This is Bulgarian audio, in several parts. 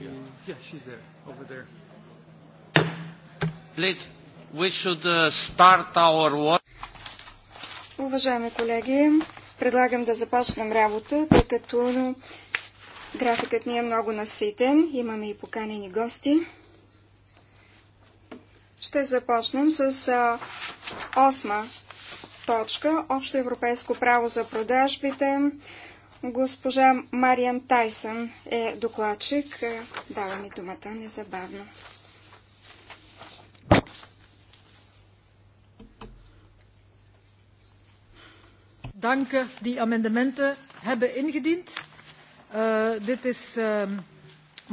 Yeah. yeah, she's there, over there. Please, we should uh, start our work. Уважаеми колеги, предлагам да започнем работа, тъй като графикът ни е много наситен. Имаме и поканени гости. Ще започнем с осма точка. Общо европейско право за продажбите Госпожа Мариан Тайсън е докладчик. Дава ми думата незабавно. danken die amendementen hebben ingediend. dit is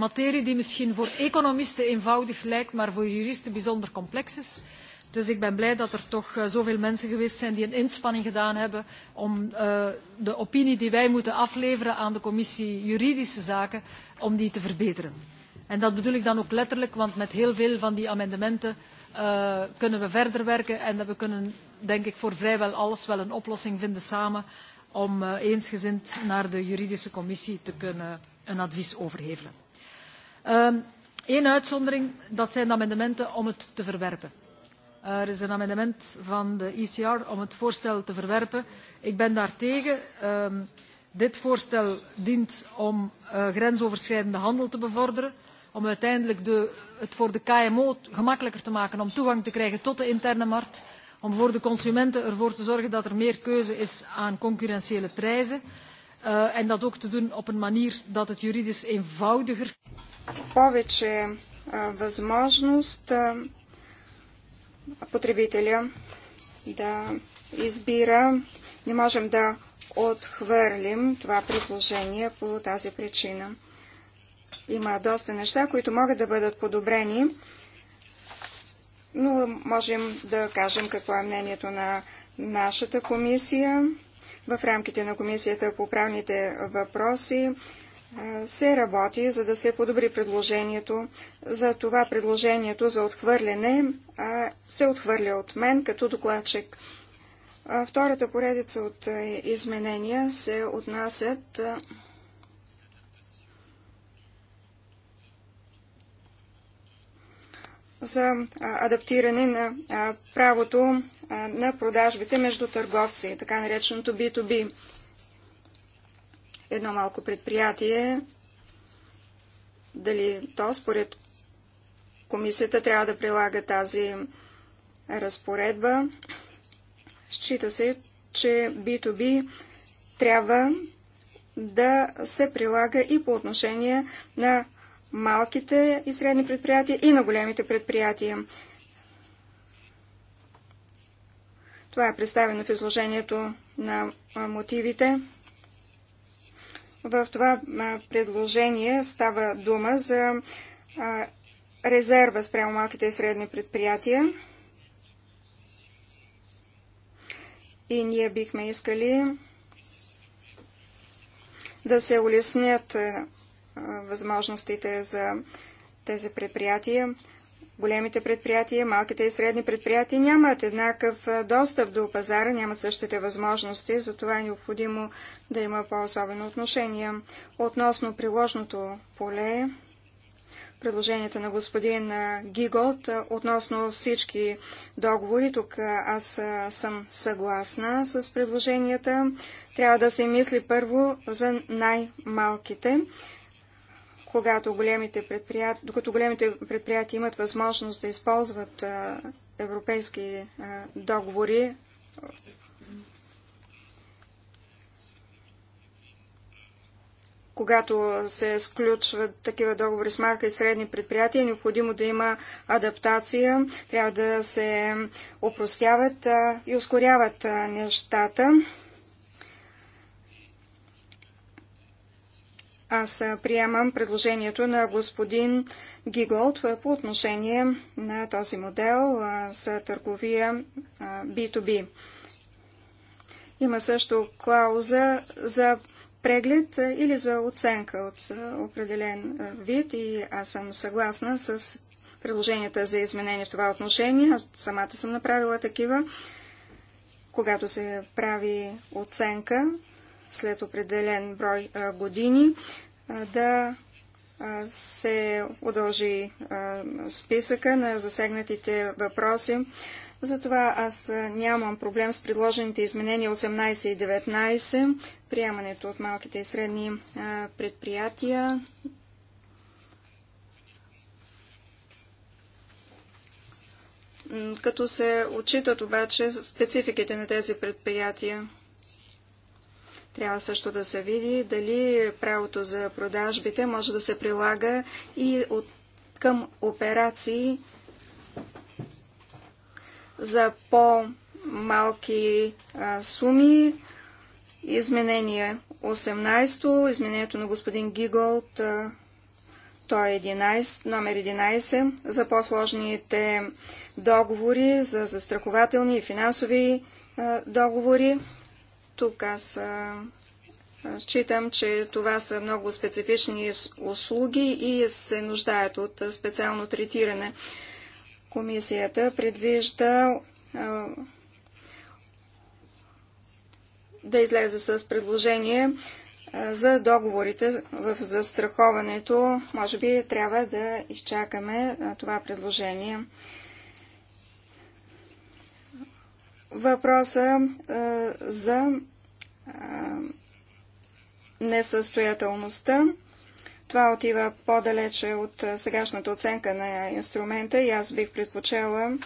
materie die misschien voor economisten eenvoudig lijkt, maar voor juristen bijzonder complex is. Dus ik ben blij dat er toch zoveel mensen geweest zijn die een inspanning gedaan hebben om de opinie die wij moeten afleveren aan de commissie Juridische Zaken, om die te verbeteren. En dat bedoel ik dan ook letterlijk, want met heel veel van die amendementen kunnen we verder werken en we kunnen denk ik voor vrijwel alles wel een oplossing vinden samen om eensgezind naar de juridische commissie te kunnen een advies overhevelen. Eén uitzondering, dat zijn de amendementen om het te verwerpen. Er is een amendement van de ECR om het voorstel te verwerpen. Ik ben daartegen. Dit voorstel dient om grensoverschrijdende handel te bevorderen, om uiteindelijk het voor de KMO gemakkelijker te maken om toegang te krijgen tot de interne markt, om voor de consumenten ervoor te zorgen dat er meer keuze is aan concurrentiële prijzen en dat ook te doen op een manier dat het juridisch eenvoudiger потребителя да избира. Не можем да отхвърлим това предложение по тази причина. Има доста неща, които могат да бъдат подобрени, но можем да кажем какво е мнението на нашата комисия в рамките на комисията по правните въпроси се работи, за да се подобри предложението. За това предложението за отхвърляне се отхвърля от мен като докладчик. Втората поредица от изменения се отнасят за адаптиране на правото на продажбите между търговци, така нареченото B2B едно малко предприятие, дали то според комисията трябва да прилага тази разпоредба. Счита се, че B2B трябва да се прилага и по отношение на малките и средни предприятия и на големите предприятия. Това е представено в изложението на мотивите. В това предложение става дума за резерва спрямо малките и средни предприятия. И ние бихме искали да се улеснят възможностите за тези предприятия. Големите предприятия, малките и средни предприятия нямат еднакъв достъп до пазара, нямат същите възможности, затова е необходимо да има по-особено отношение. Относно приложното поле, предложенията на господин Гигот относно всички договори. Тук аз съм съгласна с предложенията. Трябва да се мисли първо за най-малките когато големите предприятия, докато големите предприятия имат възможност да използват европейски договори, когато се сключват такива договори с малки и средни предприятия, е необходимо да има адаптация, трябва да се опростяват и ускоряват нещата. Аз приемам предложението на господин Гиголд по отношение на този модел за търговия B2B. Има също клауза за преглед или за оценка от определен вид и аз съм съгласна с предложенията за изменение в това отношение. Аз самата съм направила такива. Когато се прави оценка след определен брой години да се удължи списъка на засегнатите въпроси. Затова аз нямам проблем с предложените изменения 18 и 19, приемането от малките и средни предприятия. Като се отчитат обаче спецификите на тези предприятия. Трябва също да се види дали правото за продажбите може да се прилага и от, към операции за по-малки суми. Изменение 18-то, изменението на господин Гиголт, той е 11, номер 11, за по-сложните договори, за застрахователни и финансови договори. Тук аз Считам, че това са много специфични услуги и се нуждаят от специално третиране. Комисията предвижда а, да излезе с предложение а, за договорите в застраховането. Може би трябва да изчакаме а, това предложение въпроса а, за а, несъстоятелността. Това отива по-далече от сегашната оценка на инструмента и аз бих предпочела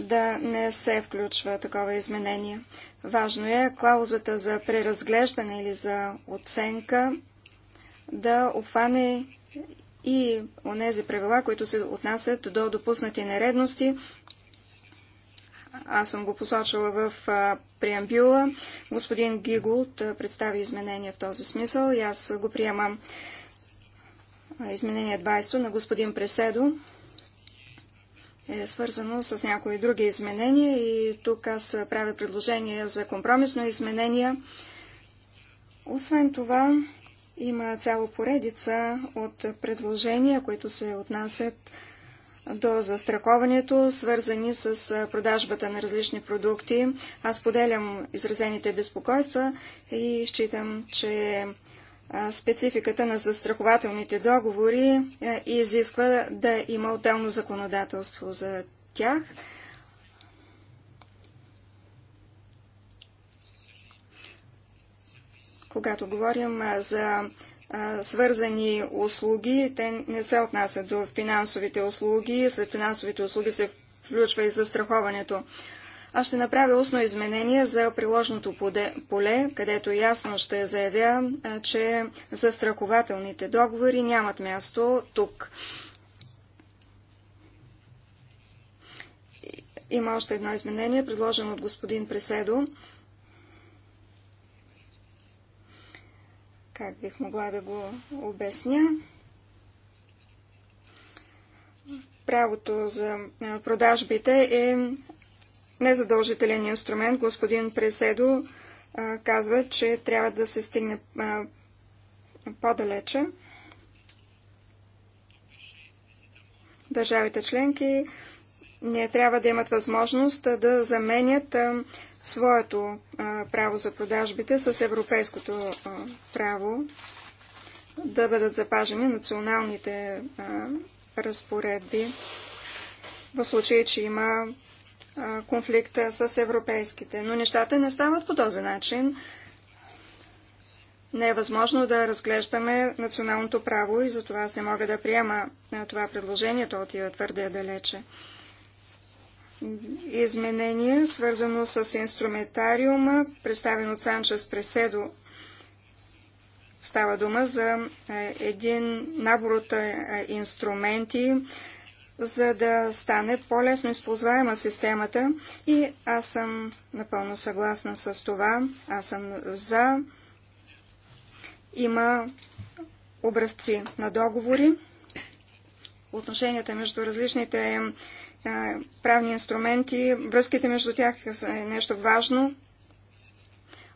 да не се включва такова изменение. Важно е клаузата за преразглеждане или за оценка да обхване и онези правила, които се отнасят до допуснати нередности аз съм го посочила в преамбюла. Господин Гигулт представи изменения в този смисъл и аз го приемам. Изменение 20 на господин Преседо е свързано с някои други изменения и тук аз правя предложение за компромисно изменение. Освен това, има цяло поредица от предложения, които се отнасят до застраховането, свързани с продажбата на различни продукти. Аз поделям изразените безпокойства и считам, че спецификата на застрахователните договори изисква да има отделно законодателство за тях. Когато говорим за свързани услуги. Те не се отнасят до финансовите услуги. След финансовите услуги се включва и застраховането. Аз ще направя устно изменение за приложното поле, където ясно ще заявя, че застрахователните договори нямат място тук. Има още едно изменение, предложено от господин Преседо. Как бих могла да го обясня? Правото за продажбите е незадължителен инструмент. Господин Преседо казва, че трябва да се стигне по-далече. Държавите членки не трябва да имат възможност да заменят своето право за продажбите с европейското право, да бъдат запажени националните разпоредби в случай, че има конфликта с европейските. Но нещата не стават по този начин. Не е възможно да разглеждаме националното право и затова аз не мога да приема това предложение, то отива твърде далече изменение, свързано с инструментариума, представен от Санчес Преседо. Става дума за е, един набор от е, е, инструменти, за да стане по-лесно използваема системата и аз съм напълно съгласна с това. Аз съм за. Има образци на договори. Отношенията между различните правни инструменти, връзките между тях е нещо важно.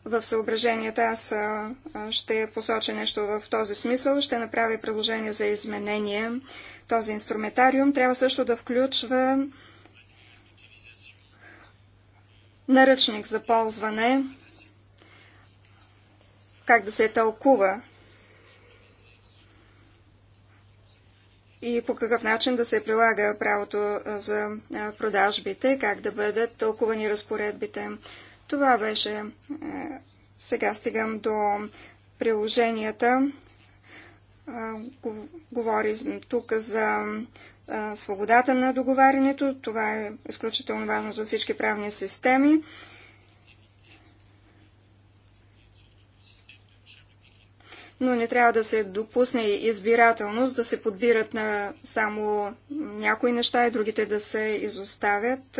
В съображенията аз ще посоча нещо в този смисъл, ще направя предложение за изменение. Този инструментариум трябва също да включва наръчник за ползване, как да се тълкува и по какъв начин да се прилага правото за продажбите, как да бъдат тълкувани разпоредбите. Това беше. Сега стигам до приложенията. Говорим тук за свободата на договарянето. Това е изключително важно за всички правни системи. но не трябва да се допусне избирателност, да се подбират на само някои неща и другите да се изоставят.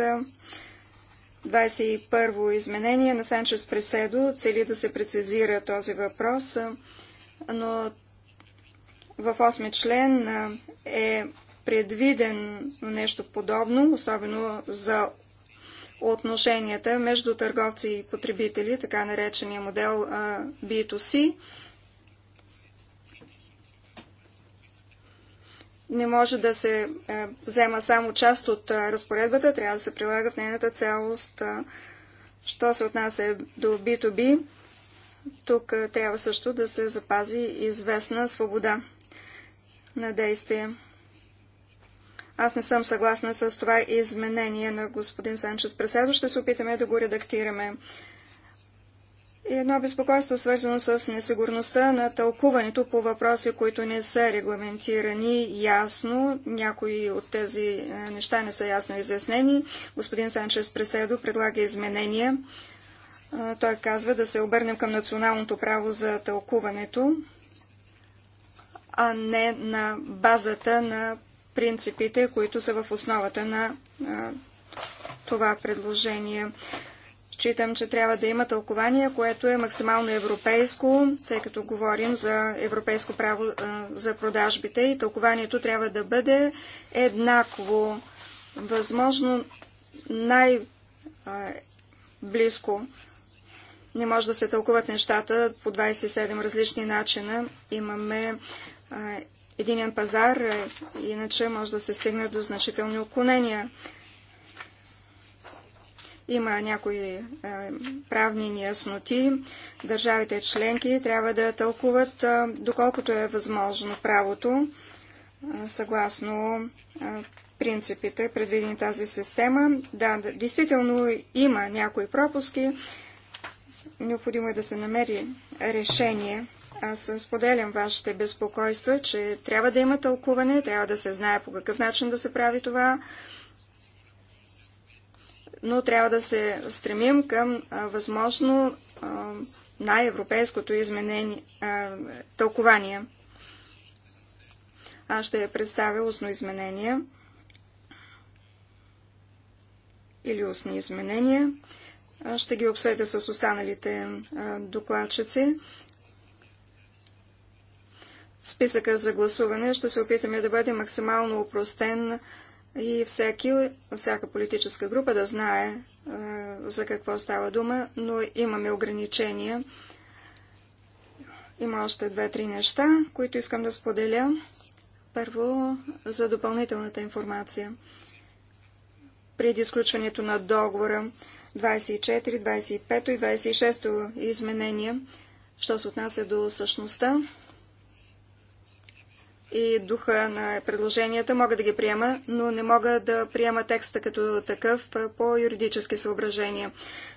21-во изменение на Санчес Преседо цели да се прецизира този въпрос, но в 8 ми член е предвиден нещо подобно, особено за отношенията между търговци и потребители, така наречения модел B2C. не може да се е, взема само част от е, разпоредбата, трябва да се прилага в нейната цялост. Е. Що се отнася до B2B, тук трябва също да се запази известна свобода на действие. Аз не съм съгласна с това изменение на господин Санчес Преседо. Ще се опитаме да го редактираме едно безпокойство, свързано с несигурността на тълкуването по въпроси, които не са регламентирани ясно. Някои от тези е, неща не са ясно изяснени. Господин Санчес Преседо предлага изменения. Е, той казва да се обърнем към националното право за тълкуването, а не на базата на принципите, които са в основата на е, това предложение. Считам, че трябва да има тълкование, което е максимално европейско, тъй като говорим за европейско право за продажбите и тълкованието трябва да бъде еднакво, възможно най-близко. Не може да се тълкуват нещата по 27 различни начина. Имаме единен пазар, иначе може да се стигне до значителни отклонения. Има някои е, правни неясноти. Държавите членки трябва да тълкуват е, доколкото е възможно правото, е, съгласно принципите, предвидени тази система. Да, действително има някои пропуски. Необходимо е да се намери решение. Аз споделям вашите безпокойства, че трябва да има тълкуване, трябва да се знае по какъв начин да се прави това но трябва да се стремим към а, възможно най-европейското изменение, а, тълкование. Аз ще я представя устно изменение или устни изменения. Аз ще ги обсъдя с останалите а, докладчици. Списъка за гласуване ще се опитаме да бъде максимално упростен и всеки, всяка политическа група да знае а, е, за какво става дума, но имаме ограничения. Има още две-три неща, които искам да споделя. Първо, за допълнителната информация. Преди изключването на договора 24, 25 и 26 изменения, що се отнася до същността, и духа на предложенията, мога да ги приема, но не мога да приема текста като такъв по юридически съображения.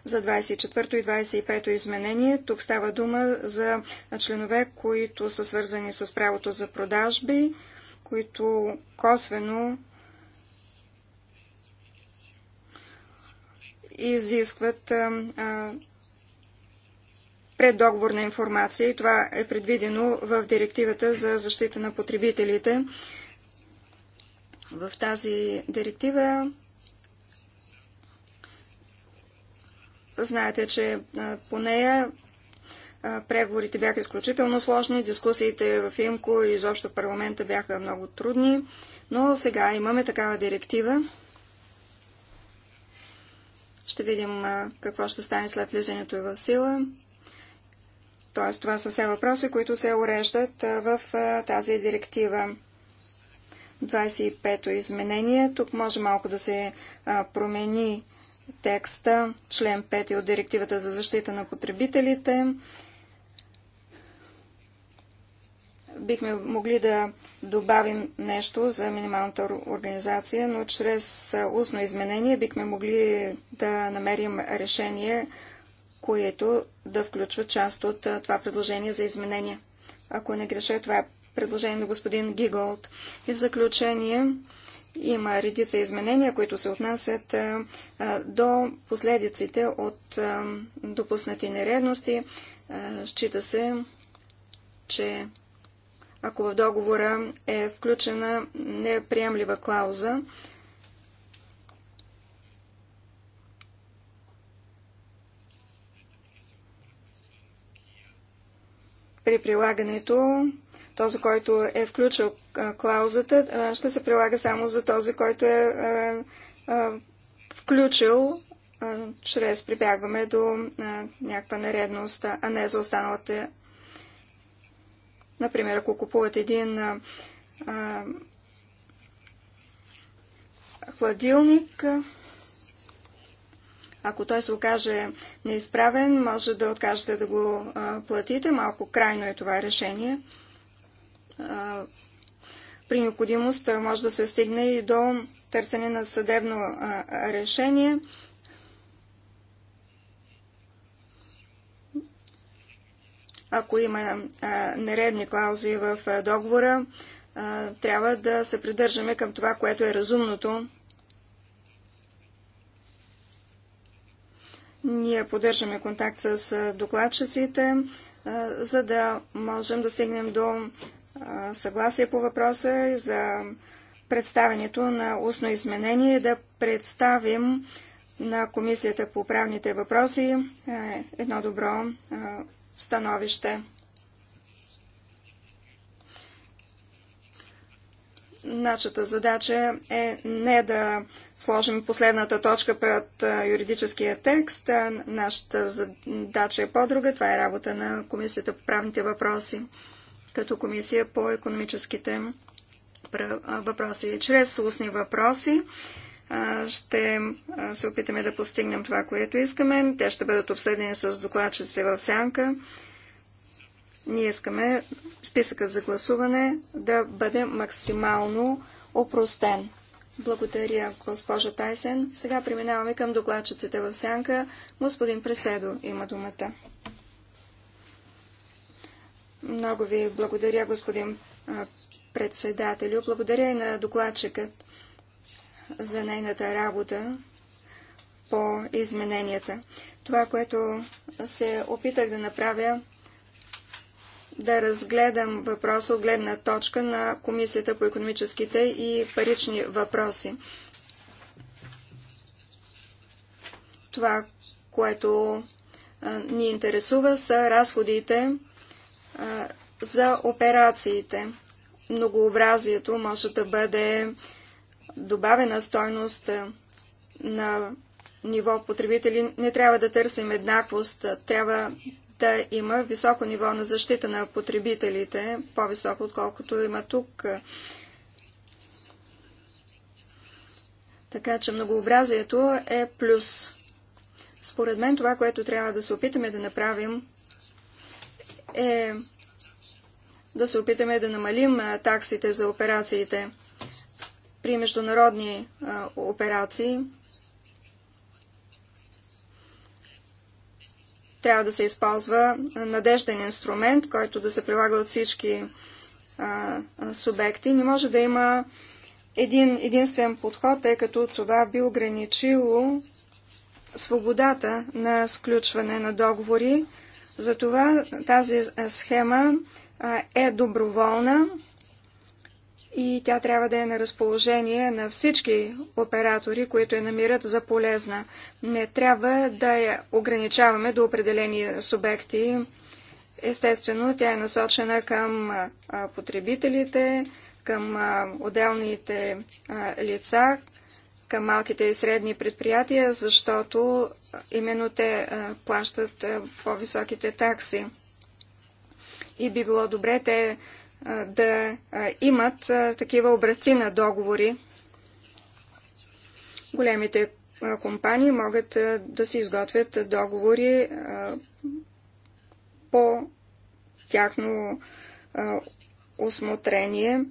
За 24 и 25 изменение тук става дума за членове, които са свързани с правото за продажби, които косвено изискват а, а, преддоговорна информация и това е предвидено в директивата за защита на потребителите. В тази директива знаете, че по нея преговорите бяха изключително сложни, дискусиите в ИМКО и изобщо парламента бяха много трудни, но сега имаме такава директива. Ще видим какво ще стане след влизането в сила. Тоест, това са все въпроси, които се уреждат в тази директива. 25-то изменение. Тук може малко да се промени текста, член 5 от Директивата за защита на потребителите. Бихме могли да добавим нещо за минималната организация, но чрез устно изменение бихме могли да намерим решение, които да включват част от това предложение за изменение. Ако не греша, това е предложение на господин Гиголд. И в заключение има редица изменения, които се отнасят до последиците от допуснати нередности. Счита се, че ако в договора е включена неприемлива клауза, при прилагането. Този, който е включил клаузата, ще се прилага само за този, който е включил чрез прибягваме до някаква нередност, а не за останалата. Например, ако купуват един хладилник, ако той се окаже неизправен, може да откажете да го платите. Малко крайно е това решение. При необходимост може да се стигне и до търсене на съдебно решение. Ако има нередни клаузи в договора, трябва да се придържаме към това, което е разумното Ние поддържаме контакт с докладчиците, за да можем да стигнем до съгласие по въпроса за представянето на устно изменение и да представим на Комисията по правните въпроси едно добро становище. Нашата задача е не да сложим последната точка пред юридическия текст. Нашата задача е по-друга. Това е работа на Комисията по правните въпроси като Комисия по економическите въпроси. Чрез устни въпроси ще се опитаме да постигнем това, което искаме. Те ще бъдат обсъдени с докладчици в сянка. Ние искаме списъкът за гласуване да бъде максимално опростен. Благодаря, госпожа Тайсен. Сега преминаваме към докладчиците в сянка. Господин Преседо има думата. Много ви благодаря, господин председателю. Благодаря и на докладчикът за нейната работа по измененията. Това, което се опитах да направя да разгледам въпроса от гледна точка на Комисията по економическите и парични въпроси. Това, което а, ни интересува, са разходите а, за операциите. Многообразието може да бъде добавена стойност на ниво потребители. Не трябва да търсим еднаквост, трябва да има високо ниво на защита на потребителите, по-високо отколкото има тук. Така че многообразието е плюс. Според мен това, което трябва да се опитаме да направим, е да се опитаме да намалим таксите за операциите. При международни а, операции Трябва да се използва надежден инструмент, който да се прилага от всички а, субекти. Не може да има един единствен подход, тъй като това би ограничило свободата на сключване на договори. Затова тази схема е доброволна и тя трябва да е на разположение на всички оператори, които я намират за полезна. Не трябва да я ограничаваме до определени субекти. Естествено, тя е насочена към потребителите, към отделните лица, към малките и средни предприятия, защото именно те плащат по-високите такси. И би било добре те да имат такива образци на договори. Големите компании могат да се изготвят договори по тяхно осмотрение.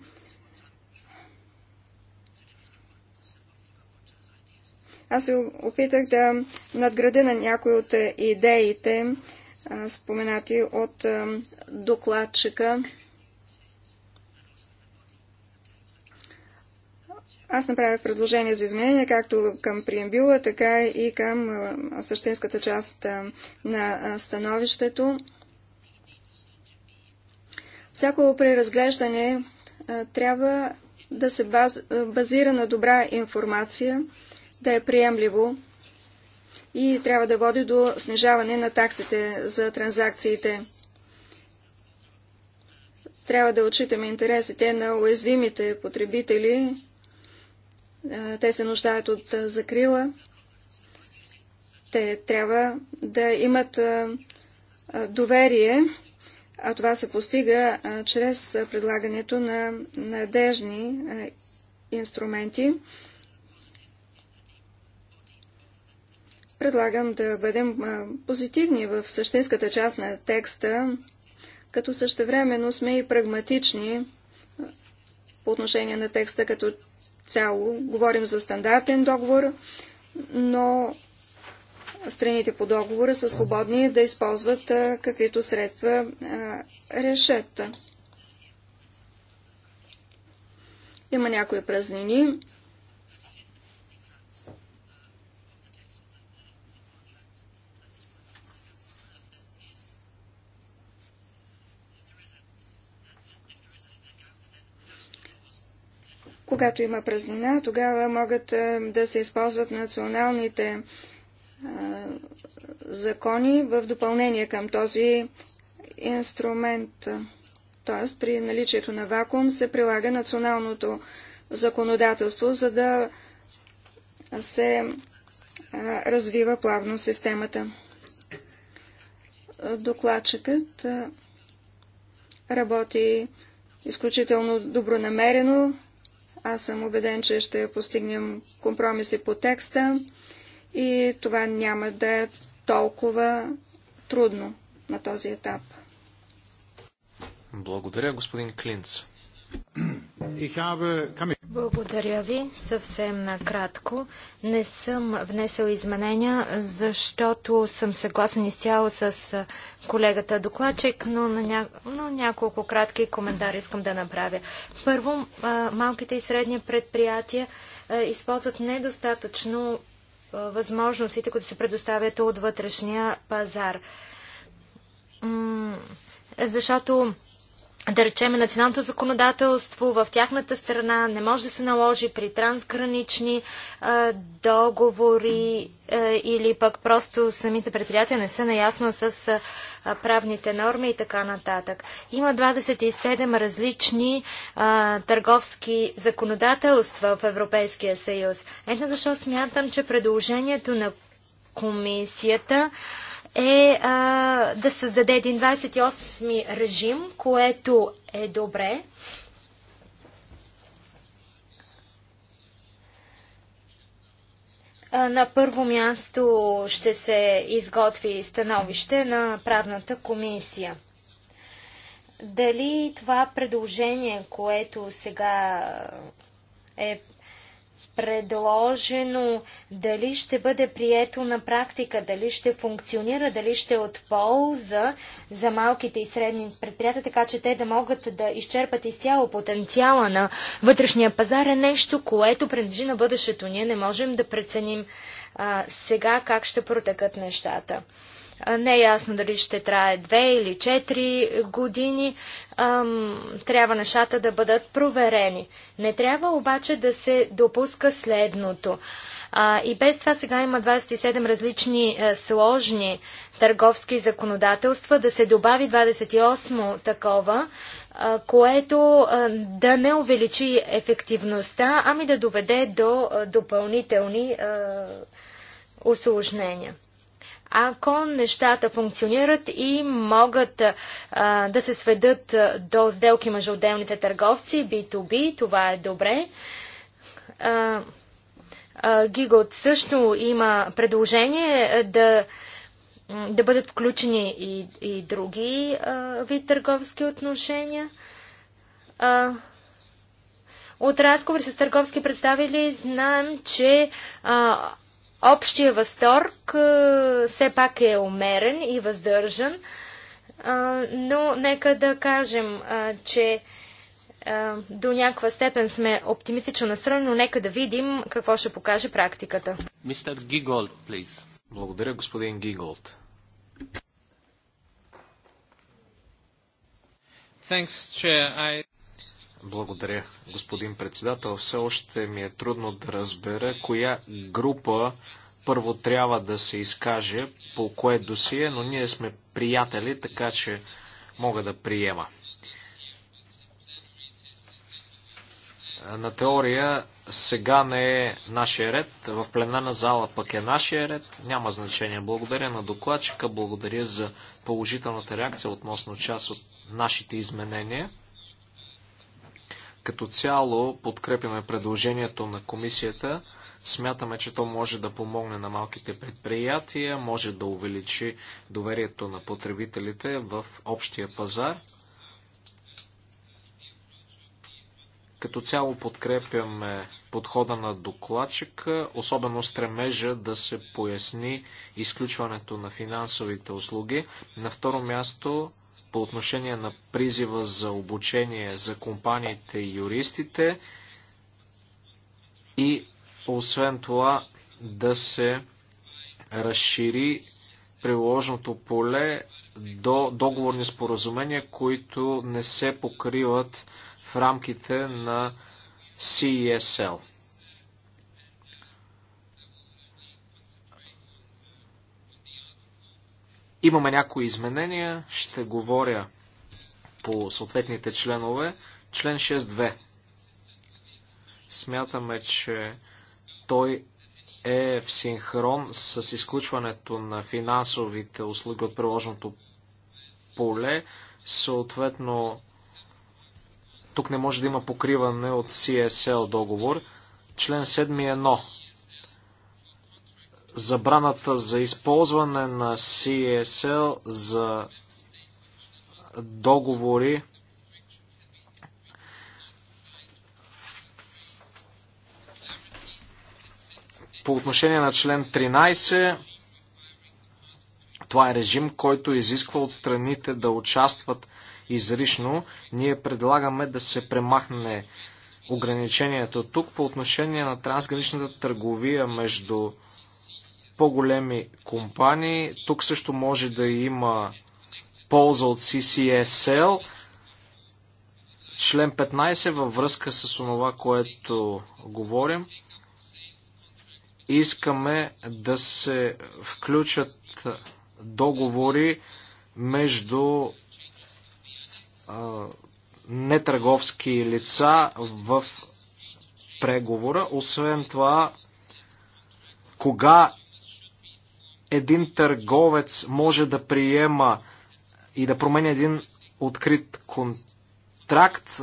Аз се опитах да надградя на някои от идеите, споменати от докладчика. Аз направя предложение за изменение както към преембюла, така и към същинската част на становището. Всяко преразглеждане трябва да се базира на добра информация, да е приемливо и трябва да води до снижаване на таксите за транзакциите. Трябва да отчитаме интересите на уязвимите потребители те се нуждаят от закрила. Те трябва да имат доверие, а това се постига чрез предлагането на надежни инструменти. Предлагам да бъдем позитивни в същинската част на текста, като същевременно сме и прагматични по отношение на текста като цяло. Говорим за стандартен договор, но страните по договора са свободни да използват каквито средства решат. Има някои празнини. Когато има празнина, тогава могат е, да се използват националните е, закони в допълнение към този инструмент. Т.е. при наличието на вакуум се прилага националното законодателство, за да се е, развива плавно системата. Докладчикът работи изключително добронамерено, аз съм убеден, че ще постигнем компромиси по текста и това няма да е толкова трудно на този етап. Благодаря, господин Клинц. Благодаря ви. Съвсем накратко. Не съм внесъл изменения, защото съм съгласен изцяло с колегата докладчик, но, на ня... но няколко кратки коментари искам да направя. Първо, малките и средни предприятия използват недостатъчно възможностите, които се предоставят от вътрешния пазар. Защото да речем, националното законодателство в тяхната страна не може да се наложи при трансгранични а, договори а, или пък просто самите предприятия не са наясно с а, правните норми и така нататък. Има 27 различни а, търговски законодателства в Европейския съюз. Ето защо смятам, че предложението на комисията а, е а, да създаде един 28-ми режим, което е добре. На първо място ще се изготви становище на правната комисия. Дали това предложение, което сега е предложено, дали ще бъде прието на практика, дали ще функционира, дали ще е от полза за малките и средни предприятия, така че те да могат да изчерпат изцяло потенциала на вътрешния пазар, е нещо, което принадлежи на бъдещето. Ние не можем да преценим а, сега как ще протекат нещата. Не е ясно дали ще трае две или четири години. Трябва нещата да бъдат проверени. Не трябва обаче да се допуска следното. и без това сега има 27 различни е, сложни търговски законодателства, да се добави 28 такова, е, което е, да не увеличи ефективността, ами да доведе до допълнителни осложнения ако нещата функционират и могат а, да се сведат до сделки между отделните търговци, B2B, това е добре. Гигот също има предложение да, да бъдат включени и, и други а, вид търговски отношения. А, от разговори с търговски представители знаем, че а, общия възторг все пак е умерен и въздържан, но нека да кажем, че до някаква степен сме оптимистично настроени, но нека да видим какво ще покаже практиката. Мистер Гиголд, плиз. Благодаря, господин Гиголд. Thanks, I... Благодаря, господин председател. Все още ми е трудно да разбера коя група първо трябва да се изкаже по кое досие, но ние сме приятели, така че мога да приема. На теория сега не е нашия ред, в на зала пък е нашия ред, няма значение. Благодаря на докладчика, благодаря за положителната реакция относно част от нашите изменения. Като цяло подкрепяме предложението на комисията. Смятаме, че то може да помогне на малките предприятия, може да увеличи доверието на потребителите в общия пазар. Като цяло подкрепяме подхода на докладчика, особено стремежа да се поясни изключването на финансовите услуги. На второ място по отношение на призива за обучение за компаниите и юристите и освен това да се разшири приложното поле до договорни споразумения, които не се покриват в рамките на CESL. Имаме някои изменения, ще говоря по съответните членове. Член 6.2. Смятаме, че той е в синхрон с изключването на финансовите услуги от приложеното поле. Съответно, тук не може да има покриване от CSL договор. Член 7.1 забраната за използване на CSL за договори по отношение на член 13 това е режим, който изисква от страните да участват изрично. Ние предлагаме да се премахне ограничението тук по отношение на трансграничната търговия между по-големи компании. Тук също може да има полза от CCSL. Член 15 във връзка с това, което говорим. Искаме да се включат договори между а, нетърговски лица в преговора. Освен това, кога един търговец може да приема и да променя един открит контракт,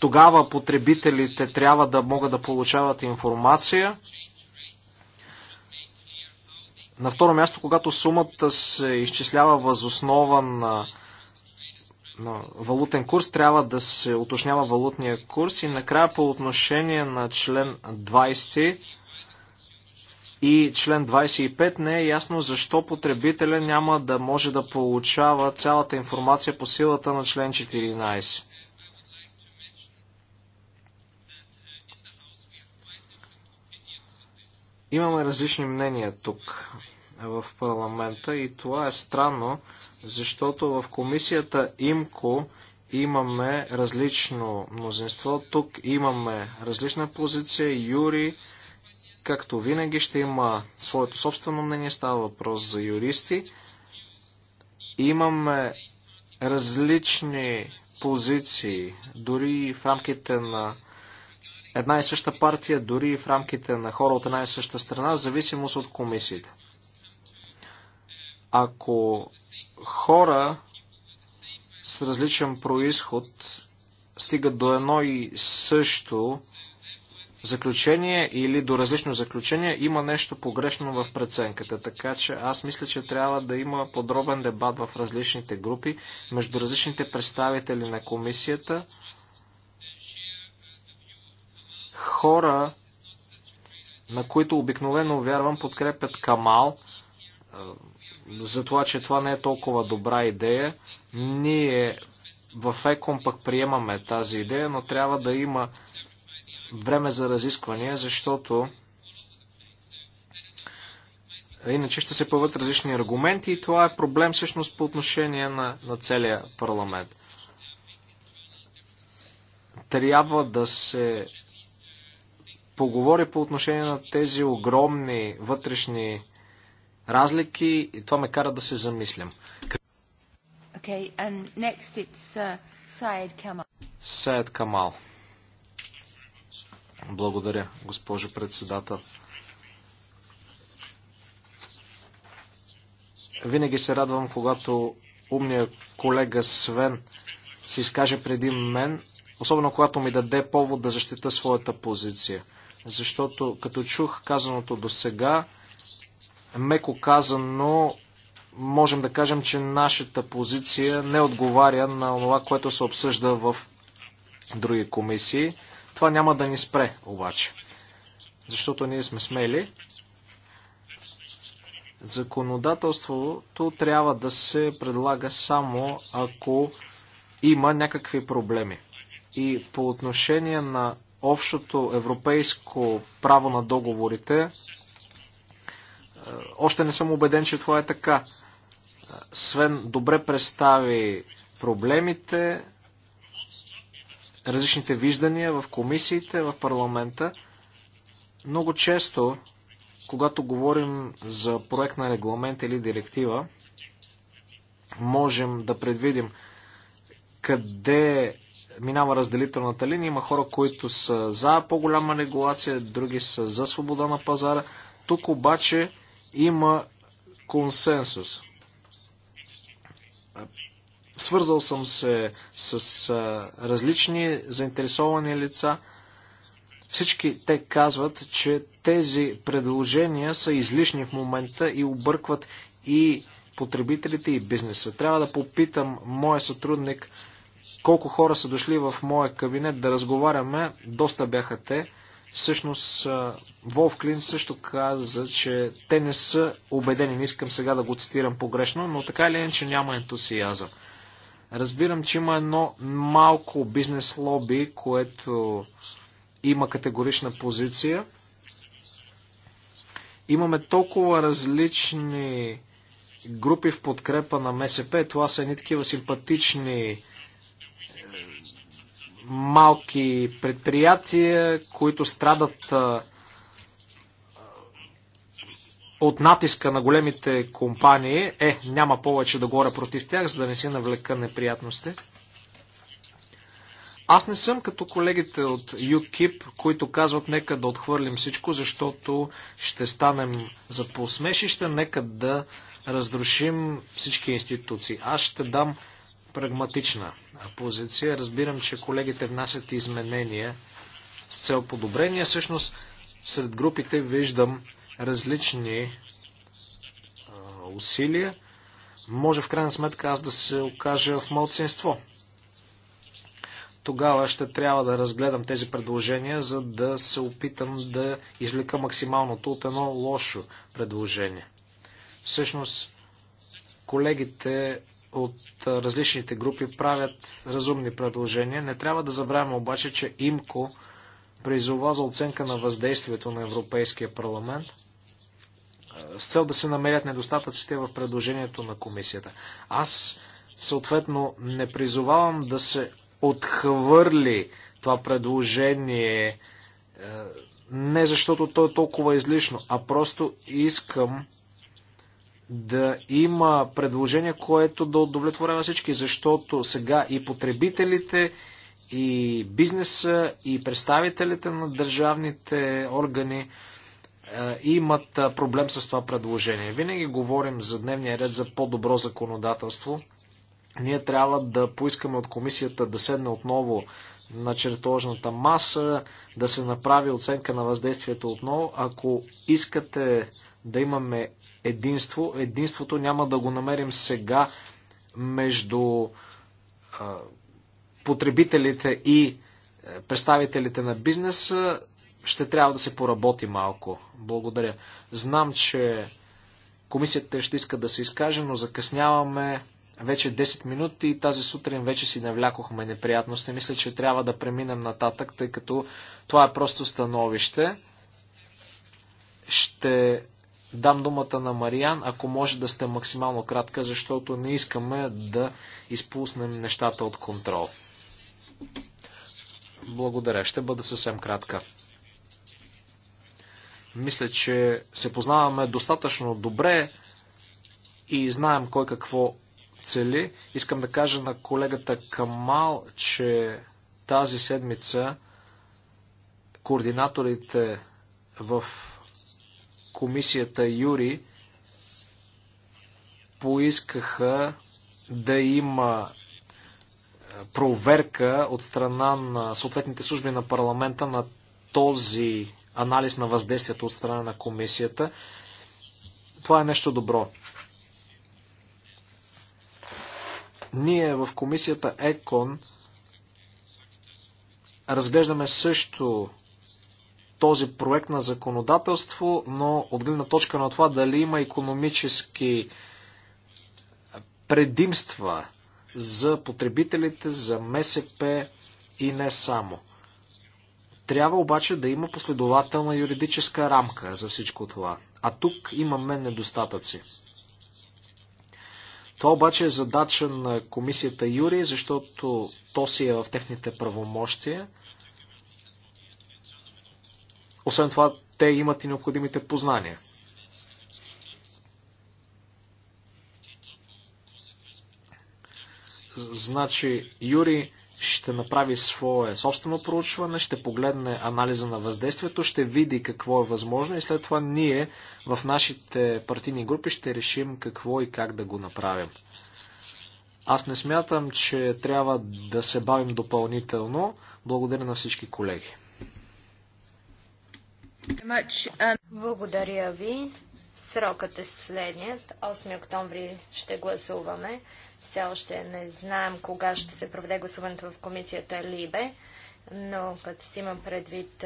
тогава потребителите трябва да могат да получават информация. На второ място, когато сумата се изчислява възоснова на, на валутен курс, трябва да се уточнява валутния курс. И накрая по отношение на член 20 и член 25 не е ясно защо потребителя няма да може да получава цялата информация по силата на член 14. Имаме различни мнения тук е, в парламента и това е странно, защото в комисията ИМКО имаме различно мнозинство. Тук имаме различна позиция. Юри, Както винаги ще има своето собствено мнение, става въпрос за юристи. Имаме различни позиции, дори в рамките на една и съща партия, дори в рамките на хора от една и съща страна, в зависимост от комисиите. Ако хора с различен происход стигат до едно и също заключение или до различно заключение, има нещо погрешно в преценката. Така че аз мисля, че трябва да има подробен дебат в различните групи, между различните представители на комисията. Хора, на които обикновено вярвам, подкрепят Камал за това, че това не е толкова добра идея. Ние в ЕКОМ пък приемаме тази идея, но трябва да има време за разисквания, защото иначе ще се появят различни аргументи и това е проблем всъщност по отношение на, на целия парламент. Трябва да се поговори по отношение на тези огромни вътрешни разлики и това ме кара да се замислям. Okay, and next it's, uh, Саед Камал. Камал. Благодаря, госпожо председател. Винаги се радвам, когато умният колега Свен се изкаже преди мен, особено когато ми даде повод да защита своята позиция. Защото като чух казаното до сега, меко казано, можем да кажем, че нашата позиция не отговаря на това, което се обсъжда в други комисии. Това няма да ни спре, обаче. Защото ние сме смели. Законодателството трябва да се предлага само ако има някакви проблеми. И по отношение на общото европейско право на договорите, е, още не съм убеден, че това е така. Е, Свен добре представи проблемите, различните виждания в комисиите, в парламента. Много често, когато говорим за проект на регламент или директива, можем да предвидим къде минава разделителната линия. Има хора, които са за по-голяма регулация, други са за свобода на пазара. Тук обаче има консенсус. Свързал съм се с а, различни заинтересовани лица. Всички те казват, че тези предложения са излишни в момента и объркват и потребителите, и бизнеса. Трябва да попитам моя сътрудник колко хора са дошли в моя кабинет да разговаряме. Доста бяха те. Всъщност, Волф Клин също каза, че те не са убедени. Не искам сега да го цитирам погрешно, но така или иначе няма ентусиазъм. Разбирам, че има едно малко бизнес лоби, което има категорична позиция. Имаме толкова различни групи в подкрепа на МСП. Това са едни такива симпатични е, малки предприятия, които страдат е, от натиска на големите компании, е, няма повече да говоря против тях, за да не си навлека неприятности. Аз не съм като колегите от UKIP, които казват нека да отхвърлим всичко, защото ще станем за посмешище, нека да разрушим всички институции. Аз ще дам прагматична позиция. Разбирам, че колегите внасят изменения с цел подобрение. Всъщност, сред групите виждам различни усилия, може в крайна сметка аз да се окажа в мълцинство. Тогава ще трябва да разгледам тези предложения, за да се опитам да извлека максималното от едно лошо предложение. Всъщност, колегите от различните групи правят разумни предложения. Не трябва да забравяме обаче, че ИМКО призова за оценка на въздействието на Европейския парламент с цел да се намерят недостатъците в предложението на комисията. Аз съответно не призовавам да се отхвърли това предложение не защото то е толкова излишно, а просто искам да има предложение, което да удовлетворява всички, защото сега и потребителите, и бизнеса, и представителите на държавните органи е, имат е, проблем с това предложение. Винаги говорим за дневния ред за по-добро законодателство. Ние трябва да поискаме от комисията да седне отново на чертожната маса, да се направи оценка на въздействието отново. Ако искате да имаме единство, единството няма да го намерим сега между е, потребителите и е, представителите на бизнеса, ще трябва да се поработи малко. Благодаря. Знам, че комисията ще иска да се изкаже, но закъсняваме вече 10 минути и тази сутрин вече си навлякохме неприятности. Мисля, че трябва да преминем нататък, тъй като това е просто становище. Ще дам думата на Мариан, ако може да сте максимално кратка, защото не искаме да изпуснем нещата от контрол. Благодаря. Ще бъда съвсем кратка. Мисля, че се познаваме достатъчно добре и знаем кой какво цели. Искам да кажа на колегата Камал, че тази седмица координаторите в комисията Юри поискаха да има проверка от страна на съответните служби на парламента на този анализ на въздействието от страна на комисията. Това е нещо добро. Ние в комисията ЕКОН разглеждаме също този проект на законодателство, но от гледна точка на това дали има економически предимства за потребителите, за МСП и не само. Трябва обаче да има последователна юридическа рамка за всичко това. А тук имаме недостатъци. Това обаче е задача на комисията Юри, защото то си е в техните правомощия. Освен това, те имат и необходимите познания. Значи Юри ще направи свое собствено проучване, ще погледне анализа на въздействието, ще види какво е възможно и след това ние в нашите партийни групи ще решим какво и как да го направим. Аз не смятам, че трябва да се бавим допълнително. Благодаря на всички колеги. Благодаря ви. Срокът е следният. 8 октомври ще гласуваме. Все още не знаем кога ще се проведе гласуването в комисията Либе, но като си имам предвид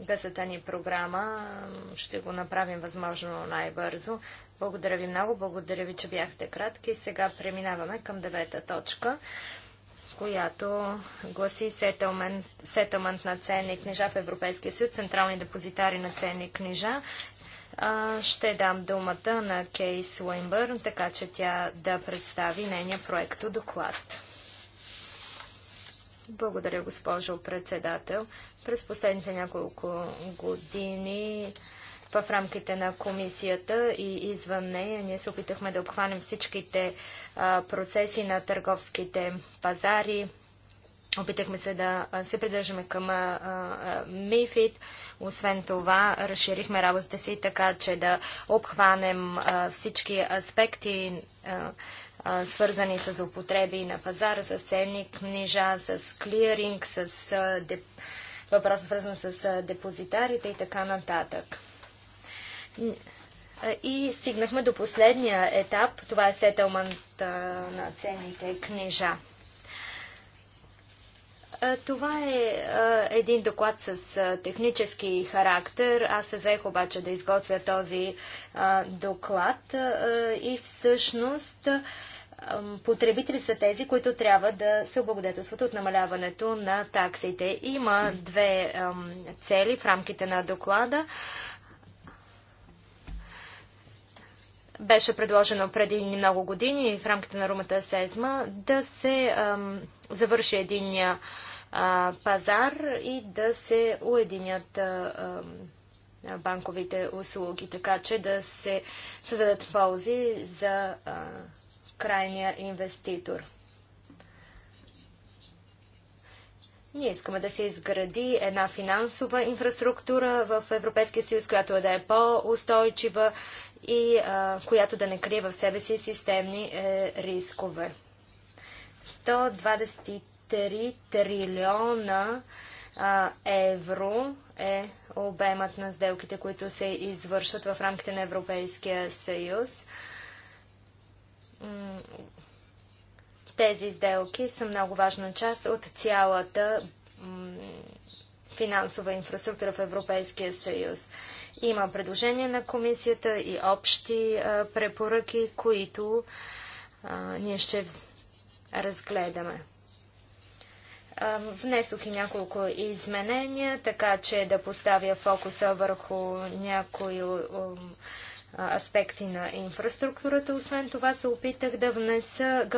гъсата ни програма, ще го направим възможно най-бързо. Благодаря ви много, благодаря ви, че бяхте кратки. Сега преминаваме към девета точка която гласи сетълмент, сетълмент на ценни книжа в Европейския съюз, централни депозитари на ценни книжа ще дам думата на Кейс Уейнбърн, така че тя да представи нейния проекто доклад. Благодаря, госпожо председател. През последните няколко години в рамките на комисията и извън нея ние се опитахме да обхванем всичките процеси на търговските пазари, Опитахме се да се придържаме към МИФИД. Освен това, разширихме работата си така, че да обхванем всички аспекти, свързани с употреби на пазара, с ценни книжа, с клиринг, с въпроса, свързан с депозитарите и така нататък. И стигнахме до последния етап. Това е сетълмент на ценните книжа. Това е един доклад с технически характер. Аз се заех обаче да изготвя този доклад и всъщност потребители са тези, които трябва да се облагодетелстват от намаляването на таксите. Има две цели в рамките на доклада. Беше предложено преди много години в рамките на румата Сезма да се завърши един а, пазар и да се уединят а, банковите услуги, така че да се създадат ползи за а, крайния инвеститор. Ние искаме да се изгради една финансова инфраструктура в Европейския съюз, която да е по-устойчива и а, която да не крие в себе си системни е, рискове. 123 3 трилиона а, евро е обемът на сделките, които се извършват в рамките на Европейския съюз. Тези сделки са много важна част от цялата финансова инфраструктура в Европейския съюз. Има предложения на комисията и общи препоръки, които ние ще разгледаме. Внесох и няколко изменения, така че да поставя фокуса върху някои аспекти на инфраструктурата. Освен това се опитах да внеса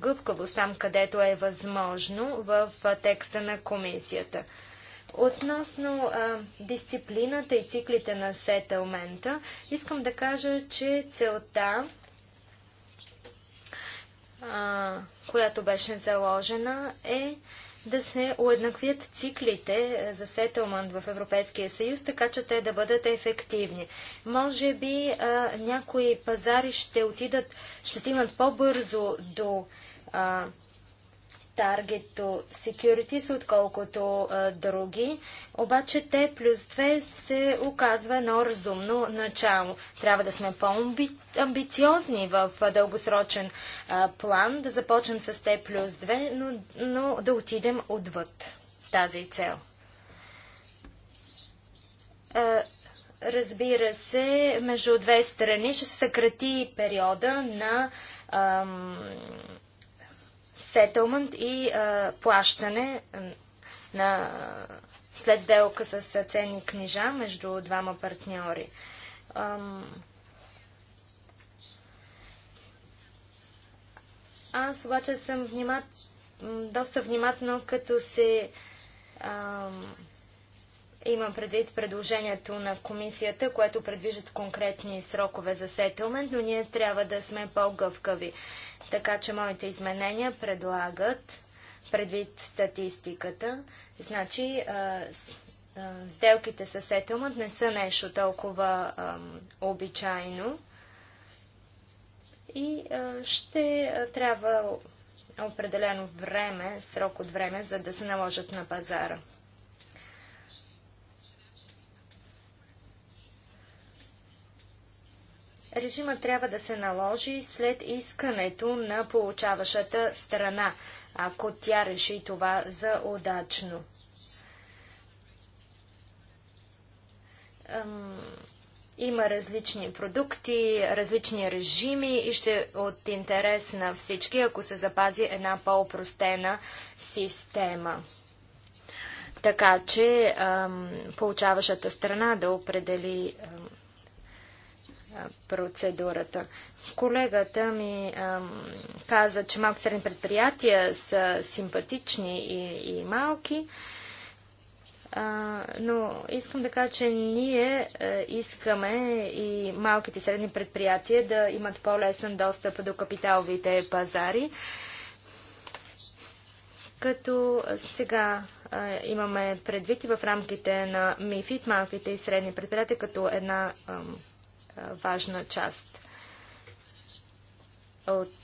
гъвкавост там, където е възможно в текста на комисията. Относно а, дисциплината и циклите на сетълмента, искам да кажа, че целта, а, която беше заложена, е да се уеднаквят циклите за сетълмент в Европейския съюз, така че те да бъдат ефективни. Може би а, някои пазари ще отидат, ще стигнат по-бързо до а, Target Securities, отколкото а, други. Обаче те плюс 2 се оказва едно разумно начало. Трябва да сме по-амбициозни в дългосрочен а, план, да започнем с Т плюс 2, но, но да отидем отвъд тази цел. А, разбира се, между две страни ще се съкрати периода на ам, сетълмент и а, плащане на след сделка с ценни книжа между двама партньори. Ам... Аз обаче съм внимат... доста внимателно, като се ам... имам предвид предложението на комисията, което предвиждат конкретни срокове за сетълмент, но ние трябва да сме по-гъвкави. Така че моите изменения предлагат предвид статистиката. Значи, сделките с сетълмът не са нещо толкова обичайно и ще трябва определено време, срок от време, за да се наложат на пазара. Режима трябва да се наложи след искането на получаващата страна, ако тя реши това за удачно. Има различни продукти, различни режими и ще от интерес на всички, ако се запази една по-опростена система. Така че получаващата страна да определи процедурата. Колегата ми каза, че малки средни предприятия са симпатични и, и малки, а, но искам да кажа, че ние е, искаме и малките средни предприятия да имат по-лесен достъп до капиталовите пазари. Като сега а, имаме предвид и в рамките на МИФИТ малките и средни предприятия като една важна част от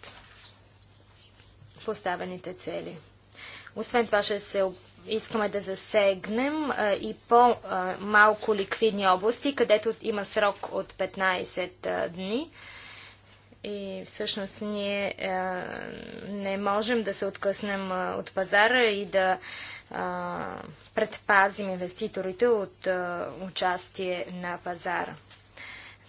поставените цели. Освен това ще се искаме да засегнем и по-малко ликвидни области, където има срок от 15 дни. И всъщност ние не можем да се откъснем от пазара и да предпазим инвеститорите от участие на пазара.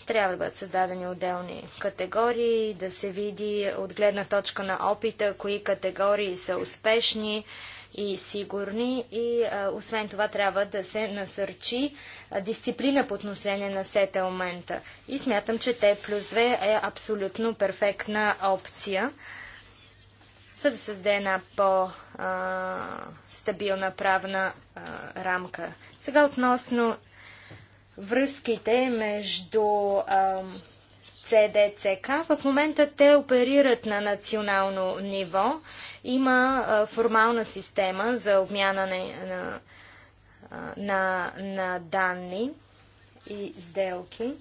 Трябва да бъдат създадени отделни категории, да се види от гледна точка на опита, кои категории са успешни и сигурни и а, освен това трябва да се насърчи а, дисциплина по отношение на момента. И смятам, че Т плюс 2 е абсолютно перфектна опция, за да създаде една по-стабилна правна а, рамка. Сега относно връзките между ам, ЦДЦК. В момента те оперират на национално ниво. Има а, формална система за обмяна на, на, на, на данни и сделки.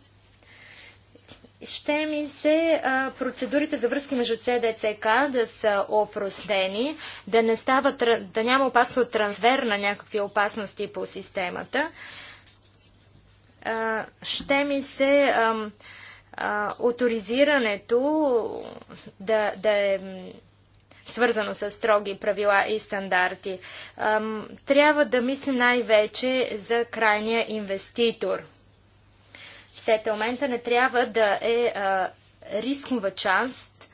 Ще ми се а, процедурите за връзки между ЦДЦК да са опростени, да не става, да няма опасно трансфер на някакви опасности по системата ще ми се авторизирането да, да е свързано с строги правила и стандарти. Трябва да мислим най-вече за крайния инвеститор. Сетълмента не трябва да е рискова част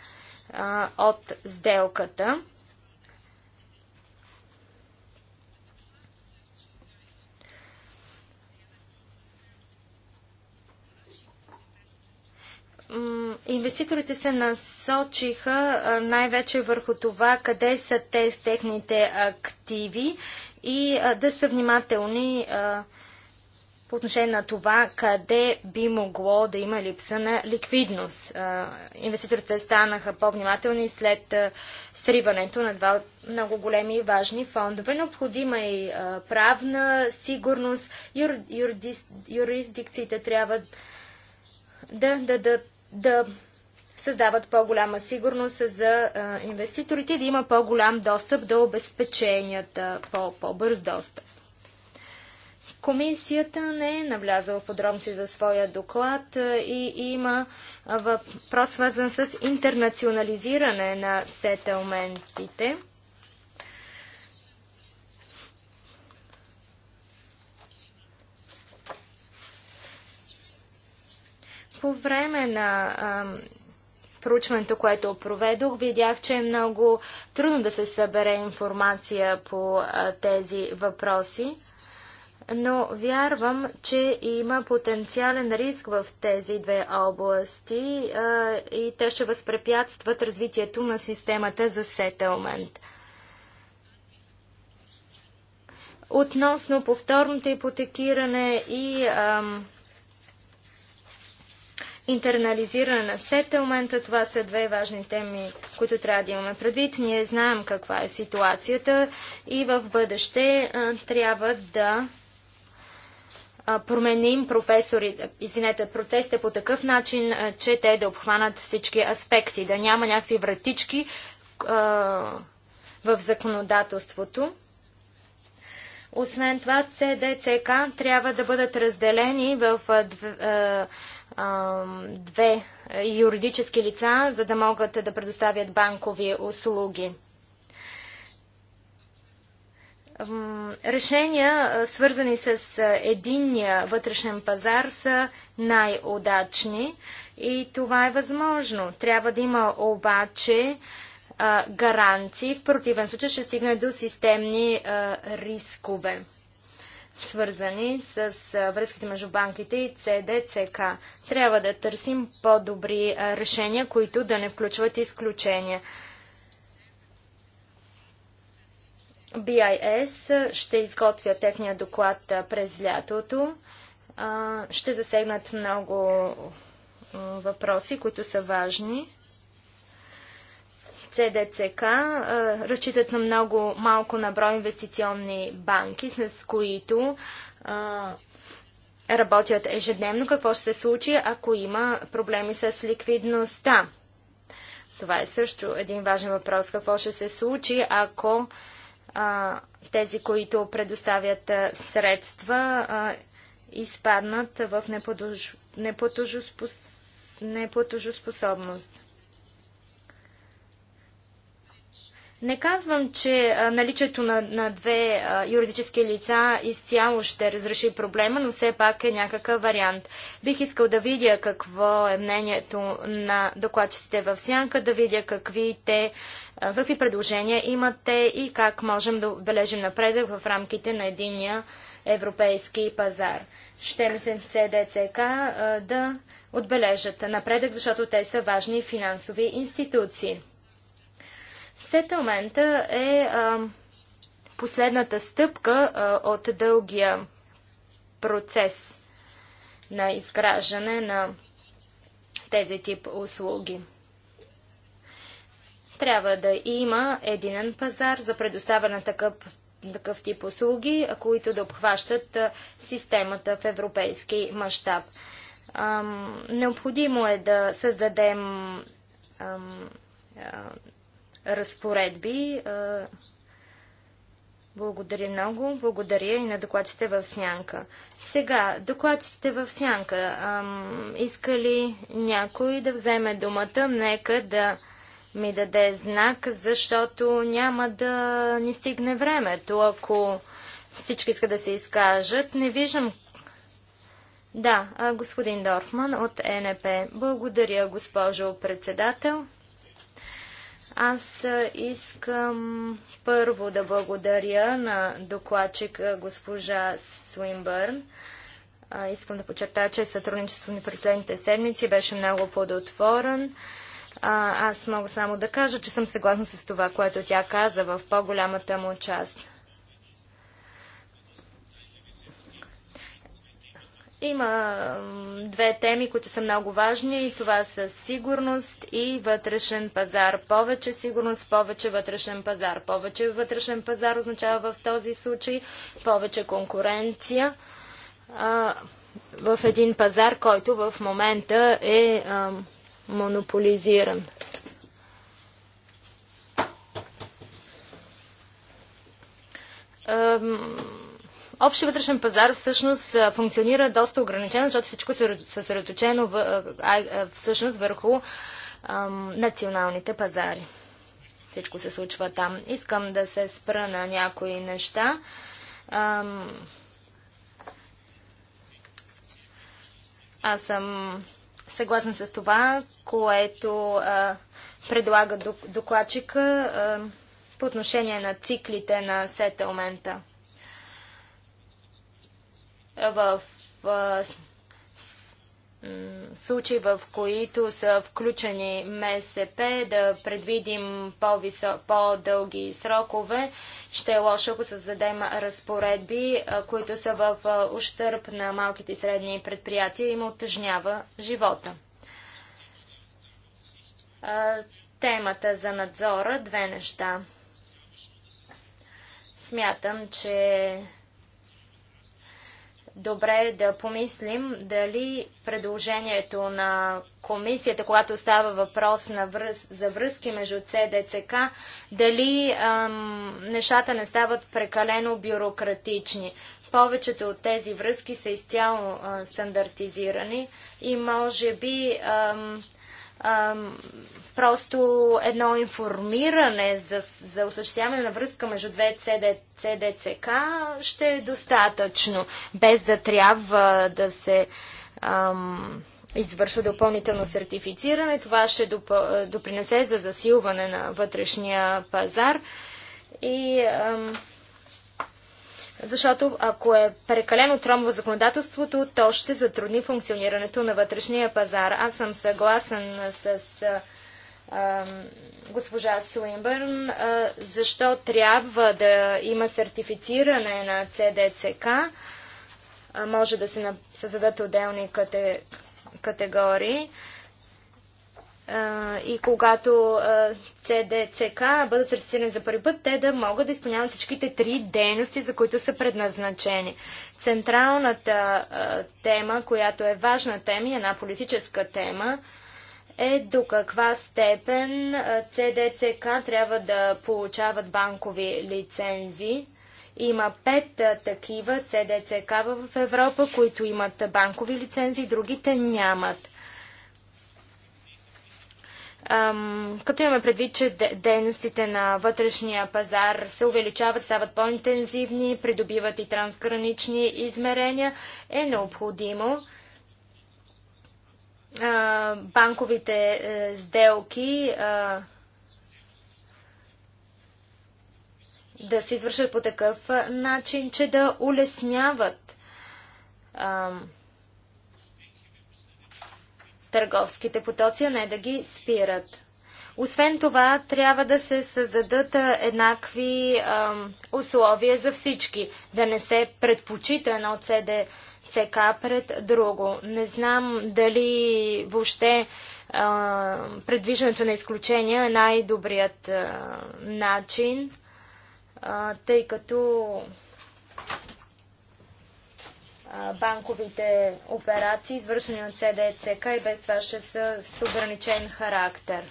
от сделката. Инвеститорите се насочиха най-вече върху това къде са те с техните активи и да са внимателни по отношение на това къде би могло да има липса на ликвидност. инвеститорите станаха по-внимателни след сриването на два много големи и важни фондове. Необходима е и правна сигурност. Юр, юрдис, юрисдикциите трябва да дадат да създават по-голяма сигурност за инвеститорите и да има по-голям достъп до обезпеченията, по-бърз -по достъп. Комисията не е навлязала в подробности за своя доклад и има въпрос свързан с интернационализиране на сетълментите. По време на ам, проучването, което проведох, видях, че е много трудно да се събере информация по а, тези въпроси, но вярвам, че има потенциален риск в тези две области а, и те ще възпрепятстват развитието на системата за сетълмент. Относно повторното ипотекиране и ам, интернализиране на сетълмента, това са две важни теми, които трябва да имаме предвид. Ние знаем каква е ситуацията и в бъдеще трябва да променим професори, извинете, протеста по такъв начин, че те да обхванат всички аспекти, да няма някакви вратички в законодателството. Освен това, ЦДЦК трябва да бъдат разделени в две юридически лица, за да могат да предоставят банкови услуги. Решения, свързани с единния вътрешен пазар, са най-удачни и това е възможно. Трябва да има обаче гаранции, в противен случай ще стигне до системни рискове свързани с връзките между банките и ЦДЦК. Трябва да търсим по-добри решения, които да не включват изключения. BIS ще изготвя техния доклад през лятото. Ще засегнат много въпроси, които са важни. CDCK разчитат на много малко наброй инвестиционни банки, с които работят ежедневно. Какво ще се случи, ако има проблеми с ликвидността? Това е също един важен въпрос. Какво ще се случи, ако а, тези, които предоставят средства, а, изпаднат в неплатежоспособност? Неподуж... Не казвам, че наличието на, на две а, юридически лица изцяло ще разреши проблема, но все пак е някакъв вариант. Бих искал да видя какво е мнението на докладчиците в Сянка, да видя какви, те, а, какви предложения имат те и как можем да отбележим напредък в рамките на единия европейски пазар. Ще ли се ЦДЦК да отбележат напредък, защото те са важни финансови институции. Сетълмента е а, последната стъпка а, от дългия процес на изграждане на тези тип услуги. Трябва да има единен пазар за предоставяне на такъв, такъв тип услуги, които да обхващат системата в европейски мащаб. Необходимо е да създадем ам, разпоредби. Благодаря много. Благодаря и на докладчите в Сянка. Сега, докладчите в Сянка. Ам, иска ли някой да вземе думата? Нека да ми даде знак, защото няма да ни стигне времето. Ако всички искат да се изкажат, не виждам. Да, господин Дорфман от НП. Благодаря, госпожо председател. Аз искам първо да благодаря на докладчик госпожа Суинбърн. Искам да подчертая, че сътрудничеството ни през последните седмици беше много плодотворен. Аз мога само да кажа, че съм съгласна с това, което тя каза в по-голямата му част. Има две теми, които са много важни. Това са сигурност и вътрешен пазар. Повече сигурност, повече вътрешен пазар. Повече вътрешен пазар означава в този случай повече конкуренция а, в един пазар, който в момента е а, монополизиран. А, Общи вътрешен пазар всъщност функционира доста ограничено, защото всичко е съсредоточено в, всъщност върху ам, националните пазари. Всичко се случва там. Искам да се спра на някои неща. Ам, аз съм съгласен с това, което а, предлага докладчика а, по отношение на циклите на сетълмента в случаи, в които са включени МСП, да предвидим по-дълги по срокове, ще е лошо, ако създадем разпоредби, които са в ущърп на малките и средни предприятия и му отъжнява живота. Темата за надзора – две неща. Смятам, че добре да помислим дали предложението на комисията, когато става въпрос на връз, за връзки между ЦДЦК, дали ам, нещата не стават прекалено бюрократични. Повечето от тези връзки са изцяло а, стандартизирани и може би ам, ам, просто едно информиране за, за осъществяване на връзка между две CD, CDCK ще е достатъчно, без да трябва да се ам, извършва допълнително сертифициране. Това ще доп, допринесе за засилване на вътрешния пазар и ам, защото ако е прекалено тромво законодателството, то ще затрудни функционирането на вътрешния пазар. Аз съм съгласен с госпожа Суинбърн, защо трябва да има сертифициране на ЦДЦК. Може да се създадат отделни категории. И когато ЦДЦК бъдат сертифицирани за първи път, те да могат да изпълняват всичките три дейности, за които са предназначени. Централната тема, която е важна тема и една политическа тема, е до каква степен ЦДЦК трябва да получават банкови лицензии. Има пет такива CDCK в Европа, които имат банкови лицензии, другите нямат. като имаме предвид, че дейностите на вътрешния пазар се увеличават, стават по-интензивни, придобиват и трансгранични измерения, е необходимо банковите е, сделки да се извършат по такъв начин, че да улесняват търговските потоци, а не да ги спират. Освен това, трябва да се създадат еднакви условия за всички. Да не се предпочита едно СД цека пред друго. Не знам дали въобще а, предвиждането на изключения е най-добрият начин, а, тъй като банковите операции, извършени от СДЦК и без това ще са с ограничен характер.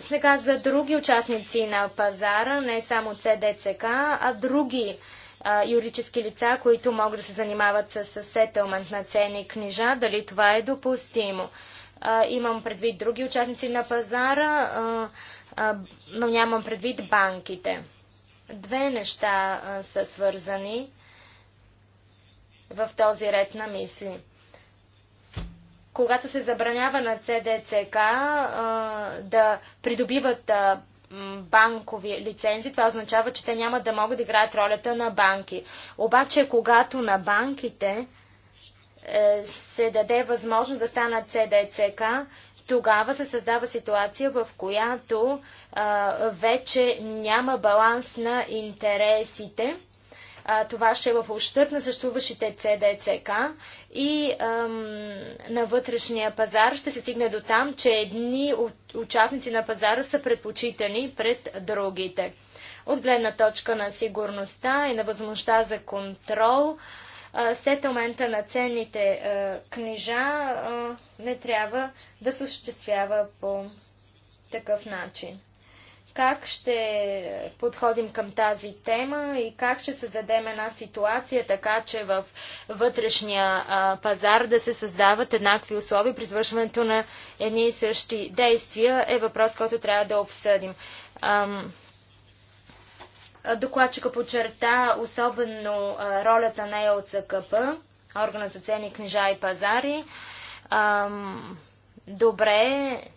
Сега за други участници на пазара, не само ЦДЦК, а други а, юридически лица, които могат да се занимават с, сетълмент на ценни книжа, дали това е допустимо. А, имам предвид други участници на пазара, а, а, но нямам предвид банките. Две неща а, са свързани в този ред на мисли. Когато се забранява на ЦДЦК а, да придобиват а, банкови лицензи, това означава, че те няма да могат да играят ролята на банки. Обаче, когато на банките е, се даде възможност да станат СДЦК, тогава се създава ситуация, в която а, вече няма баланс на интересите това ще е в ущърп на съществуващите ЦДЦК и ам, на вътрешния пазар ще се стигне до там, че едни участници на пазара са предпочитани пред другите. От гледна точка на сигурността и на възможността за контрол, сетълмента на ценните книжа не трябва да се осъществява по такъв начин как ще подходим към тази тема и как ще създадем една ситуация, така че в вътрешния а, пазар да се създават еднакви условия при извършването на едни и същи действия, е въпрос, който трябва да обсъдим. Ам... Докладчика подчерта особено а, ролята на ЕОЦКП, органът за цени книжа и пазари. Ам... Добре е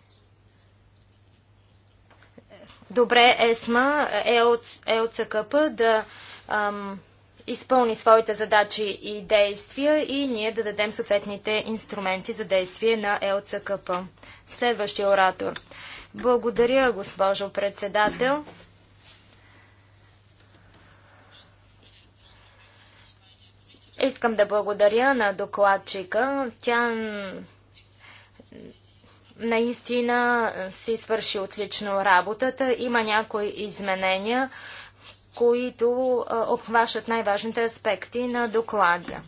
добре ЕСМА, ЕЛЦКП да ам, изпълни своите задачи и действия и ние да дадем съответните инструменти за действие на ЕЛЦКП. Следващия оратор. Благодаря, госпожо председател. Искам да благодаря на докладчика. Тя наистина си свърши отлично работата. Има някои изменения, които обхващат най-важните аспекти на доклада.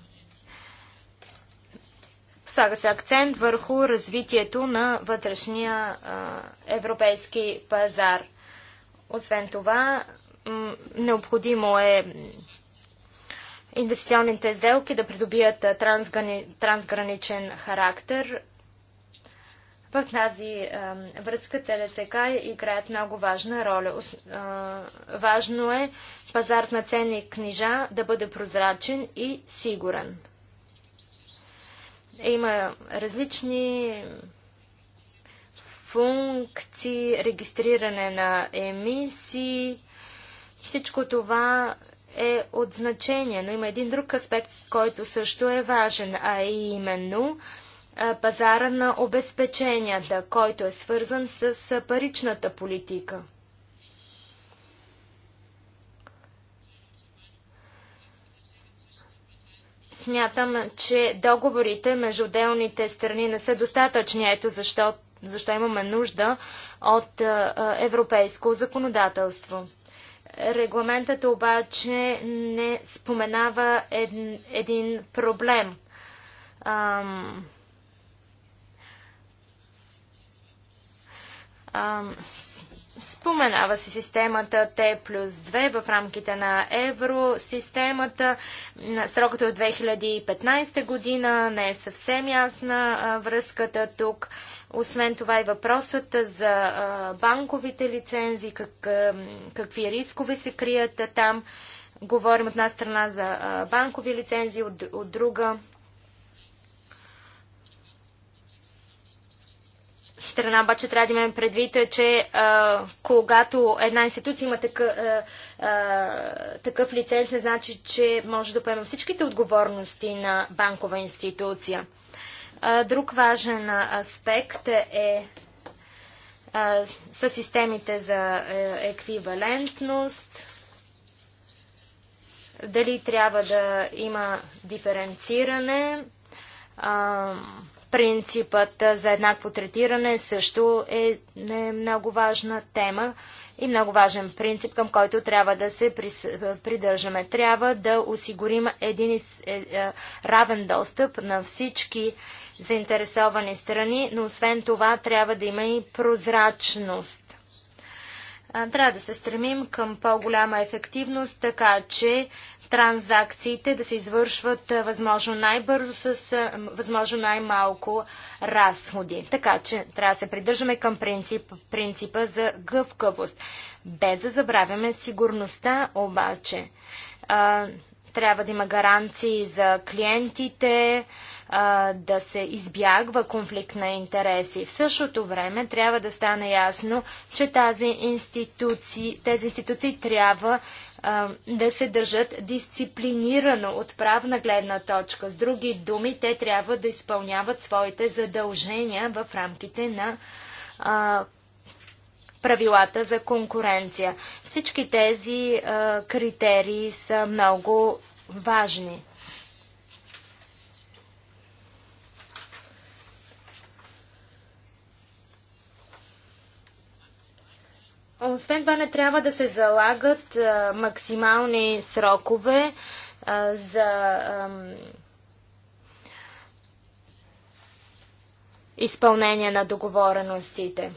Слага се акцент върху развитието на вътрешния европейски пазар. Освен това, необходимо е инвестиционните сделки да придобият трансграничен характер в тази а, връзка ЦДЦК е играят много важна роля. А, важно е пазар на ценни книжа да бъде прозрачен и сигурен. Има различни функции, регистриране на емисии. Всичко това е от значение, но има един друг аспект, който също е важен, а именно пазара на обезпеченията, който е свързан с паричната политика. Смятам, че договорите между отделните страни не са достатъчни, ето защо, защо имаме нужда от европейско законодателство. Регламентът обаче не споменава един, един проблем. Ам Споменава се системата Т плюс 2 в рамките на евросистемата. Срокът е от 2015 година. Не е съвсем ясна връзката тук. Освен това и въпросът за банковите лицензи. как, какви рискове се крият там. Говорим от една страна за банкови лицензии, от, от друга страна обаче трябва да имаме предвид, че а, когато една институция има такъв, а, а, такъв лиценз, не значи, че може да поема всичките отговорности на банкова институция. А, друг важен аспект е а, системите за е, еквивалентност. Дали трябва да има диференциране? А, Принципът за еднакво третиране също е, е, много важна тема и много важен принцип, към който трябва да се придържаме. Трябва да осигурим един е, е, равен достъп на всички заинтересовани страни, но освен това трябва да има и прозрачност. Трябва да се стремим към по-голяма ефективност, така че транзакциите да се извършват възможно най-бързо с възможно най-малко разходи. Така че трябва да се придържаме към принцип, принципа за гъвкавост. Без да забравяме сигурността обаче. А, трябва да има гаранции за клиентите, а, да се избягва конфликт на интереси. В същото време трябва да стане ясно, че тази институции, тези институции трябва да се държат дисциплинирано от правна гледна точка. С други думи, те трябва да изпълняват своите задължения в рамките на а, правилата за конкуренция. Всички тези а, критерии са много важни. Освен това не трябва да се залагат а, максимални срокове а, за а, изпълнение на договореностите.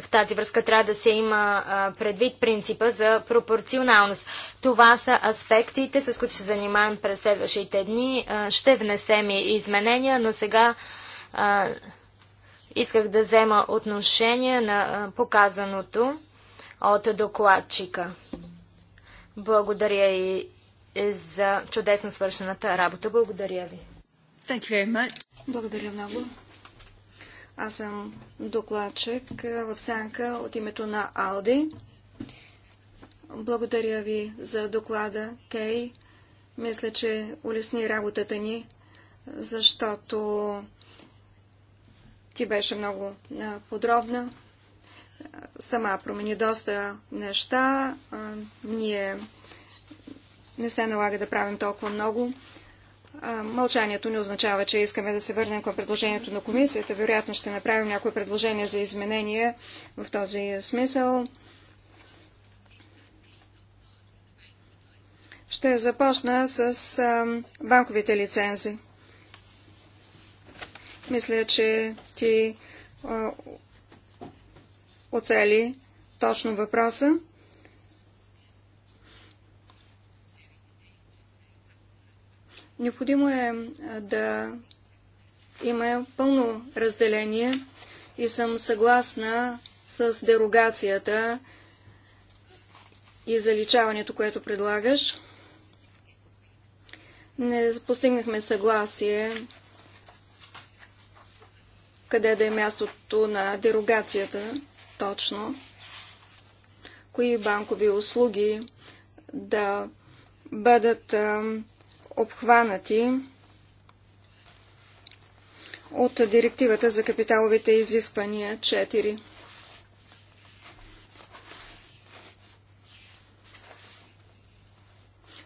В тази връзка трябва да се има предвид принципа за пропорционалност. Това са аспектите, с които ще занимавам през следващите дни. Ще внесем и изменения, но сега Исках да взема отношение на показаното от докладчика. Благодаря и за чудесно свършената работа. Благодаря ви. Благодаря много. Аз съм докладчик в сянка от името на Алди. Благодаря ви за доклада, Кей. Мисля, че улесни работата ни, защото ти беше много подробна. Сама промени доста неща. Ние не се налага да правим толкова много. Мълчанието не означава, че искаме да се върнем към предложението на комисията. Вероятно ще направим някои предложения за изменение в този смисъл. Ще започна с банковите лицензи. Мисля, че ти а, оцели точно въпроса. Необходимо е да има пълно разделение и съм съгласна с дерогацията и заличаването, което предлагаш. Не постигнахме съгласие къде да е мястото на дерогацията точно, кои банкови услуги да бъдат а, обхванати от директивата за капиталовите изисквания 4.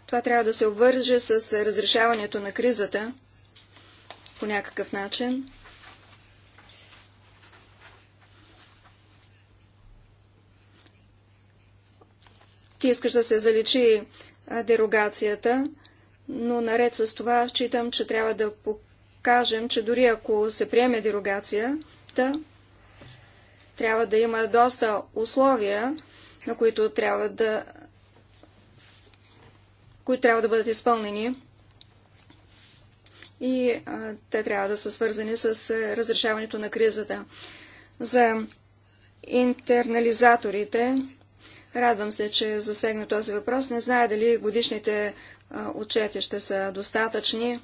Това трябва да се обвърже с разрешаването на кризата по някакъв начин. Ти искаш да се заличи дерогацията, но наред с това читам, че трябва да покажем, че дори ако се приеме дерогацията, трябва да има доста условия, на които трябва да които трябва да бъдат изпълнени и а, те трябва да са свързани с разрешаването на кризата. За интернализаторите Радвам се, че засегна този въпрос. Не зная дали годишните отчети ще са достатъчни,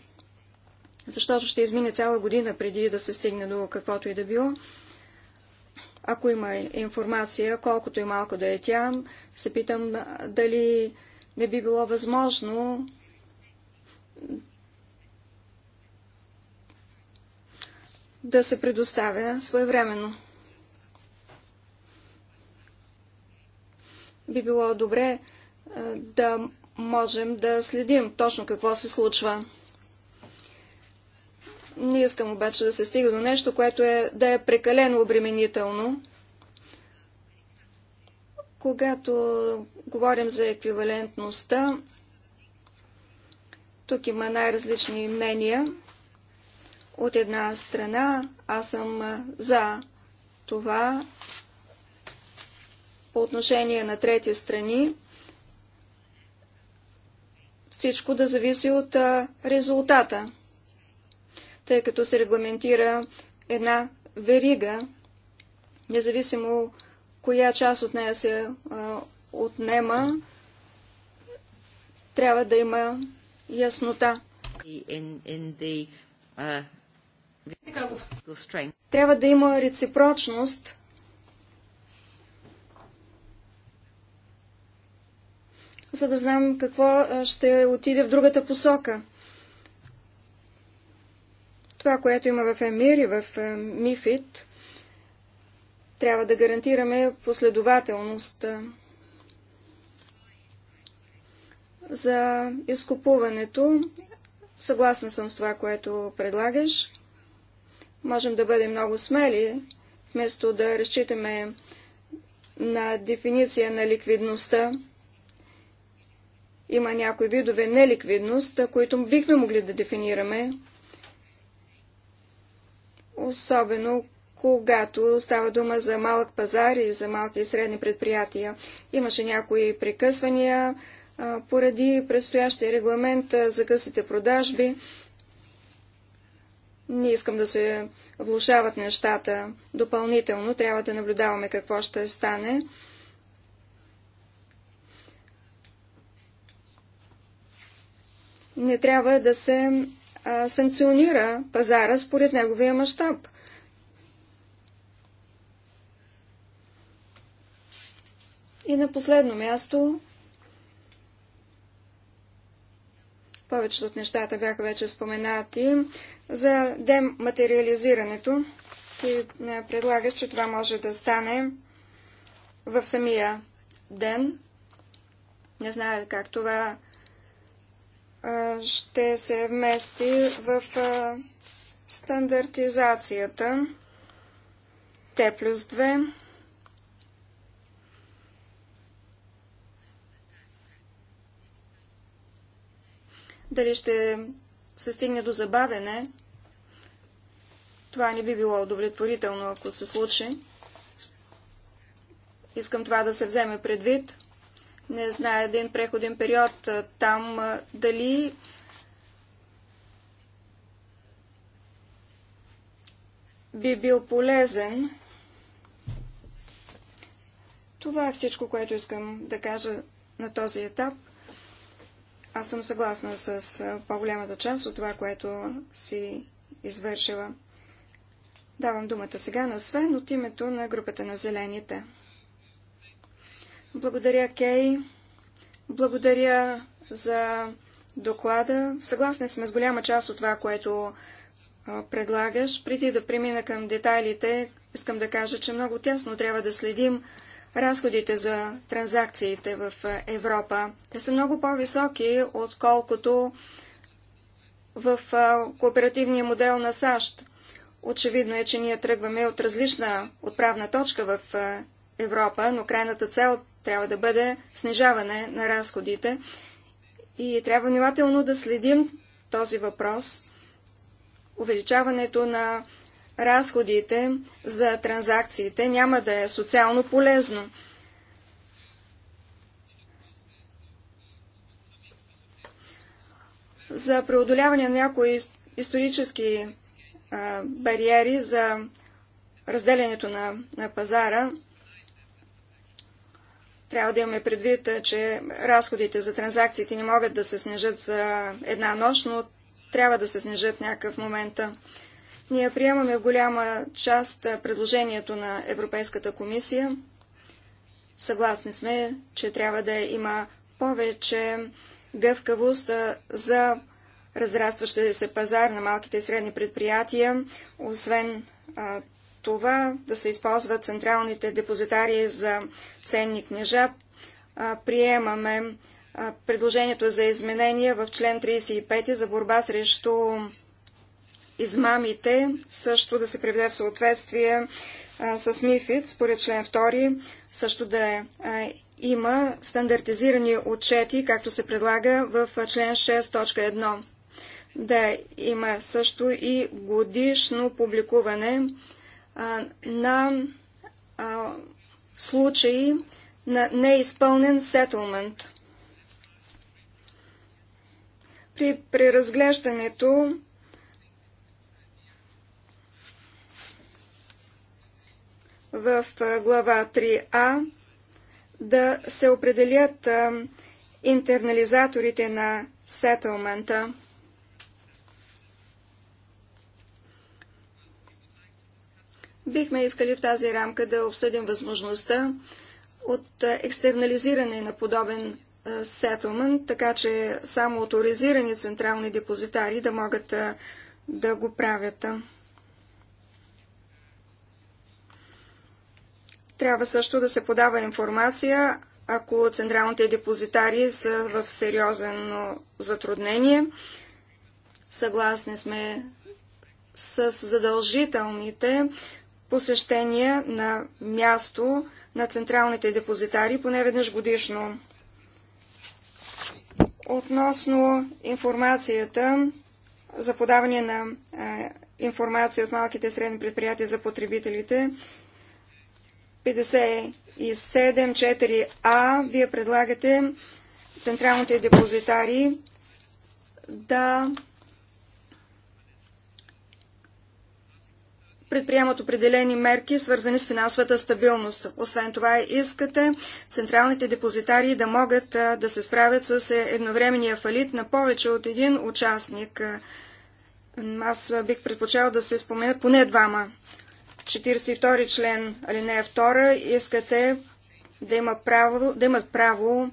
защото ще измине цяла година преди да се стигне до каквото и да било. Ако има информация, колкото и малко да е тя, се питам дали не би било възможно да се предоставя своевременно. би било добре е, да можем да следим точно какво се случва. Не искам обаче да се стига до нещо, което е да е прекалено обременително. Когато говорим за еквивалентността, тук има най-различни мнения. От една страна аз съм е, за това по отношение на трети страни, всичко да зависи от резултата, тъй като се регламентира една верига, независимо коя част от нея се отнема, трябва да има яснота. Uh, трябва да има реципрочност за да знам какво ще отиде в другата посока. Това, което има в Емир и в Мифит, трябва да гарантираме последователност за изкупуването. Съгласна съм с това, което предлагаш. Можем да бъдем много смели, вместо да разчитаме на дефиниция на ликвидността. Има някои видове неликвидност, които бихме могли да дефинираме, особено когато става дума за малък пазар и за малки и средни предприятия. Имаше някои прекъсвания а, поради предстоящия регламент за късите продажби. Не искам да се влушават нещата допълнително, трябва да наблюдаваме какво ще стане. не трябва да се а, санкционира пазара според неговия мащаб. И на последно място, повечето от нещата бяха вече споменати, за дематериализирането. Ти предлагаш, че това може да стане в самия ден. Не знае как това ще се вмести в стандартизацията Т плюс 2. Дали ще се стигне до забавене, това не би било удовлетворително, ако се случи. Искам това да се вземе предвид не знае един преходен период там дали би бил полезен. Това е всичко, което искам да кажа на този етап. Аз съм съгласна с по-голямата част от това, което си извършила. Давам думата сега на Свен от името на групата на зелените. Благодаря, Кей. Благодаря за доклада. Съгласни сме с голяма част от това, което предлагаш. Преди да премина към детайлите, искам да кажа, че много тясно трябва да следим разходите за транзакциите в Европа. Те са много по-високи, отколкото в кооперативния модел на САЩ. Очевидно е, че ние тръгваме от различна отправна точка в Европа, но крайната цел трябва да бъде снижаване на разходите и трябва внимателно да следим този въпрос. Увеличаването на разходите за транзакциите няма да е социално полезно. За преодоляване на някои исторически бариери за разделянето на, на пазара, трябва да имаме предвид, че разходите за транзакциите не могат да се снижат за една нощ, но трябва да се снижат някакъв момент. Ние приемаме в голяма част предложението на Европейската комисия. Съгласни сме, че трябва да има повече гъвкавост за разрастващия се пазар на малките и средни предприятия. Освен а, това да се използват централните депозитари за ценни книжа. Приемаме предложението за изменение в член 35 за борба срещу измамите, също да се приведе в съответствие с МИФИД, според член 2, също да е има стандартизирани отчети, както се предлага в член 6.1. Да има също и годишно публикуване на случаи на неизпълнен сетълмент. При преразглеждането в глава 3а да се определят интернализаторите на сетълмента – Бихме искали в тази рамка да обсъдим възможността от екстернализиране на подобен сетълмент, така че само авторизирани централни депозитари да могат да го правят. Трябва също да се подава информация, ако централните депозитари са в сериозно затруднение. Съгласни сме с задължителните посещения на място на централните депозитари поне веднъж годишно. Относно информацията за подаване на е, информация от малките и средни предприятия за потребителите, 574А, вие предлагате централните депозитари да предприемат определени мерки, свързани с финансовата стабилност. Освен това, искате централните депозитари да могат да се справят с е, едновременния фалит на повече от един участник. Аз бих предпочел да се споменят поне двама. 42 член, алинея 2, искате да, има право, да имат право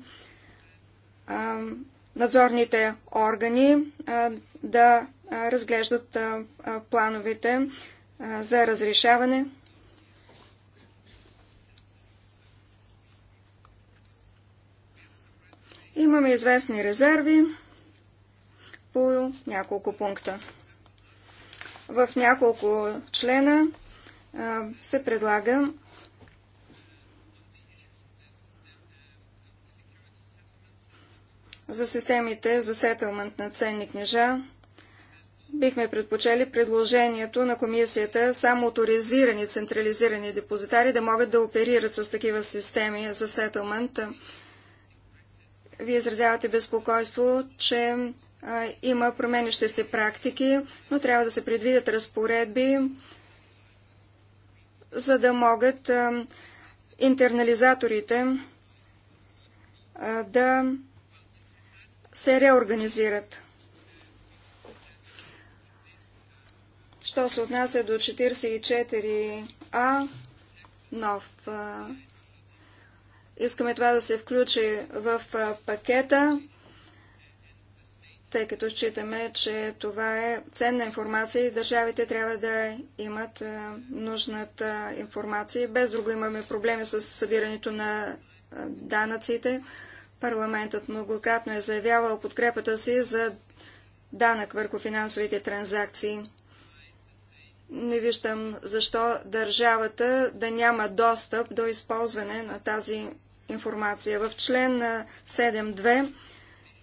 а, надзорните органи а, да разглеждат а, плановете за разрешаване. Имаме известни резерви по няколко пункта. В няколко члена се предлага за системите за сетълмент на ценни книжа Бихме предпочели предложението на комисията само авторизирани централизирани депозитари да могат да оперират с такива системи за сетълмент. Вие изразявате безпокойство, че а, има променящи се практики, но трябва да се предвидят разпоредби, за да могат а, интернализаторите а, да се реорганизират. Що се отнася до 44А, нов. Искаме това да се включи в пакета, тъй като считаме, че това е ценна информация и държавите трябва да имат нужната информация. Без друго имаме проблеми с събирането на данъците. Парламентът многократно е заявявал подкрепата си за данък върху финансовите транзакции. Не виждам защо държавата да няма достъп до използване на тази информация. В член 7.2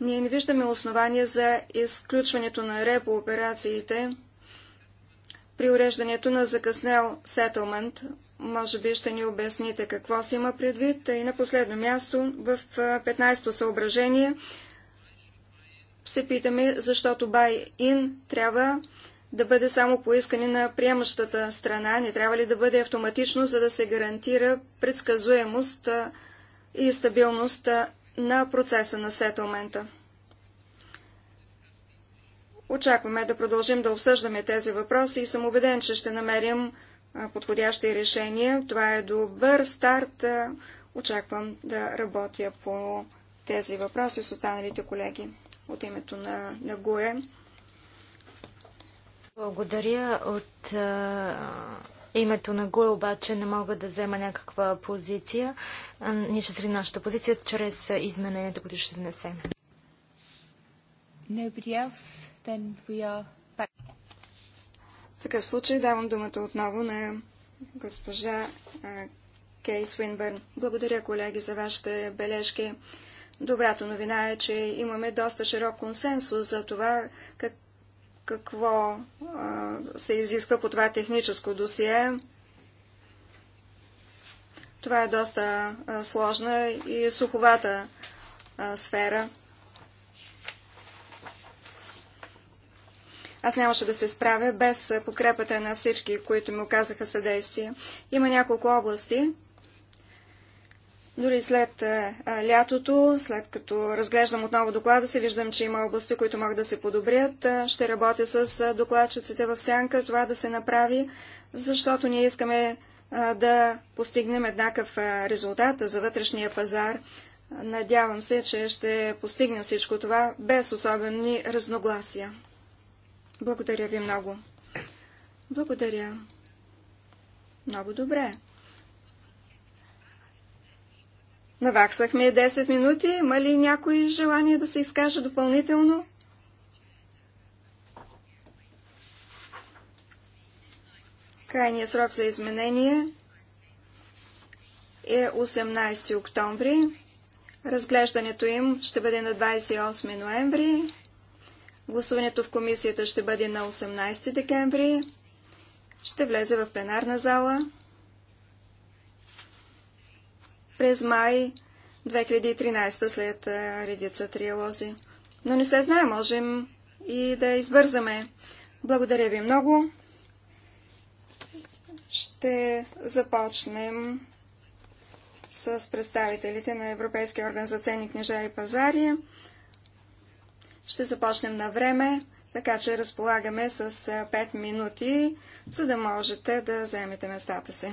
ние не виждаме основания за изключването на репо операциите при уреждането на закъснел сетълмент. Може би ще ни обясните какво си има предвид. И на последно място, в 15-то съображение, се питаме, защото buy-in трябва да бъде само поискане на приемащата страна, не трябва ли да бъде автоматично, за да се гарантира предсказуемост и стабилност на процеса на сетълмента. Очакваме да продължим да обсъждаме тези въпроси и съм убеден, че ще намерим подходящи решения. Това е добър старт. Очаквам да работя по тези въпроси с останалите колеги от името на, на ГУЕ. Благодаря от а, името на ГУЕ, обаче не мога да взема някаква позиция. Ние ще сред нашата позиция чрез измененията, които ще внесем. В такъв случай давам думата отново на госпожа Кейс Кей Свинбърн. Благодаря, колеги, за вашите бележки. Добрата новина е, че имаме доста широк консенсус за това как какво а, се изисква по това техническо досие. Това е доста а, сложна и суховата а, сфера. Аз нямаше да се справя без подкрепата на всички, които ми оказаха съдействие. Има няколко области, дори след е, лятото, след като разглеждам отново доклада, се виждам, че има области, които могат да се подобрят. Е, ще работя с е, докладчиците в сянка това да се направи, защото ние искаме да постигнем еднакъв резултат за вътрешния пазар. Надявам се, че ще постигнем всичко това без особени разногласия. Благодаря ви много. Благодаря. Много добре. Наваксахме 10 минути. Има ли някои желание да се изкаже допълнително? Крайният срок за изменение е 18 октомври. Разглеждането им ще бъде на 28 ноември. Гласуването в комисията ще бъде на 18 декември. Ще влезе в пленарна зала през май 2013 след редица триалози. Но не се знае, можем и да избързаме. Благодаря ви много. Ще започнем с представителите на Европейския орган за ценни книжа и пазари. Ще започнем на време, така че разполагаме с 5 минути, за да можете да вземете местата си.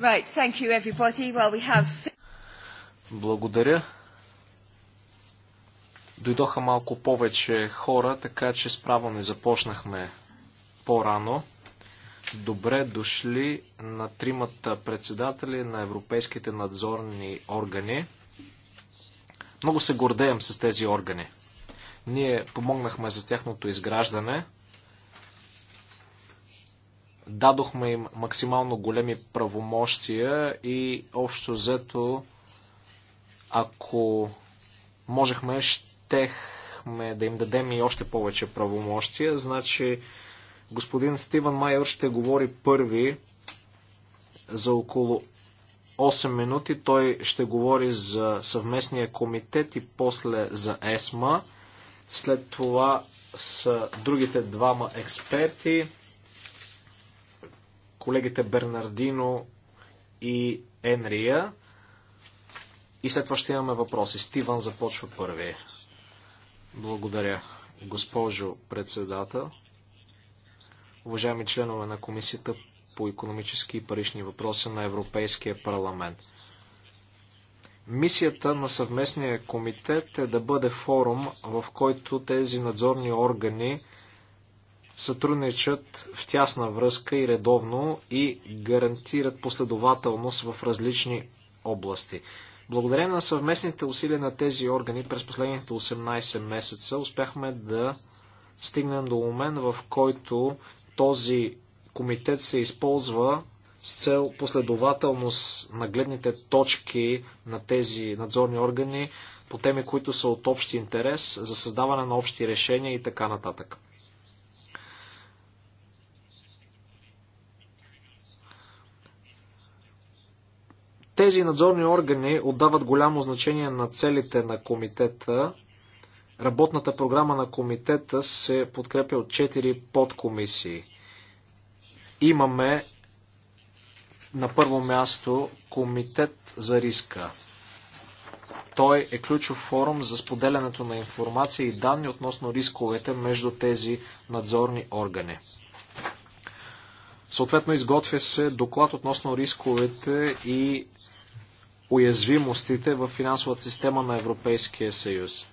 Right, thank you everybody. Well, we have... Благодаря. Дойдоха малко повече хора, така че справо не започнахме по-рано. Добре дошли на тримата председатели на европейските надзорни органи. Много се гордеем с тези органи. Ние помогнахме за тяхното изграждане – дадохме им максимално големи правомощия и общо взето, ако можехме, щехме да им дадем и още повече правомощия. Значи, господин Стивън Майор ще говори първи за около 8 минути. Той ще говори за съвместния комитет и после за ЕСМА. След това с другите двама експерти колегите Бернардино и Енрия. И след това ще имаме въпроси. Стиван започва първи. Благодаря, госпожо председател. Уважаеми членове на Комисията по економически и парични въпроси на Европейския парламент. Мисията на съвместния комитет е да бъде форум, в който тези надзорни органи сътрудничат в тясна връзка и редовно и гарантират последователност в различни области. Благодарение на съвместните усилия на тези органи през последните 18 месеца успяхме да стигнем до момент, в който този комитет се използва с цел последователност на гледните точки на тези надзорни органи по теми, които са от общи интерес за създаване на общи решения и така нататък. Тези надзорни органи отдават голямо значение на целите на комитета. Работната програма на комитета се подкрепя от 4 подкомисии. Имаме на първо място комитет за риска. Той е ключов форум за споделянето на информация и данни относно рисковете между тези надзорни органи. Съответно, изготвя се доклад относно рисковете и уязвимостите в финансовата система на Европейския съюз.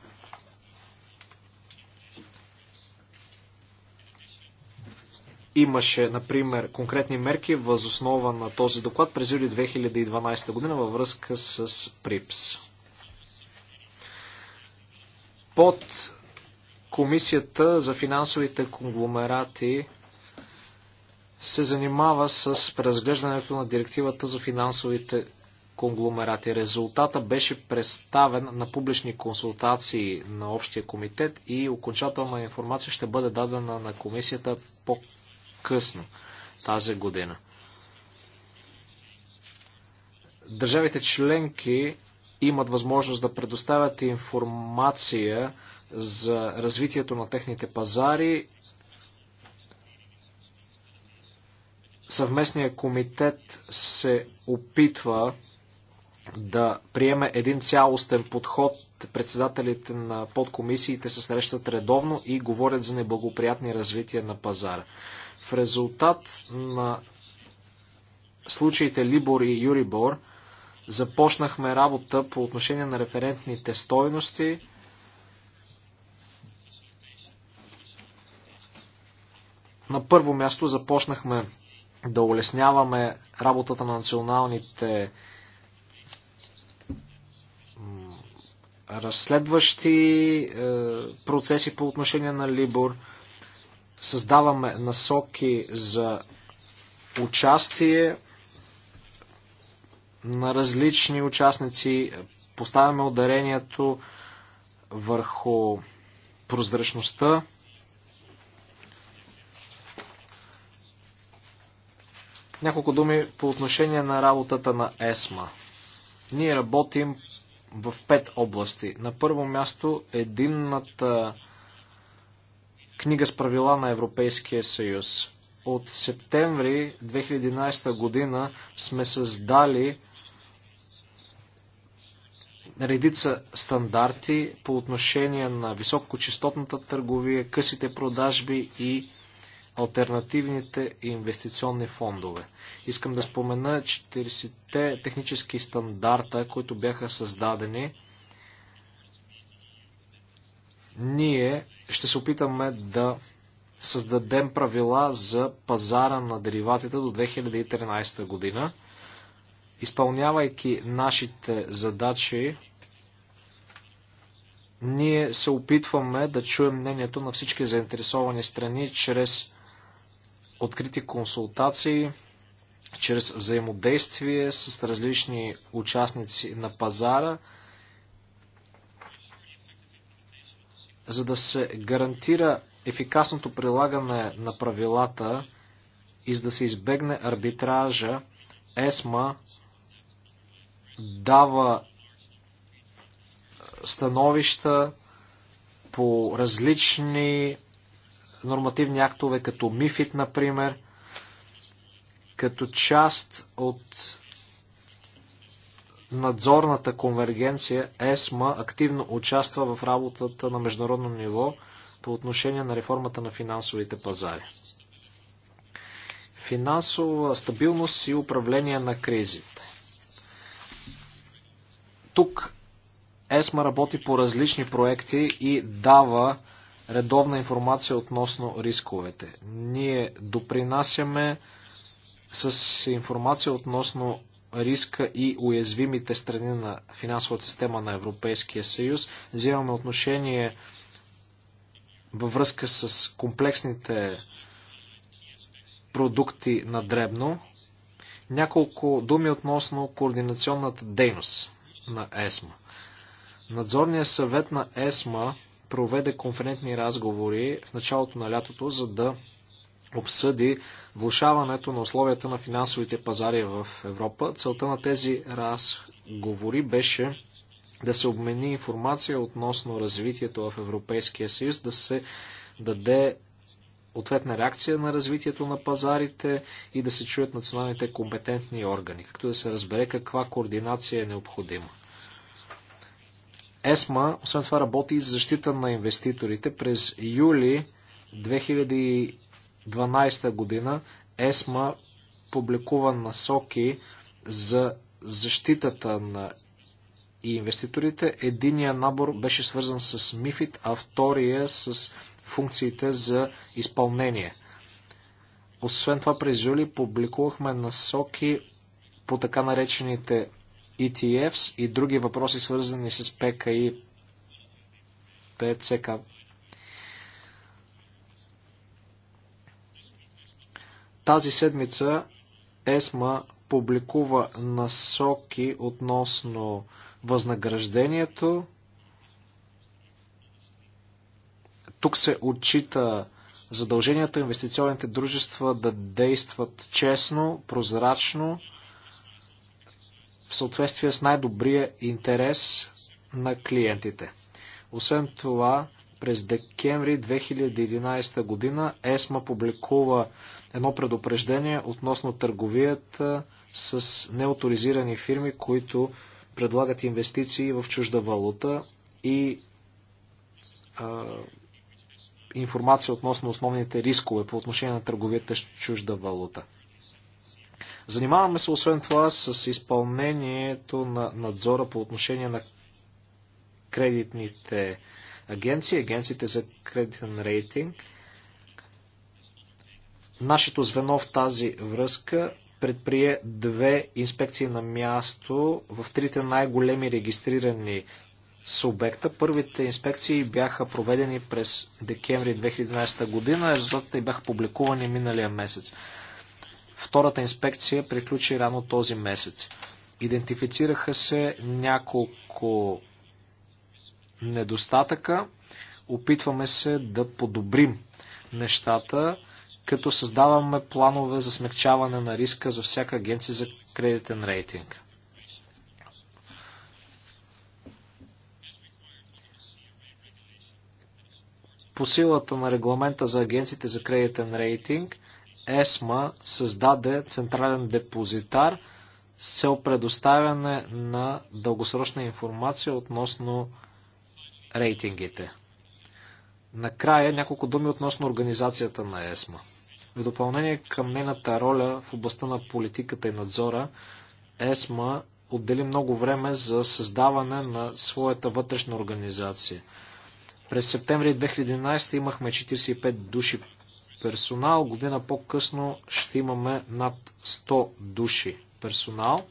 Имаше, например, конкретни мерки възоснова на този доклад през юли 2012 година във връзка с ПРИПС. Под Комисията за финансовите конгломерати се занимава с преразглеждането на директивата за финансовите конгломерати. Резултата беше представен на публични консултации на Общия комитет и окончателна информация ще бъде дадена на комисията по-късно тази година. Държавите членки имат възможност да предоставят информация за развитието на техните пазари. Съвместният комитет се опитва да приеме един цялостен подход. Председателите на подкомисиите се срещат редовно и говорят за неблагоприятни развития на пазара. В резултат на случаите Либор и Юрибор започнахме работа по отношение на референтните стойности. На първо място започнахме да улесняваме работата на националните разследващи е, процеси по отношение на Либор. Създаваме насоки за участие на различни участници. Поставяме ударението върху прозрачността. Няколко думи по отношение на работата на ЕСМА. Ние работим в пет области. На първо място единната книга с правила на Европейския съюз. От септември 2011 година сме създали редица стандарти по отношение на високочастотната търговия, късите продажби и альтернативните инвестиционни фондове. Искам да спомена 40-те технически стандарта, които бяха създадени. Ние ще се опитаме да създадем правила за пазара на дериватите до 2013 година. Изпълнявайки нашите задачи, ние се опитваме да чуем мнението на всички заинтересовани страни чрез открити консултации чрез взаимодействие с различни участници на пазара, за да се гарантира ефикасното прилагане на правилата и за да се избегне арбитража, ЕСМА дава становища по различни нормативни актове, като МИФИТ, например, като част от надзорната конвергенция ЕСМА активно участва в работата на международно ниво по отношение на реформата на финансовите пазари. Финансова стабилност и управление на кризите. Тук ЕСМА работи по различни проекти и дава редовна информация относно рисковете. Ние допринасяме с информация относно риска и уязвимите страни на финансовата система на Европейския съюз. Взимаме отношение във връзка с комплексните продукти на дребно. Няколко думи относно координационната дейност на ЕСМА. Надзорният съвет на ЕСМА проведе конферентни разговори в началото на лятото, за да обсъди влушаването на условията на финансовите пазари в Европа. Целта на тези разговори беше да се обмени информация относно развитието в Европейския съюз, да се даде ответна реакция на развитието на пазарите и да се чуят националните компетентни органи, както да се разбере каква координация е необходима. ЕСМА, освен това, работи за защита на инвеститорите. През юли 2012 година ЕСМА публикува насоки за защитата на инвеститорите. Единия набор беше свързан с мифит, а втория с функциите за изпълнение. Освен това, през юли публикувахме насоки по така наречените ETFs и други въпроси, свързани с ПК и ПЦК. Тази седмица ЕСМА публикува насоки относно възнаграждението. Тук се отчита задължението инвестиционните дружества да действат честно, прозрачно, в съответствие с най-добрия интерес на клиентите. Освен това, през декември 2011 година ЕСМА публикува едно предупреждение относно търговията с неоторизирани фирми, които предлагат инвестиции в чужда валута и а, информация относно основните рискове по отношение на търговията с чужда валута. Занимаваме се освен това с изпълнението на надзора по отношение на кредитните агенции, агенциите за кредитен рейтинг. Нашето звено в тази връзка предприе две инспекции на място в трите най-големи регистрирани субекта. Първите инспекции бяха проведени през декември 2011 година, резултатите бяха публикувани миналия месец. Втората инспекция приключи рано този месец. Идентифицираха се няколко недостатъка. Опитваме се да подобрим нещата, като създаваме планове за смягчаване на риска за всяка агенция за кредитен рейтинг. По силата на регламента за агенциите за кредитен рейтинг, ЕСМА създаде централен депозитар с цел предоставяне на дългосрочна информация относно рейтингите. Накрая няколко думи относно организацията на ЕСМА. В допълнение към нейната роля в областта на политиката и надзора, ЕСМА отдели много време за създаване на своята вътрешна организация. През септември 2011 имахме 45 души персонал. Година по-късно ще имаме над 100 души персонал.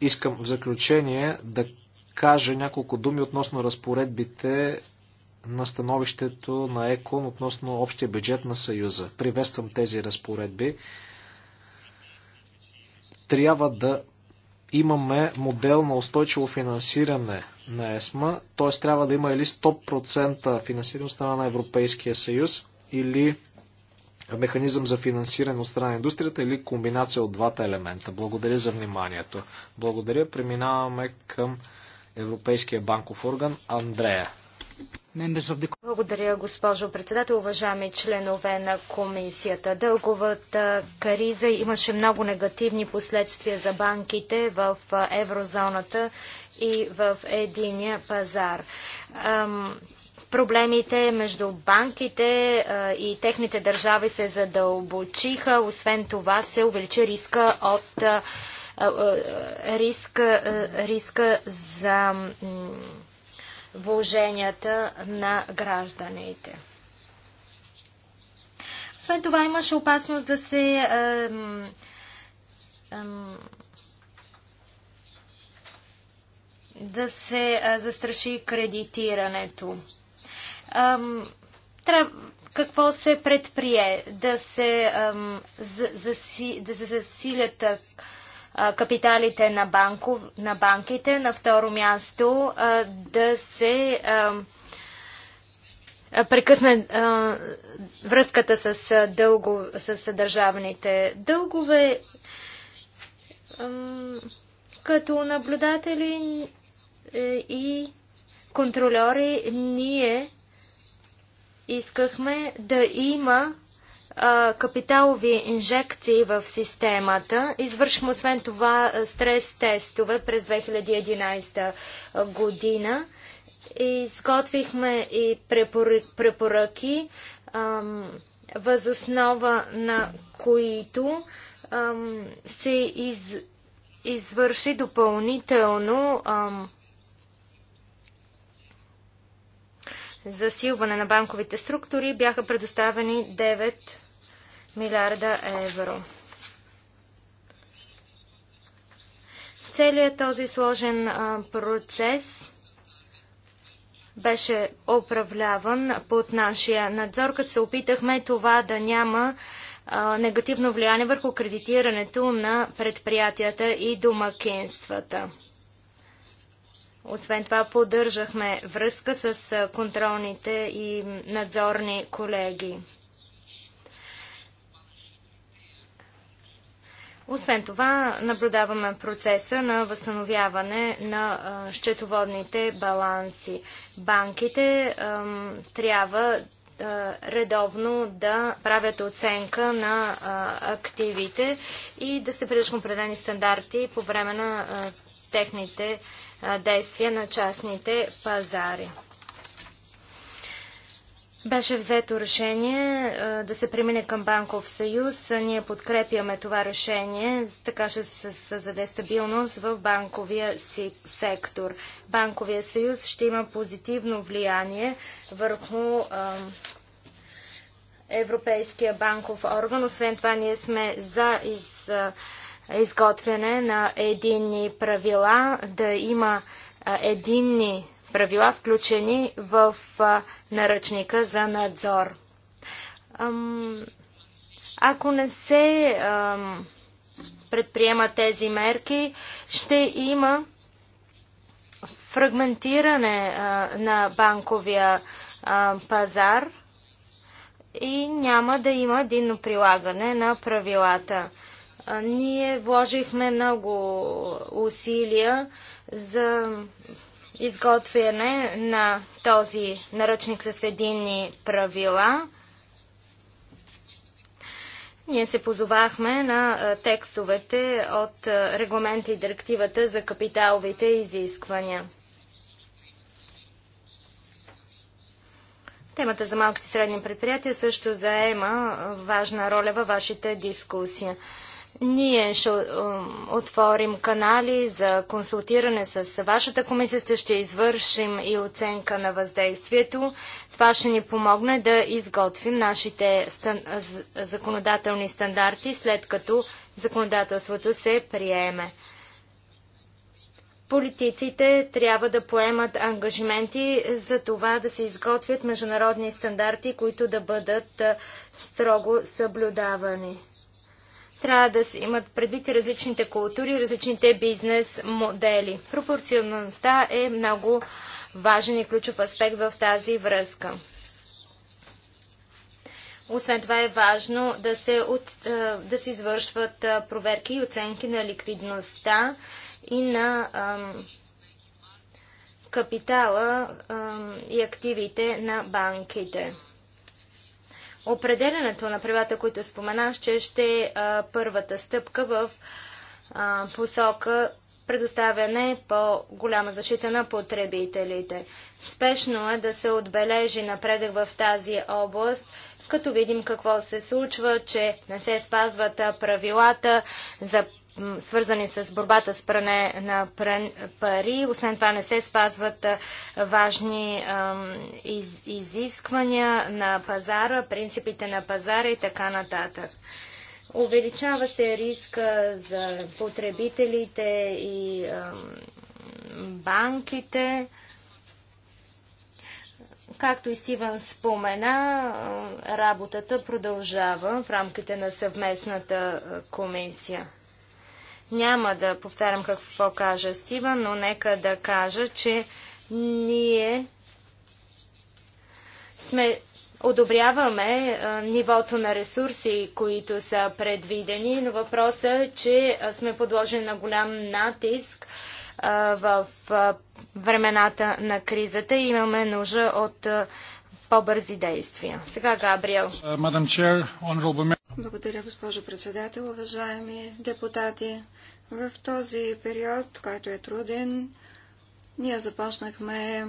Искам в заключение да кажа няколко думи относно разпоредбите на становището на ЕКОН относно общия бюджет на Съюза. Приветствам тези разпоредби. Трябва да имаме модел на устойчиво финансиране на ЕСМА, т.е. трябва да има или 100% финансиране от страна на Европейския съюз, или механизъм за финансиране от страна на индустрията или комбинация от двата елемента. Благодаря за вниманието. Благодаря. Преминаваме към Европейския банков орган Андрея. Благодаря, госпожо председател, уважаеми членове на комисията. Дълговата криза имаше много негативни последствия за банките в еврозоната и в единия пазар. проблемите между банките и техните държави се задълбочиха. Освен това се увеличи риска от риска, риска за вложенията на гражданите. Освен това имаше опасност да се да се застраши кредитирането. трябва, какво се предприе? Да се, да се засилят капиталите на, банков, на банките. На второ място да се прекъсне връзката с, дълго, с държавните дългове. като наблюдатели е, и контролери ние искахме да има а, капиталови инжекции в системата. Извършихме освен това стрес тестове през 2011 година. Изготвихме и препоръки, въз възоснова на които се извърши допълнително засилване на банковите структури бяха предоставени 9 милиарда евро. Целият този сложен процес беше управляван под нашия надзор, като се опитахме това да няма негативно влияние върху кредитирането на предприятията и домакинствата. Освен това, поддържахме връзка с контролните и надзорни колеги. Освен това, наблюдаваме процеса на възстановяване на счетоводните баланси. Банките трябва редовно да правят оценка на активите и да се приличат определени стандарти по време на техните действия на частните пазари. Беше взето решение да се премине към банков съюз. Ние подкрепяме това решение, така ще се създаде стабилност в банковия си сектор. Банковия съюз ще има позитивно влияние върху Европейския банков орган. Освен това, ние сме за из изготвяне на единни правила, да има единни правила, включени в наръчника за надзор. Ако не се предприема тези мерки, ще има фрагментиране на банковия пазар и няма да има единно прилагане на правилата. Ние вложихме много усилия за изготвяне на този наръчник с единни правила. Ние се позовахме на текстовете от регламента и директивата за капиталовите изисквания. Темата за малките и средни предприятия също заема важна роля във вашите дискусии. Ние ще отворим канали за консултиране с вашата комисия, ще извършим и оценка на въздействието. Това ще ни помогне да изготвим нашите законодателни стандарти, след като законодателството се приеме. Политиците трябва да поемат ангажименти за това да се изготвят международни стандарти, които да бъдат е, строго съблюдавани. Трябва да се имат предвид различните култури, различните бизнес модели. Пропорционалността е много важен и ключов аспект в тази връзка. Освен това е важно да се, от, да се извършват проверки и оценки на ликвидността и на ам, капитала ам, и активите на банките. Определенето на правилата, които споменах, че ще е първата стъпка в посока предоставяне по-голяма защита на потребителите. Спешно е да се отбележи напредък в тази област, като видим какво се случва, че не се спазват правилата за свързани с борбата с пране на пари. Освен това не се спазват важни изисквания на пазара, принципите на пазара и така нататък. Увеличава се риска за потребителите и банките. Както и Стивън спомена, работата продължава в рамките на съвместната комисия. Няма да повтарям какво кажа Стива, но нека да кажа, че ние сме одобряваме а, нивото на ресурси, които са предвидени, но въпросът е, че сме подложени на голям натиск а, в времената на кризата и имаме нужда от по-бързи действия. Сега Габриел. Uh, Благодаря, госпожо председател, уважаеми депутати. В този период, който е труден, ние започнахме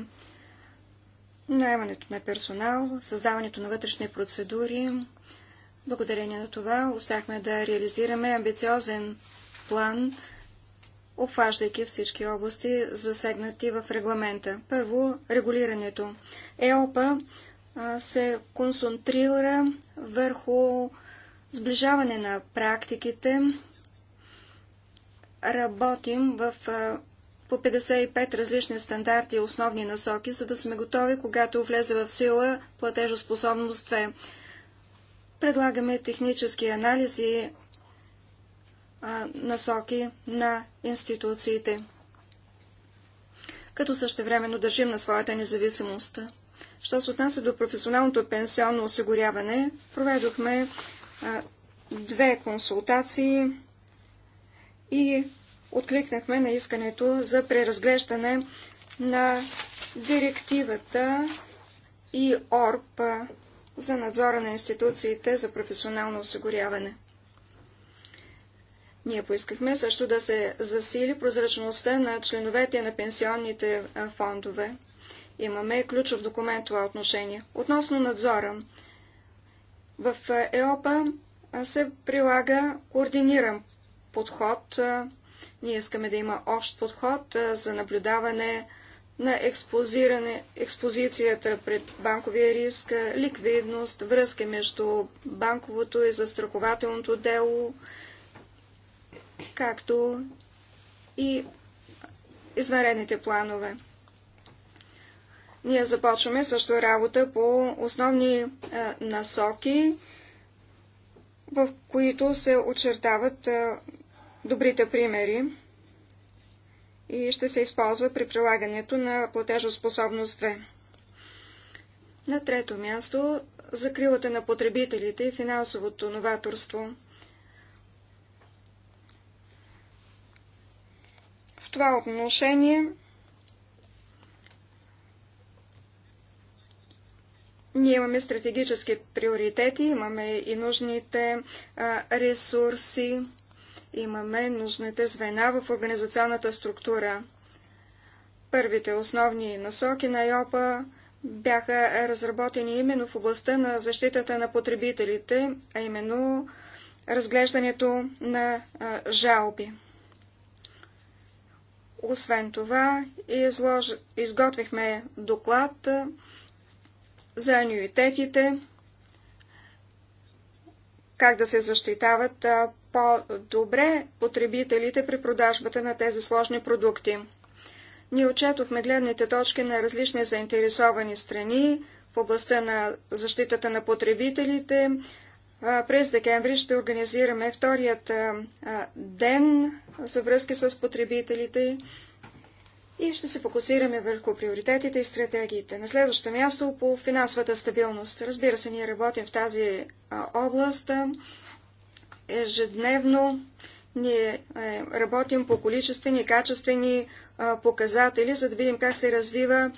наемането на персонал, създаването на вътрешни процедури. Благодарение на това успяхме да реализираме амбициозен план, обхващайки всички области, засегнати в регламента. Първо, регулирането. ЕОПА се концентрира върху сближаване на практиките. Работим в, по 55 различни стандарти и основни насоки, за да сме готови, когато влезе в сила платежоспособност 2. Предлагаме технически анализи и насоки на институциите, като същевременно държим на своята независимост. Що се отнася до професионалното пенсионно осигуряване, проведохме две консултации и откликнахме на искането за преразглеждане на директивата и ОРП за надзора на институциите за професионално осигуряване. Ние поискахме също да се засили прозрачността на членовете на пенсионните фондове. Имаме ключов документ това отношение. Относно надзора. В е, ЕОПА се прилага координиран подход. Ние искаме да има общ подход за наблюдаване на експозицията пред банковия риск, ликвидност, връзки между банковото и застрахователното дело, както и изварените планове. Ние започваме също работа по основни е, насоки, в които се очертават е, добрите примери и ще се използва при прилагането на платежоспособност 2. На трето място закрилата на потребителите и финансовото новаторство. В това отношение Ние имаме стратегически приоритети, имаме и нужните а, ресурси, имаме нужните звена в организационната структура. Първите основни насоки на ЙОПА бяха разработени именно в областта на защитата на потребителите, а именно разглеждането на а, жалби. Освен това, изготвихме доклад за анюитетите, как да се защитават по-добре потребителите при продажбата на тези сложни продукти. Ние отчетохме гледните точки на различни заинтересовани страни в областта на защитата на потребителите. През декември ще организираме вторият ден за връзки с потребителите и ще се фокусираме върху приоритетите и стратегиите. На следващото място по финансовата стабилност. Разбира се, ние работим в тази а, област ежедневно. Ние е, работим по количествени и качествени а, показатели, за да видим как се развива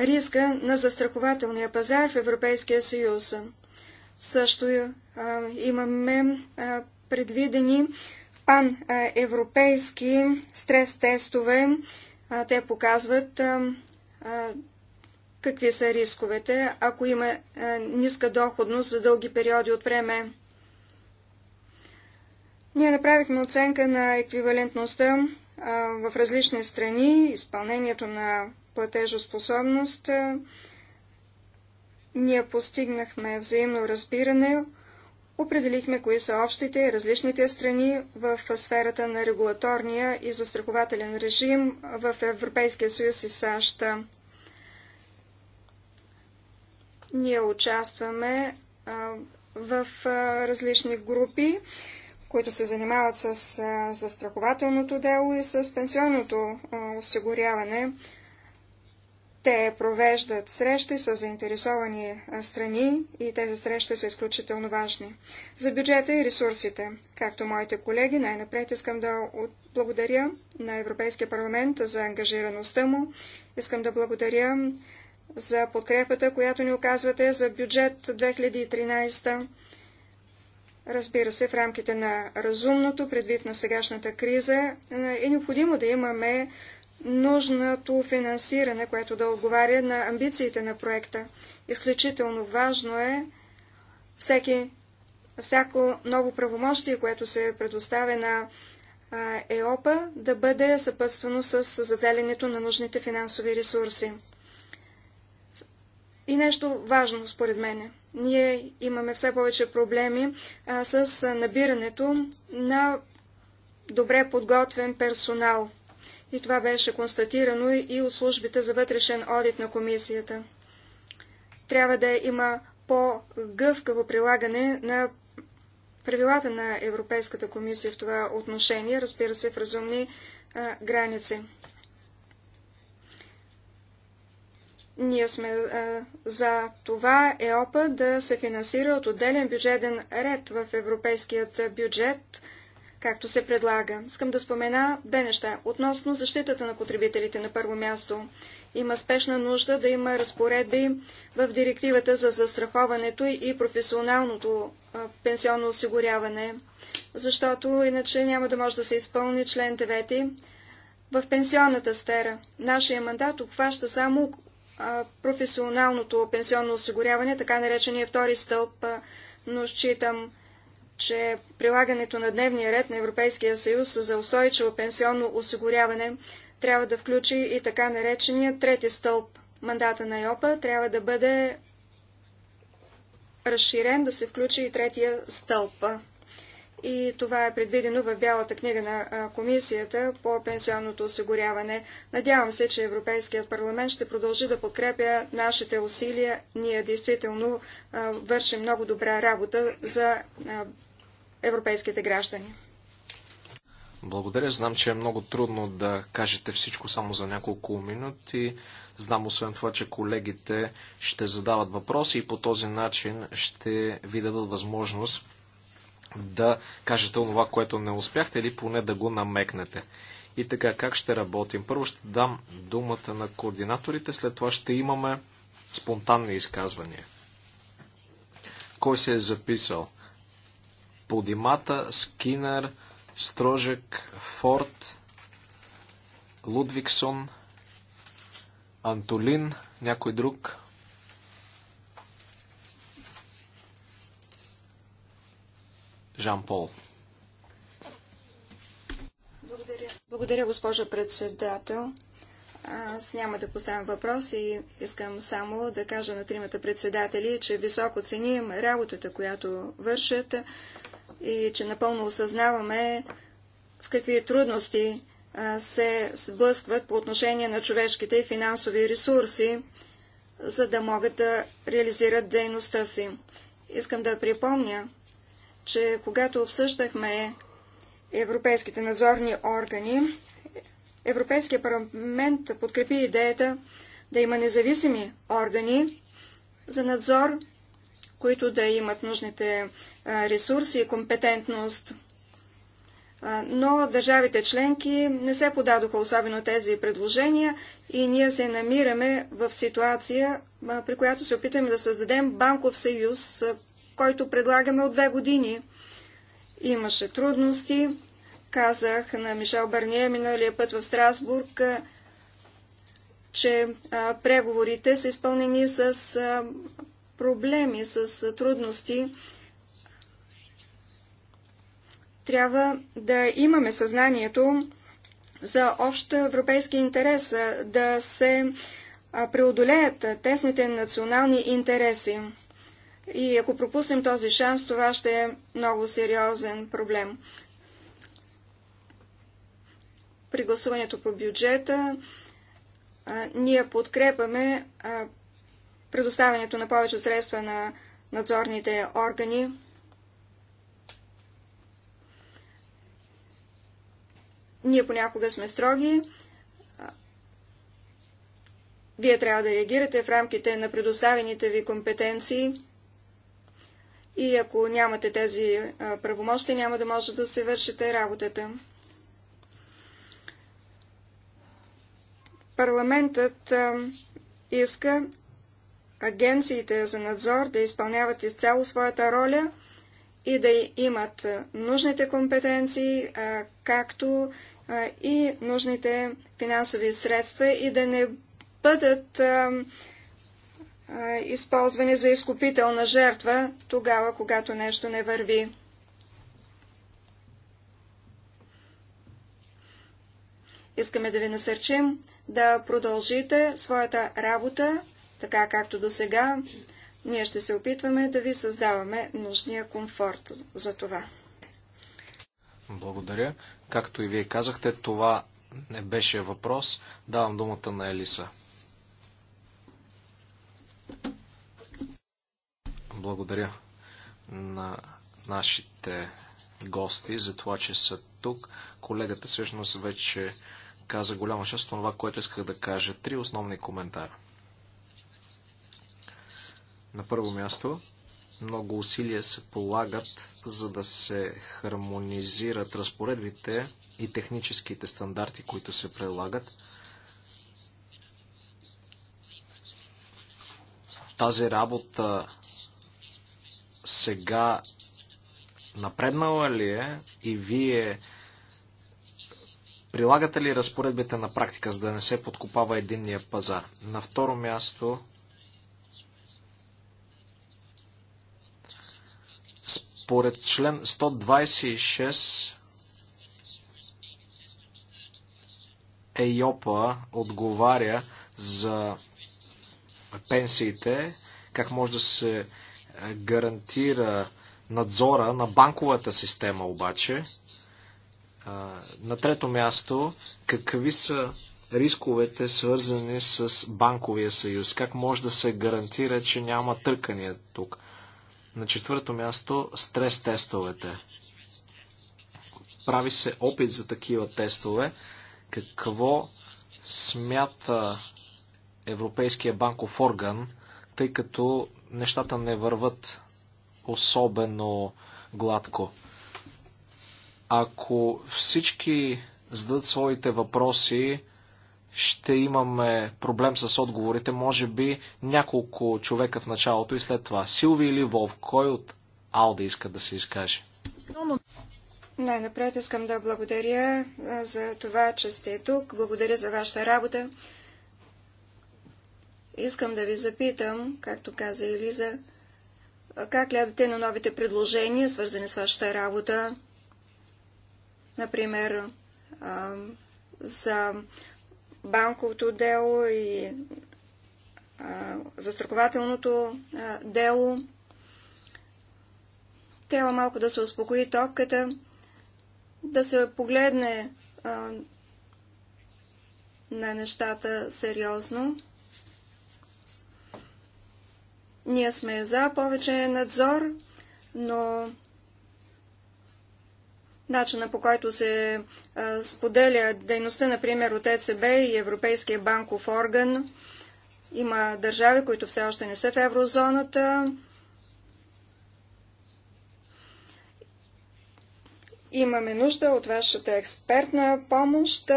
риска на застрахователния пазар в Европейския съюз. Също е, а, имаме а, предвидени паневропейски стрес-тестове те показват какви са рисковете, ако има ниска доходност за дълги периоди от време. Ние направихме оценка на еквивалентността в различни страни, изпълнението на платежоспособност. Ние постигнахме взаимно разбиране Определихме кои са общите и различните страни в сферата на регулаторния и застрахователен режим в Европейския съюз и САЩ. Ние участваме в различни групи, които се занимават с застрахователното дело и с пенсионното осигуряване. Те провеждат срещи с заинтересовани страни и тези срещи са изключително важни. За бюджета и ресурсите, както моите колеги, най-напред искам да благодаря на Европейския парламент за ангажираността му. Искам да благодаря за подкрепата, която ни оказвате за бюджет 2013. Разбира се, в рамките на разумното, предвид на сегашната криза, е, е необходимо да имаме нужното финансиране, което да отговаря на амбициите на проекта. Изключително важно е всеки, всяко ново правомощие, което се предоставя на ЕОПА, да бъде съпътствано с заделянето на нужните финансови ресурси. И нещо важно, според мен. Ние имаме все повече проблеми а, с набирането на добре подготвен персонал – и това беше констатирано и от службите за вътрешен одит на комисията. Трябва да има по-гъвкаво прилагане на правилата на Европейската комисия в това отношение, разбира се, в разумни а, граници. Ние сме а, за това ЕОПА да се финансира от отделен бюджетен ред в европейският бюджет – както се предлага. Искам да спомена две неща. Относно защитата на потребителите на първо място. Има спешна нужда да има разпоредби в директивата за застраховането и професионалното пенсионно осигуряване, защото иначе няма да може да се изпълни член 9 в пенсионната сфера. Нашия мандат обхваща само професионалното пенсионно осигуряване, така наречения втори стълб, но считам, че прилагането на дневния ред на Европейския съюз за устойчиво пенсионно осигуряване трябва да включи и така наречения трети стълб. Мандата на ЕОПА трябва да бъде разширен, да се включи и третия стълб и това е предвидено в Бялата книга на Комисията по пенсионното осигуряване. Надявам се, че Европейският парламент ще продължи да подкрепя нашите усилия. Ние действително вършим много добра работа за европейските граждани. Благодаря. Знам, че е много трудно да кажете всичко само за няколко минути. Знам освен това, че колегите ще задават въпроси и по този начин ще ви дадат възможност да кажете онова, което не успяхте или поне да го намекнете. И така, как ще работим? Първо ще дам думата на координаторите, след това ще имаме спонтанни изказвания. Кой се е записал? Подимата, Скинер, Строжек, Форд, Лудвиксон, Антолин, някой друг – Жан Пол. Благодаря. Благодаря, госпожа председател. Аз няма да поставям въпрос и искам само да кажа на тримата председатели, че високо ценим работата, която вършат и че напълно осъзнаваме с какви трудности се сблъскват по отношение на човешките и финансови ресурси, за да могат да реализират дейността си. Искам да припомня, че когато обсъждахме европейските надзорни органи, Европейския парламент подкрепи идеята да има независими органи за надзор, които да имат нужните ресурси и компетентност. Но държавите членки не се подадоха особено тези предложения и ние се намираме в ситуация, при която се опитваме да създадем банков съюз който предлагаме от две години. Имаше трудности. Казах на Мишел Барния миналия път в Страсбург, че а, преговорите са изпълнени с а, проблеми, с а, трудности. Трябва да имаме съзнанието за общ европейски интерес, да се преодолеят тесните национални интереси. И ако пропуснем този шанс, това ще е много сериозен проблем. При гласуването по бюджета ние подкрепаме предоставянето на повече средства на надзорните органи. Ние понякога сме строги. Вие трябва да реагирате в рамките на предоставените ви компетенции. И ако нямате тези правомощи, няма да може да се вършите работата. Парламентът иска агенциите за надзор да изпълняват изцяло своята роля и да имат нужните компетенции, както и нужните финансови средства и да не бъдат използвани за изкупителна жертва тогава, когато нещо не върви. Искаме да ви насърчим да продължите своята работа, така както до сега. Ние ще се опитваме да ви създаваме нужния комфорт за това. Благодаря. Както и вие казахте, това не беше въпрос. Давам думата на Елиса. Благодаря на нашите гости за това, че са тук. Колегата всъщност вече каза голяма част от това, което исках да кажа. Три основни коментара. На първо място, много усилия се полагат, за да се хармонизират разпоредбите и техническите стандарти, които се прилагат. Тази работа сега напреднала ли е и вие прилагате ли разпоредбите на практика, за да не се подкопава единния пазар? На второ място, според член 126 ЕЙОПА отговаря за пенсиите, как може да се гарантира надзора на банковата система обаче. На трето място, какви са рисковете свързани с банковия съюз? Как може да се гарантира, че няма търкания тук? На четвърто място, стрес тестовете. Прави се опит за такива тестове. Какво смята Европейския банков орган, тъй като нещата не върват особено гладко. Ако всички зададат своите въпроси, ще имаме проблем с отговорите. Може би няколко човека в началото и след това. Силви или Вов, кой от Алда иска да се изкаже? Най-напред искам да благодаря за това, че сте тук. Благодаря за вашата работа. Искам да ви запитам, както каза Елиза, как гледате на новите предложения, свързани с вашата работа, например, за банковото дело и застрахователното дело. Трябва малко да се успокои топката, да се погледне на нещата сериозно. Ние сме за повече надзор, но начина по който се а, споделя дейността, например, от ЕЦБ и Европейския банков орган. Има държави, които все още не са в еврозоната. Имаме нужда от вашата експертна помощ.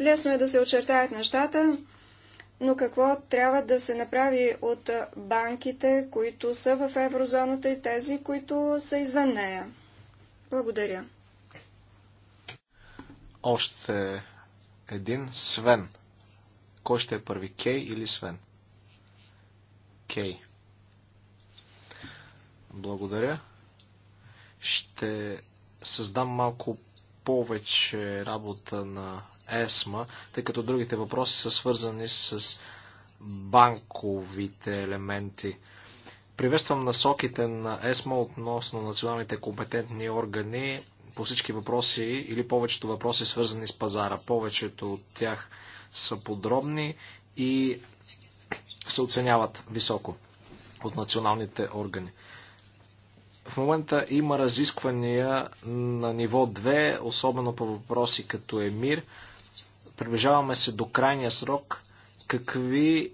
Лесно е да се очертаят нещата, но какво трябва да се направи от банките, които са в еврозоната и тези, които са извън нея? Благодаря. Още един. Свен. Кой ще е първи? Кей или Свен? Кей. Благодаря. Ще създам малко повече работа на ЕСМА, тъй като другите въпроси са свързани с банковите елементи. Приветствам насоките на ЕСМА относно националните компетентни органи по всички въпроси или повечето въпроси свързани с пазара. Повечето от тях са подробни и се оценяват високо от националните органи. В момента има разисквания на ниво 2, особено по въпроси като ЕМИР. Приближаваме се до крайния срок. Какви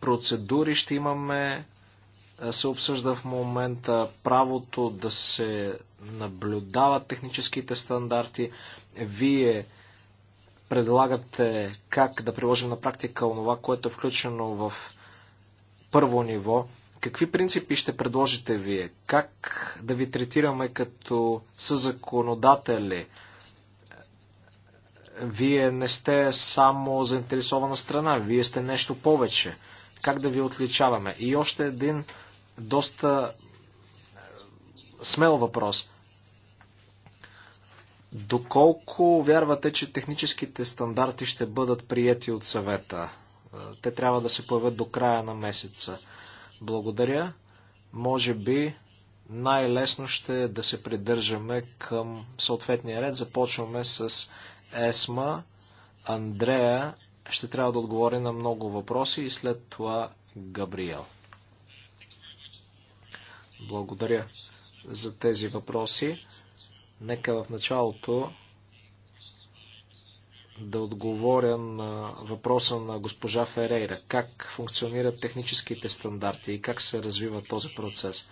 процедури ще имаме? Е, се обсъжда в момента правото да се наблюдават техническите стандарти. Вие предлагате как да приложим на практика онова, което е включено в първо ниво. Какви принципи ще предложите вие? Как да ви третираме като съзаконодатели? законодатели? Вие не сте само заинтересована страна, вие сте нещо повече. Как да ви отличаваме? И още един доста е, смел въпрос. Доколко вярвате, че техническите стандарти ще бъдат прияти от съвета? Е, те трябва да се появят до края на месеца. Благодаря. Може би най-лесно ще е да се придържаме към съответния ред. Започваме с ЕСМА. Андрея ще трябва да отговори на много въпроси и след това Габриел. Благодаря за тези въпроси. Нека в началото да отговоря на въпроса на госпожа Ферейра. Как функционират техническите стандарти и как се развива този процес?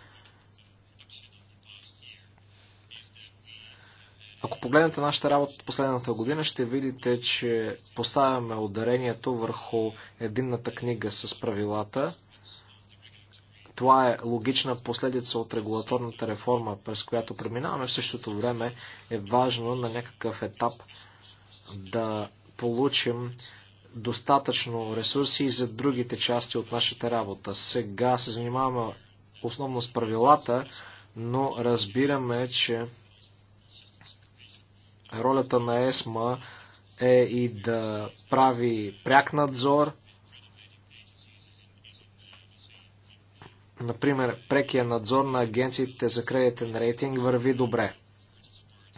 Ако погледнете нашата работа от последната година, ще видите, че поставяме ударението върху единната книга с правилата. Това е логична последица от регулаторната реформа, през която преминаваме. В същото време е важно на някакъв етап да получим достатъчно ресурси и за другите части от нашата работа. Сега се занимаваме основно с правилата, но разбираме, че Ролята на ЕСМА е и да прави пряк надзор. Например, прекия надзор на агенциите за кредитен рейтинг върви добре.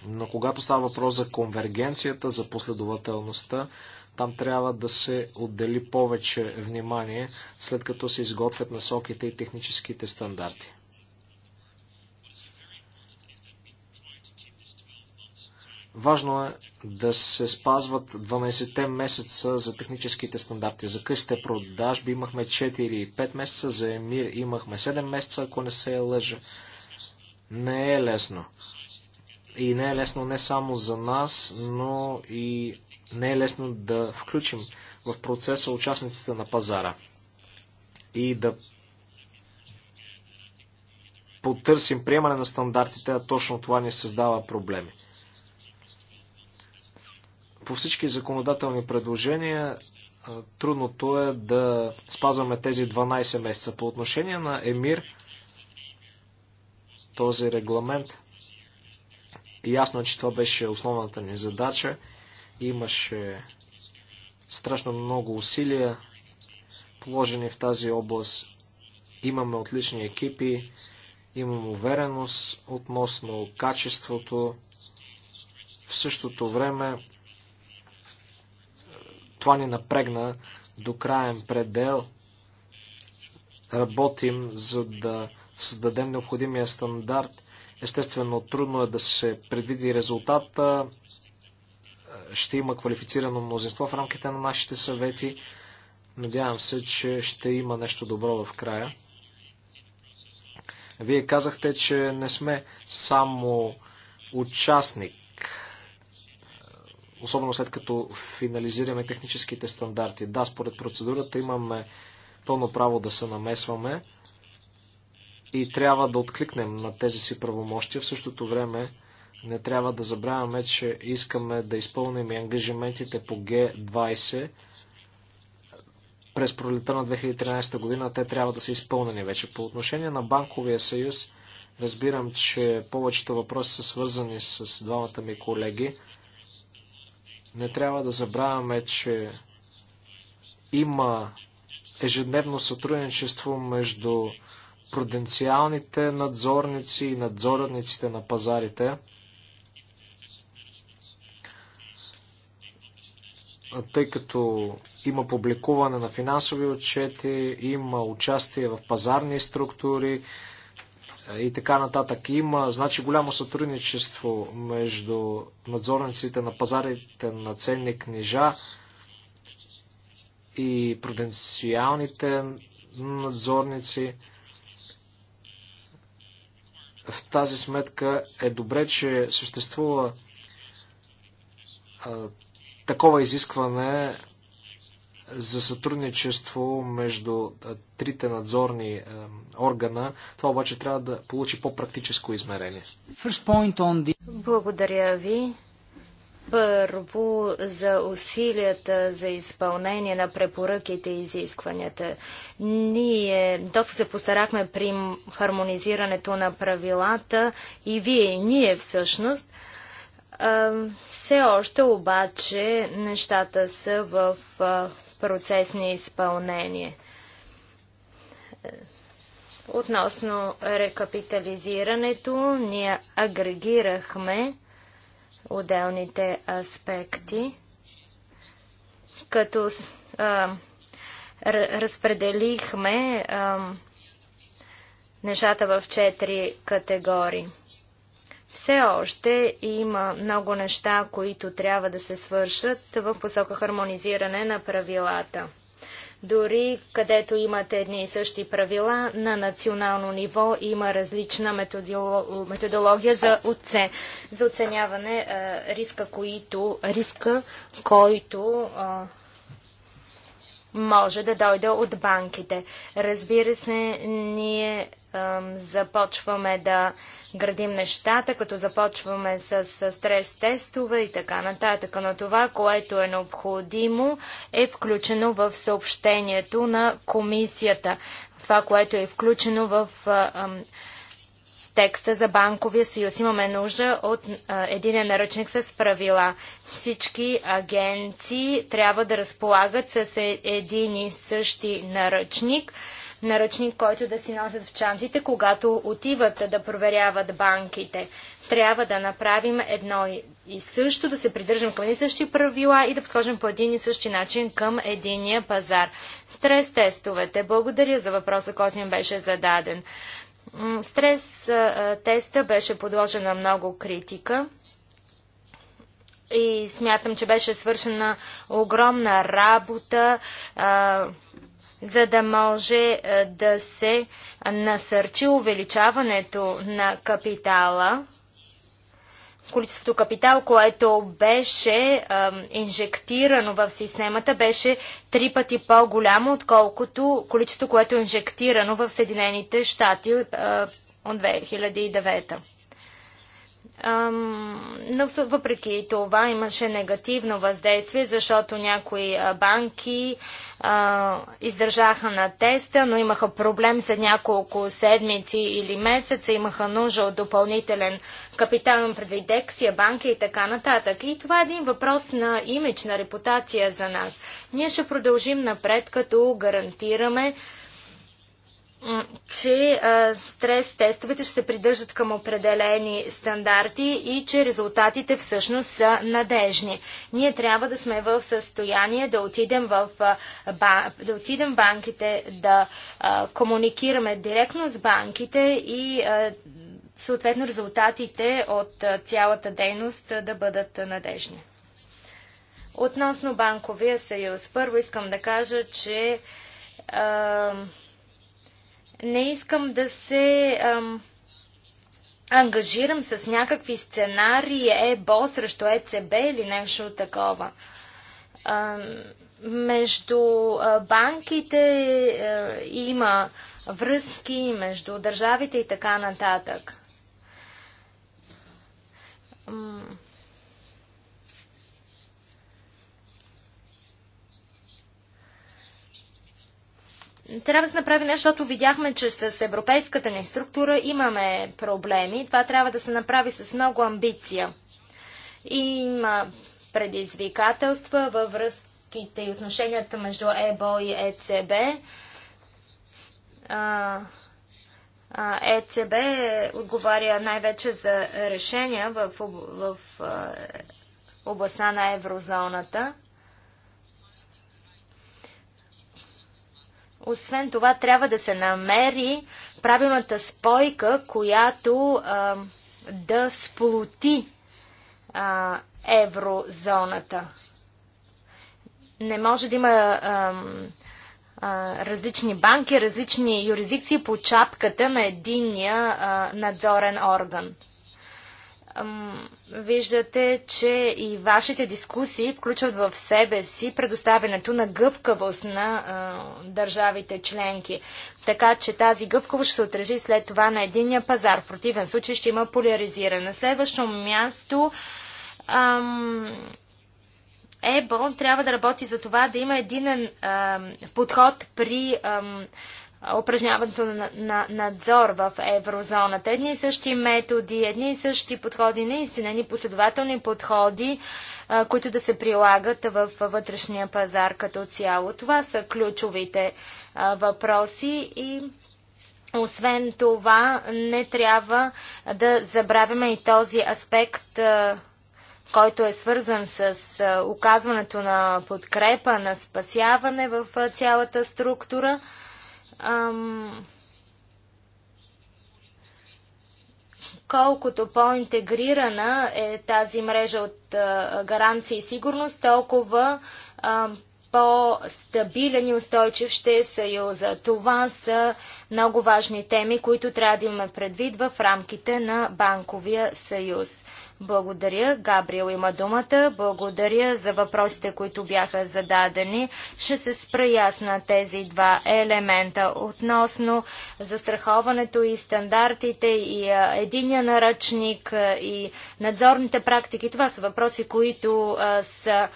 Но когато става въпрос за конвергенцията, за последователността, там трябва да се отдели повече внимание, след като се изготвят насоките и техническите стандарти. Важно е да се спазват 12-те месеца за техническите стандарти. За късите продажби имахме 4 5 месеца, за Емир имахме 7 месеца, ако не се е лъжа. Не е лесно. И не е лесно не само за нас, но и не е лесно да включим в процеса участниците на пазара и да потърсим приемане на стандартите, а точно това ни създава проблеми. По всички законодателни предложения трудното е да спазваме тези 12 месеца. По отношение на ЕМИР, този регламент, ясно е, че това беше основната ни задача. Имаше страшно много усилия положени в тази област. Имаме отлични екипи, имам увереност относно качеството. В същото време това ни напрегна до краен предел. Работим, за да създадем необходимия стандарт. Естествено, трудно е да се предвиди резултата. Ще има квалифицирано мнозинство в рамките на нашите съвети. Надявам се, че ще има нещо добро в края. Вие казахте, че не сме само участник особено след като финализираме техническите стандарти. Да, според процедурата имаме пълно право да се намесваме и трябва да откликнем на тези си правомощия. В същото време не трябва да забравяме, че искаме да изпълним и ангажиментите по Г20 през пролета на 2013 година. Те трябва да са изпълнени вече. По отношение на Банковия съюз, разбирам, че повечето въпроси са свързани с двамата ми колеги. Не трябва да забравяме, че има ежедневно сътрудничество между пруденциалните надзорници и надзорниците на пазарите. Тъй като има публикуване на финансови отчети, има участие в пазарни структури, и така нататък. Има, значи, голямо сътрудничество между надзорниците на пазарите на ценни книжа и пруденциалните надзорници. В тази сметка е добре, че съществува а, такова изискване за сътрудничество между трите надзорни органа. Това обаче трябва да получи по-практическо измерение. Благодаря ви. Първо за усилията за изпълнение на препоръките и изискванията. Ние доста се постарахме при хармонизирането на правилата и вие, и ние всъщност. Все още обаче нещата са в процес на изпълнение. Е, Относно рекапитализирането, ние агрегирахме отделните аспекти, като а, разпределихме а, нещата в четири категории. Все още има много неща, които трябва да се свършат в посока хармонизиране на правилата. Дори където имате едни и същи правила, на национално ниво има различна методология за, за оценяване е, риска, които... риска, който може да дойде от банките. Разбира се, ние започваме да градим нещата, като започваме с, стрес тестове и така нататък. Но това, което е необходимо, е включено в съобщението на комисията. Това, което е включено в текста за банковия съюз. Имаме нужда от а, един наръчник с правила. Всички агенции трябва да разполагат с е, един и същи наръчник – наръчник, който да си носят в чантите, когато отиват да проверяват банките. Трябва да направим едно и също, да се придържам към едни същи правила и да подхождам по един и същи начин към единия пазар. Стрес тестовете. Благодаря за въпроса, който ми беше зададен. Стрес теста беше подложена много критика и смятам, че беше свършена огромна работа за да може е, да се насърчи увеличаването на капитала, количеството капитал, което беше а, е, инжектирано в системата, беше три пъти по-голямо, отколкото количеството, което е инжектирано в Съединените щати е, от 2009. Но въпреки това имаше негативно въздействие, защото някои банки а, издържаха на теста, но имаха проблем за няколко седмици или месеца, имаха нужда от допълнителен капитал, предвид дексия, банки и така нататък. И това е един въпрос на имидж, на репутация за нас. Ние ще продължим напред, като гарантираме че стрес тестовете ще се придържат към определени стандарти и че резултатите всъщност са надежни. Ние трябва да сме в състояние да отидем в да отидем банките, да комуникираме директно с банките и съответно резултатите от цялата дейност да бъдат надежни. Относно банковия съюз, първо искам да кажа, че не искам да се ам, ангажирам с някакви сценарии ЕБО срещу ЕЦБ или нещо такова. Ам, между банките е, има връзки, между държавите и така нататък. Трябва да се направи нещо, защото видяхме, че с европейската ни структура имаме проблеми. Това трябва да се направи с много амбиция. И има предизвикателства във връзките и отношенията между ЕБО и ЕЦБ. ЕЦБ отговаря най-вече за решения в, в, в областта на еврозоната. Освен това, трябва да се намери правилната спойка, която а, да сполоти а, еврозоната. Не може да има а, а, различни банки, различни юрисдикции по чапката на единния а, надзорен орган. Виждате, че и вашите дискусии включват в себе си предоставянето на гъвкавост на а, държавите членки. Така че тази гъвкавост ще се отрежи след това на единия пазар. В противен случай ще има поляризиране. На следващо място ам, ЕБО трябва да работи за това да има един подход при ам, упражняването на, на надзор в еврозоната. Едни и същи методи, едни и същи подходи, наистина ни последователни подходи, а, които да се прилагат в вътрешния пазар като цяло. Това са ключовите а, въпроси и освен това не трябва да забравяме и този аспект а, който е свързан с оказването на подкрепа, на спасяване в цялата структура. Ам... Колкото по-интегрирана е тази мрежа от а, гаранции и сигурност, толкова ам, по-стабилен и устойчив ще е Съюза. Това са много важни теми, които трябва да имаме предвид в рамките на Банковия съюз. Благодаря. Габриел има думата. Благодаря за въпросите, които бяха зададени. Ще се спра ясна тези два елемента относно застраховането и стандартите и единия наръчник и надзорните практики. Това са въпроси, които са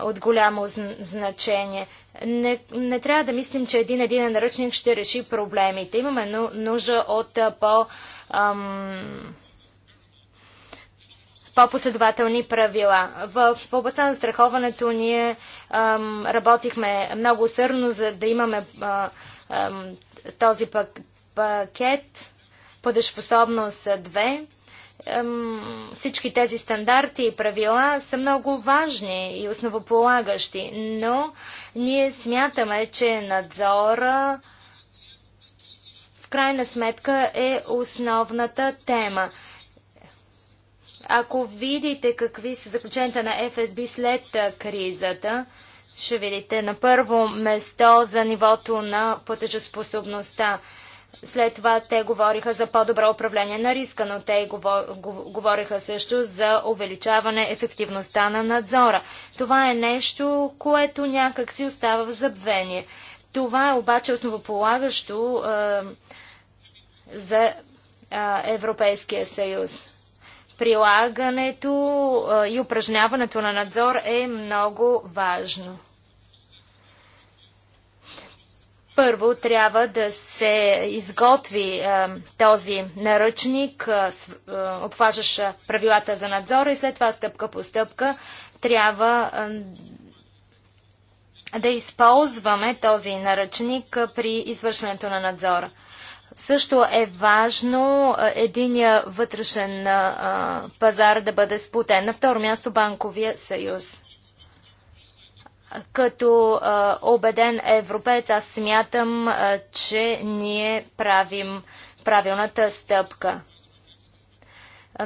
от голямо значение. Не, не трябва да мислим, че един един наръчник ще реши проблемите. Имаме нужда от по- ам, по-последователни правила. В, в областта на страховането ние ам, работихме много усърдно, за да имаме ам, този пакет подъжпособност 2. Ам, всички тези стандарти и правила са много важни и основополагащи, но ние смятаме, че надзора в крайна сметка е основната тема. Ако видите какви са заключенията на ФСБ след кризата, ще видите на първо место за нивото на платежоспособността. След това те говориха за по-добро управление на риска, но те говориха също за увеличаване ефективността на надзора. Това е нещо, което някак си остава в забвение. Това е обаче основополагащо е, за е, Европейския съюз прилагането и упражняването на надзор е много важно. Първо трябва да се изготви е, този наръчник, е, обхващащ правилата за надзора и след това стъпка по стъпка трябва е, да използваме този наръчник при извършването на надзора. Също е важно единия вътрешен пазар да бъде сплутен. На второ място банковия съюз. Като обеден убеден европеец, аз смятам, че ние правим правилната стъпка.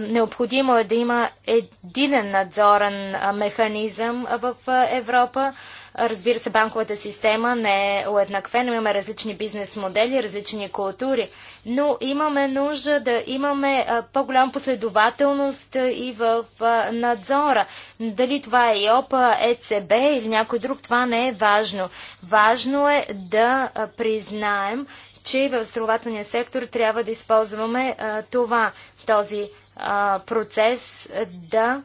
Необходимо е да има единен надзорен механизъм в Европа. Разбира се, банковата система не е уеднаквена, имаме различни бизнес модели, различни култури, но имаме нужда да имаме по-голяма последователност и в надзора. Дали това е ИОПА, ЕЦБ или някой друг, това не е важно. Важно е да признаем, че в здравоохранителния сектор трябва да използваме това, този процес да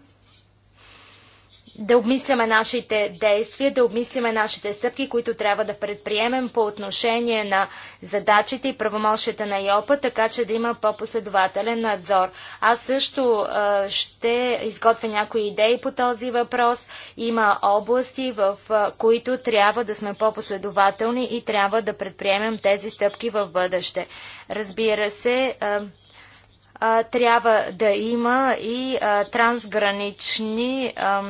да обмисляме нашите действия, да обмисляме нашите стъпки, които трябва да предприемем по отношение на задачите и правомощите на ЙОПА, така че да има по-последователен надзор. Аз също а, ще изготвя някои идеи по този въпрос. Има области, в а, които трябва да сме по-последователни и трябва да предприемем тези стъпки в бъдеще. Разбира се, а, трябва да има и а, трансгранични а,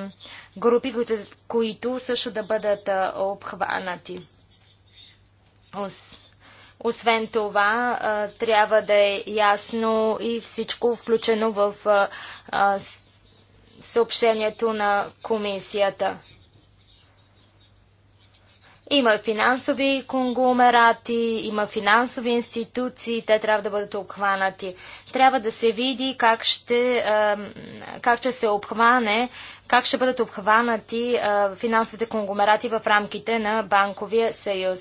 групи, които, които също да бъдат а, обхванати. Ос. Освен това, а, трябва да е ясно и всичко включено в а, съобщението на комисията. Има финансови конгломерати, има финансови институции, те трябва да бъдат обхванати. Трябва да се види как ще, как ще се обхване, как ще бъдат обхванати финансовите конгломерати в рамките на Банковия съюз.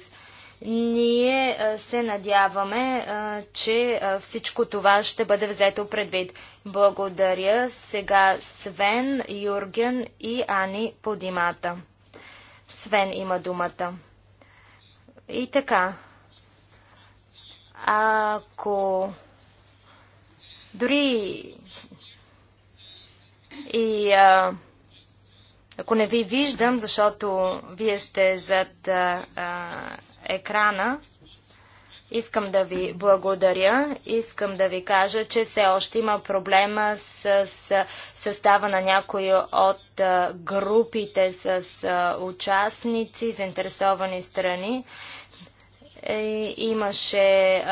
Ние се надяваме, че всичко това ще бъде взето предвид. Благодаря сега Свен, Юрген и Ани Подимата. Свен има думата. И така, ако дори и а, ако не ви виждам, защото вие сте зад а, екрана, Искам да ви благодаря. Искам да ви кажа, че все още има проблема с, състава на някои от групите с участници, заинтересовани страни. И, е, имаше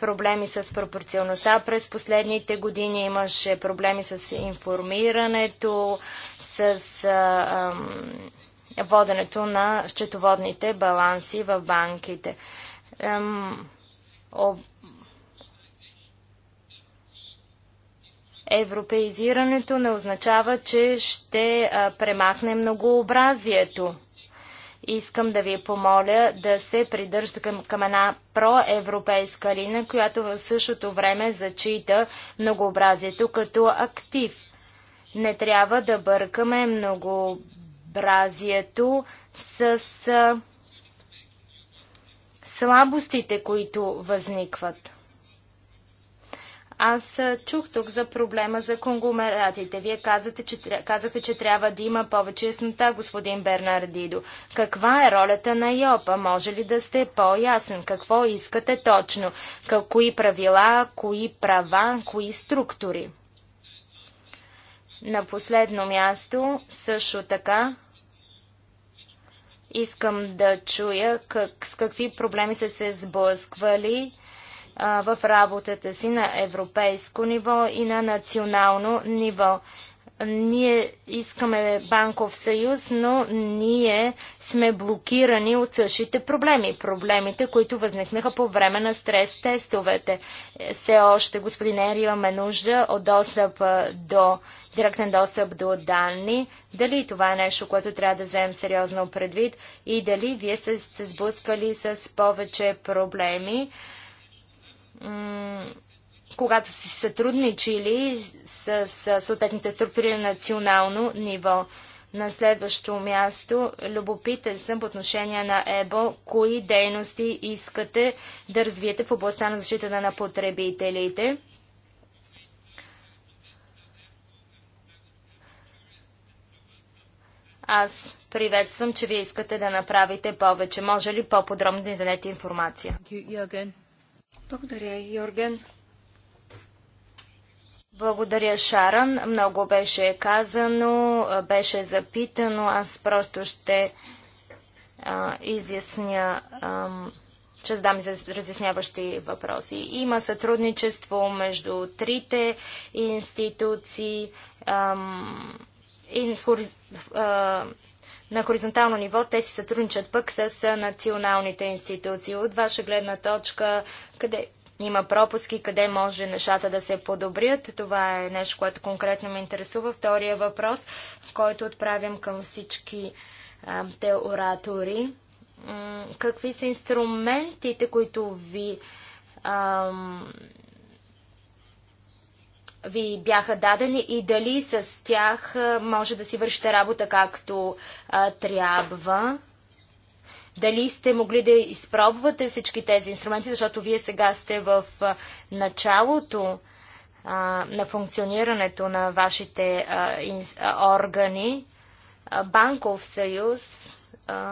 проблеми с пропорционалността през последните години, имаше проблеми с информирането, с. А, а, воденето на счетоводните баланси в банките. Ем, об... Европеизирането не означава, че ще а, премахне многообразието. Искам да ви помоля да се придържате към, към една проевропейска лина, която в същото време зачита многообразието като актив. Не трябва да бъркаме много безобразието, с слабостите, които възникват. Аз чух тук за проблема за конгломератите. Вие казате, че, казахте, че трябва да има повече яснота, господин Бернардидо. Каква е ролята на ЙОПА? Може ли да сте по-ясен? Какво искате точно? кои правила, кои права, кои структури? На последно място също така Искам да чуя как, с какви проблеми са се сблъсквали а, в работата си на европейско ниво и на национално ниво. Ние искаме банков съюз, но ние сме блокирани от същите проблеми. Проблемите, които възникнаха по време на стрес-тестовете. Все още, господин Ер, имаме нужда от достъп до директен достъп до данни. Дали това е нещо, което трябва да вземем сериозно предвид и дали вие сте се сблъскали с повече проблеми? когато си сътрудничили с, с съответните структури на национално ниво. На следващо място, любопитен съм по отношение на ЕБО, кои дейности искате да развиете в областта на защитата на потребителите. Аз приветствам, че вие искате да направите повече. Може ли по-подробно да дадете информация? Благодаря, Йорген. Благодаря, Шаран. Много беше казано, беше запитано. Аз просто ще а, изясня, а, ще задам разясняващи въпроси. Има сътрудничество между трите институции. А, ин, а, на хоризонтално ниво те си сътрудничат пък с националните институции. От ваша гледна точка, къде, има пропуски, къде може нещата да се подобрят. Това е нещо, което конкретно ме интересува. Втория въпрос, който отправям към всички а, те оратори. М какви са инструментите, които ви ам, ви бяха дадени и дали с тях може да си вършите работа както а, трябва. Дали сте могли да изпробвате всички тези инструменти, защото вие сега сте в началото а, на функционирането на вашите а, ин, а, органи. Банков съюз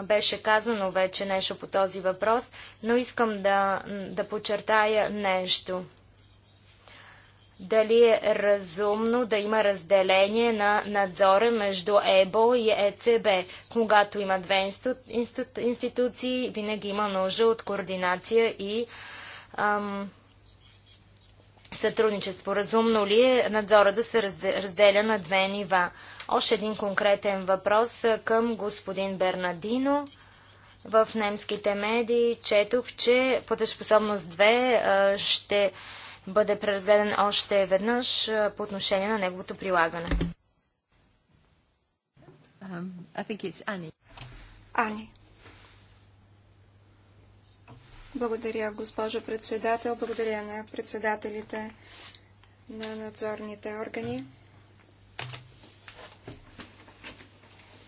беше казано вече нещо по този въпрос, но искам да, да подчертая нещо дали е разумно да има разделение на надзора между ЕБО и ЕЦБ. Когато има две институции, винаги има нужда от координация и ам, сътрудничество. Разумно ли е надзора да се разделя на две нива? Още един конкретен въпрос към господин Бернадино. В немските медии четох, че платежпособност 2 ще бъде преразгледан още веднъж по отношение на неговото прилагане. Um, Ани. Благодаря, госпожа председател. Благодаря на председателите на надзорните органи.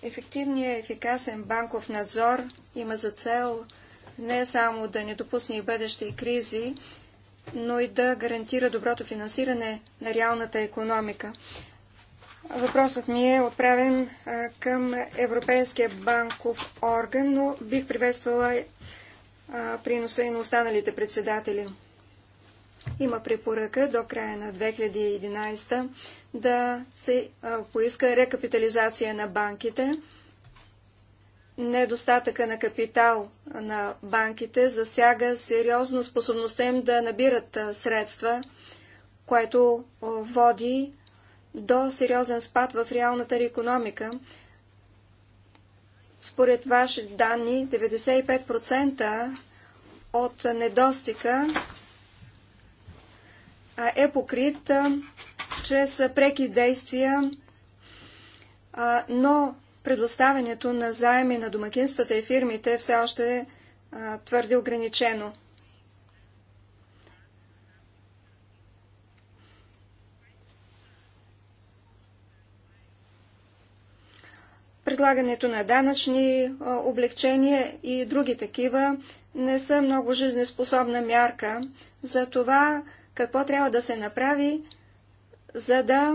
Ефективният ефикасен банков надзор има за цел не само да не допусне и бъдещи кризи, но и да гарантира доброто финансиране на реалната економика. Въпросът ми е отправен към Европейския банков орган, но бих приветствала приноса и на останалите председатели. Има препоръка до края на 2011 да се поиска рекапитализация на банките недостатъка на капитал на банките засяга сериозно способността им да набират средства, което води до сериозен спад в реалната економика. Според ваши данни, 95% от недостига е покрит чрез преки действия, но предоставянето на заеми на домакинствата и фирмите е все още твърде ограничено. Предлагането на данъчни облегчения и други такива не са много жизнеспособна мярка за това какво трябва да се направи, за да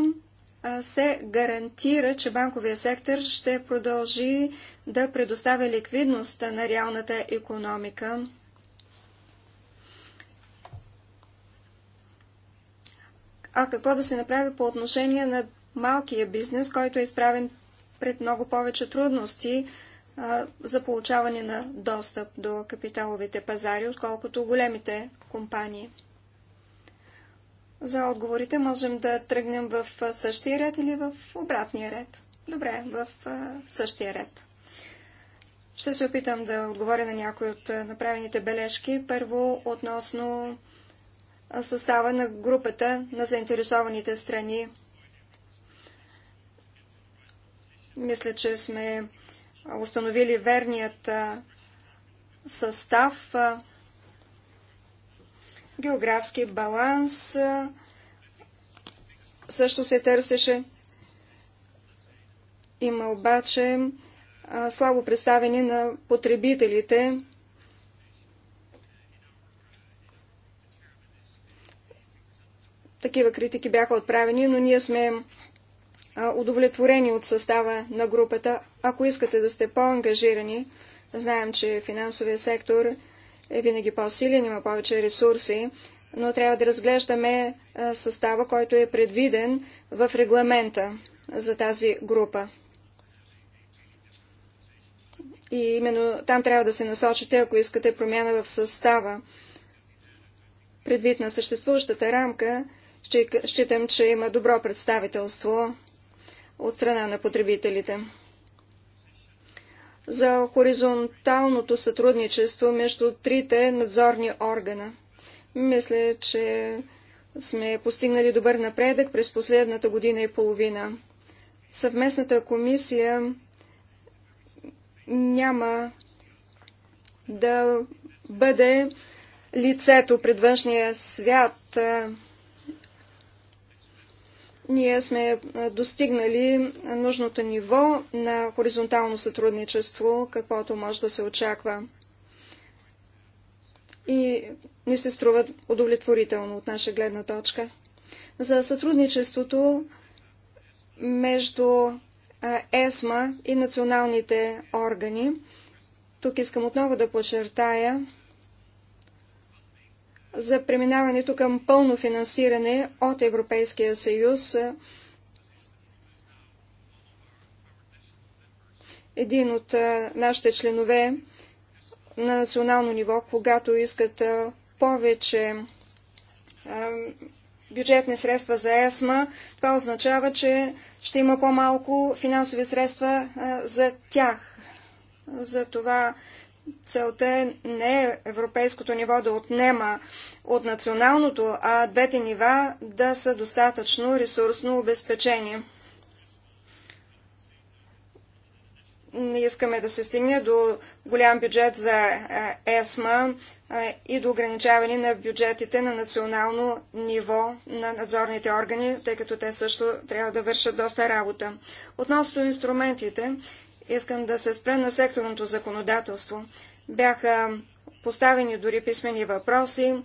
се гарантира, че банковия сектор ще продължи да предоставя ликвидност на реалната економика. А какво да се направи по отношение на малкия бизнес, който е изправен пред много повече трудности за получаване на достъп до капиталовите пазари, отколкото големите компании? за отговорите можем да тръгнем в същия ред или в обратния ред. Добре, в същия ред. Ще се опитам да отговоря на някои от направените бележки. Първо, относно състава на групата на заинтересованите страни. Мисля, че сме установили верният състав географски баланс също се търсеше. Има обаче слабо представени на потребителите. Такива критики бяха отправени, но ние сме удовлетворени от състава на групата. Ако искате да сте по-ангажирани, знаем, че финансовия сектор е е винаги по-силен, има повече ресурси, но трябва да разглеждаме състава, който е предвиден в регламента за тази група. И именно там трябва да се насочите, ако искате промяна в състава. Предвид на съществуващата рамка, считам, че има добро представителство от страна на потребителите за хоризонталното сътрудничество между трите надзорни органа. Мисля, че сме постигнали добър напредък през последната година и половина. Съвместната комисия няма да бъде лицето пред външния свят ние сме достигнали нужното ниво на хоризонтално сътрудничество, каквото може да се очаква. И не се струва удовлетворително от наша гледна точка. За сътрудничеството между ЕСМА и националните органи, тук искам отново да подчертая, за преминаването към пълно финансиране от Европейския съюз. Един от нашите членове на национално ниво, когато искат повече бюджетни средства за ЕСМА, това означава, че ще има по-малко финансови средства за тях. За това целта е не европейското ниво да отнема от националното, а двете нива да са достатъчно ресурсно обезпечени. Не искаме да се стигне до голям бюджет за ЕСМА и до ограничаване на бюджетите на национално ниво на надзорните органи, тъй като те също трябва да вършат доста работа. Относно инструментите, Искам да се спра на секторното законодателство. Бяха поставени дори писмени въпроси,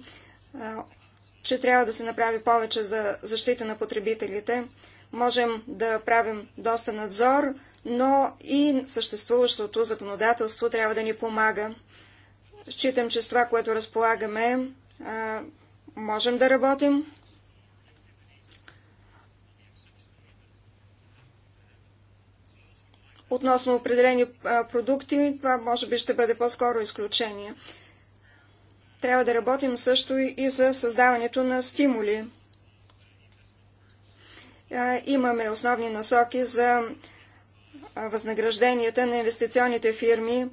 че трябва да се направи повече за защита на потребителите. Можем да правим доста надзор, но и съществуващото законодателство трябва да ни помага. Считам, че с това, което разполагаме, можем да работим. Относно определени продукти, това може би ще бъде по-скоро изключение. Трябва да работим също и за създаването на стимули. Имаме основни насоки за възнагражденията на инвестиционните фирми.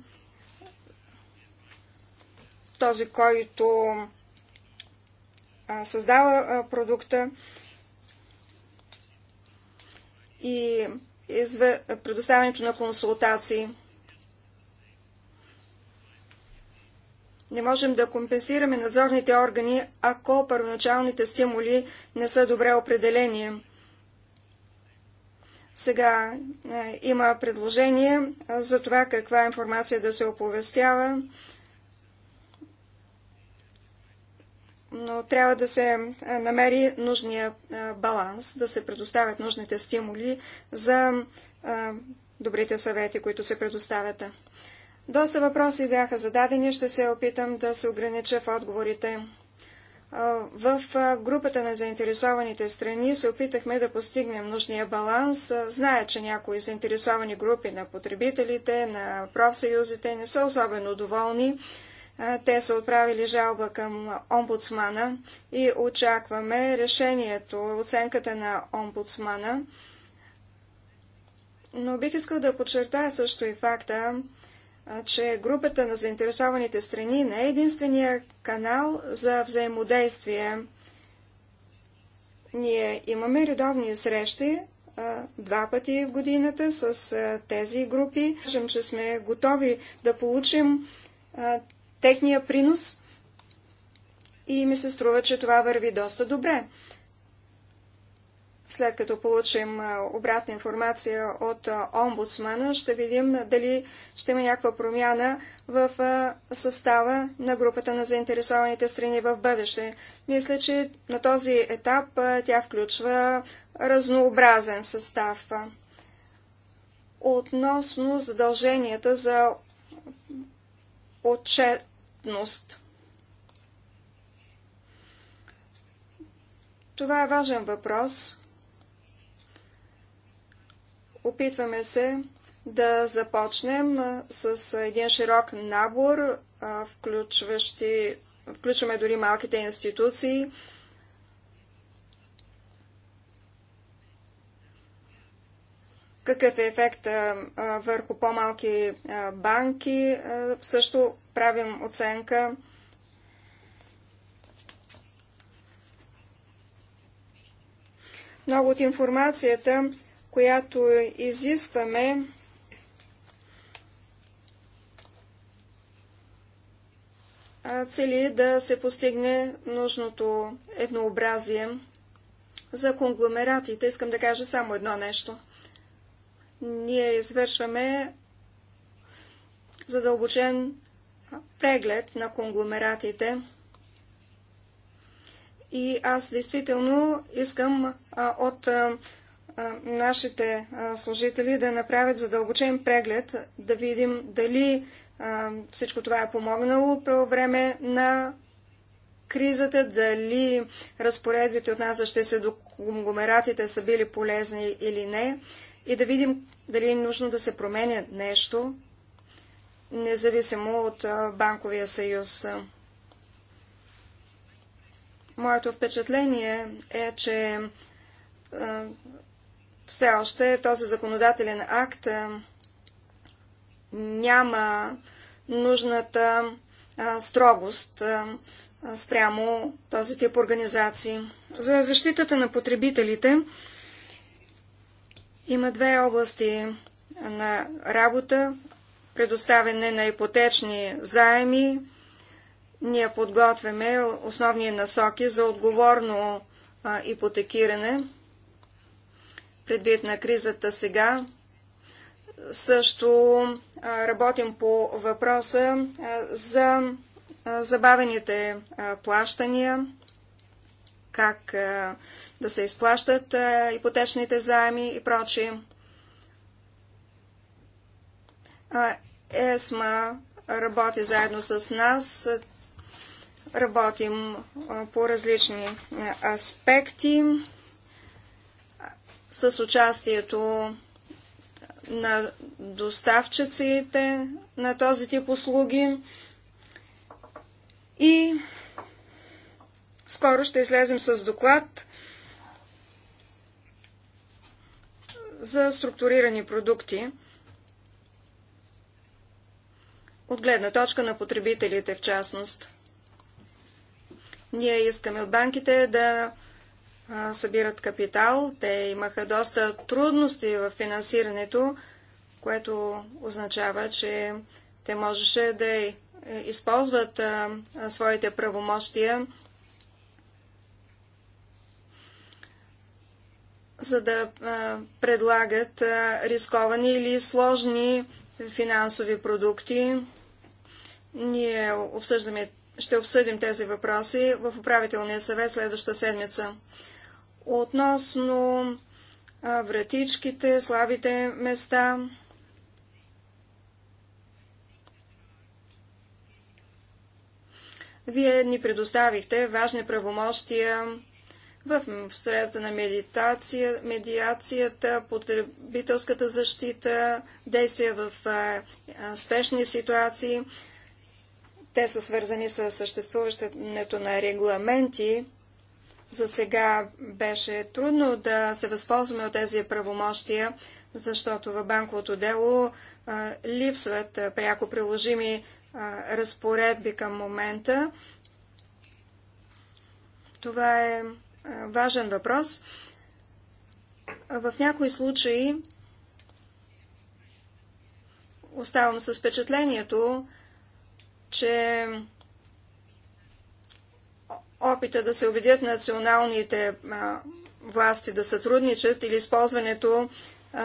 Този, който създава продукта и предоставянето на консултации. Не можем да компенсираме надзорните органи, ако първоначалните стимули не са добре определени. Сега е, има предложение за това каква информация да се оповестява. но трябва да се намери нужния баланс, да се предоставят нужните стимули за добрите съвети, които се предоставят. Доста въпроси бяха зададени, ще се опитам да се огранича в отговорите. В групата на заинтересованите страни се опитахме да постигнем нужния баланс. Зная, че някои заинтересовани групи на потребителите, на профсъюзите не са особено доволни те са отправили жалба към омбудсмана и очакваме решението, оценката на омбудсмана. Но бих искал да подчертая също и факта, че групата на заинтересованите страни не е единствения канал за взаимодействие. Ние имаме редовни срещи два пъти в годината с тези групи. Кажем, че сме готови да получим техния принос и ми се струва, че това върви доста добре. След като получим обратна информация от омбудсмана, ще видим дали ще има някаква промяна в състава на групата на заинтересованите страни в бъдеще. Мисля, че на този етап тя включва разнообразен състав. Относно задълженията за отчет, отчетност. Това е важен въпрос. Опитваме се да започнем с един широк набор, включващи, включваме дори малките институции, какъв е ефект върху по-малки банки. Също правим оценка. Много от информацията, която изискваме, цели да се постигне нужното еднообразие. За конгломератите искам да кажа само едно нещо – ние извършваме задълбочен преглед на конгломератите. И аз действително искам а, от а, нашите а, служители да направят задълбочен преглед, да видим дали а, всичко това е помогнало по време на кризата, дали разпоредбите от нас ще се до конгломератите са били полезни или не и да видим дали е нужно да се променя нещо, независимо от банковия съюз. Моето впечатление е, че все още този законодателен акт няма нужната строгост спрямо този тип организации. За защитата на потребителите има две области на работа. Предоставяне на ипотечни заеми. Ние подготвяме основни насоки за отговорно ипотекиране. Предвид на кризата сега, също работим по въпроса за забавените плащания, как да се изплащат е, ипотечните заеми и прочие. ЕСМА работи заедно с нас. Работим по различни е, аспекти с участието на доставчиците на този тип услуги и скоро ще излезем с доклад за структурирани продукти от гледна точка на потребителите в частност. Ние искаме от банките да събират капитал. Те имаха доста трудности в финансирането, което означава, че те можеше да е, използват своите правомощия за да предлагат рисковани или сложни финансови продукти. Ние обсъждаме, ще обсъдим тези въпроси в управителния съвет следваща седмица. Относно вратичките, слабите места, Вие ни предоставихте важни правомощия в средата на медитация, медиацията, потребителската защита, действия в а, спешни ситуации. Те са свързани с съществуването на регламенти. За сега беше трудно да се възползваме от тези правомощия, защото в банковото дело а, липсват а, пряко приложими разпоредби към момента. Това е е, важен въпрос. В някои случаи оставам с впечатлението, че опита да се убедят националните е, власти да сътрудничат или използването е,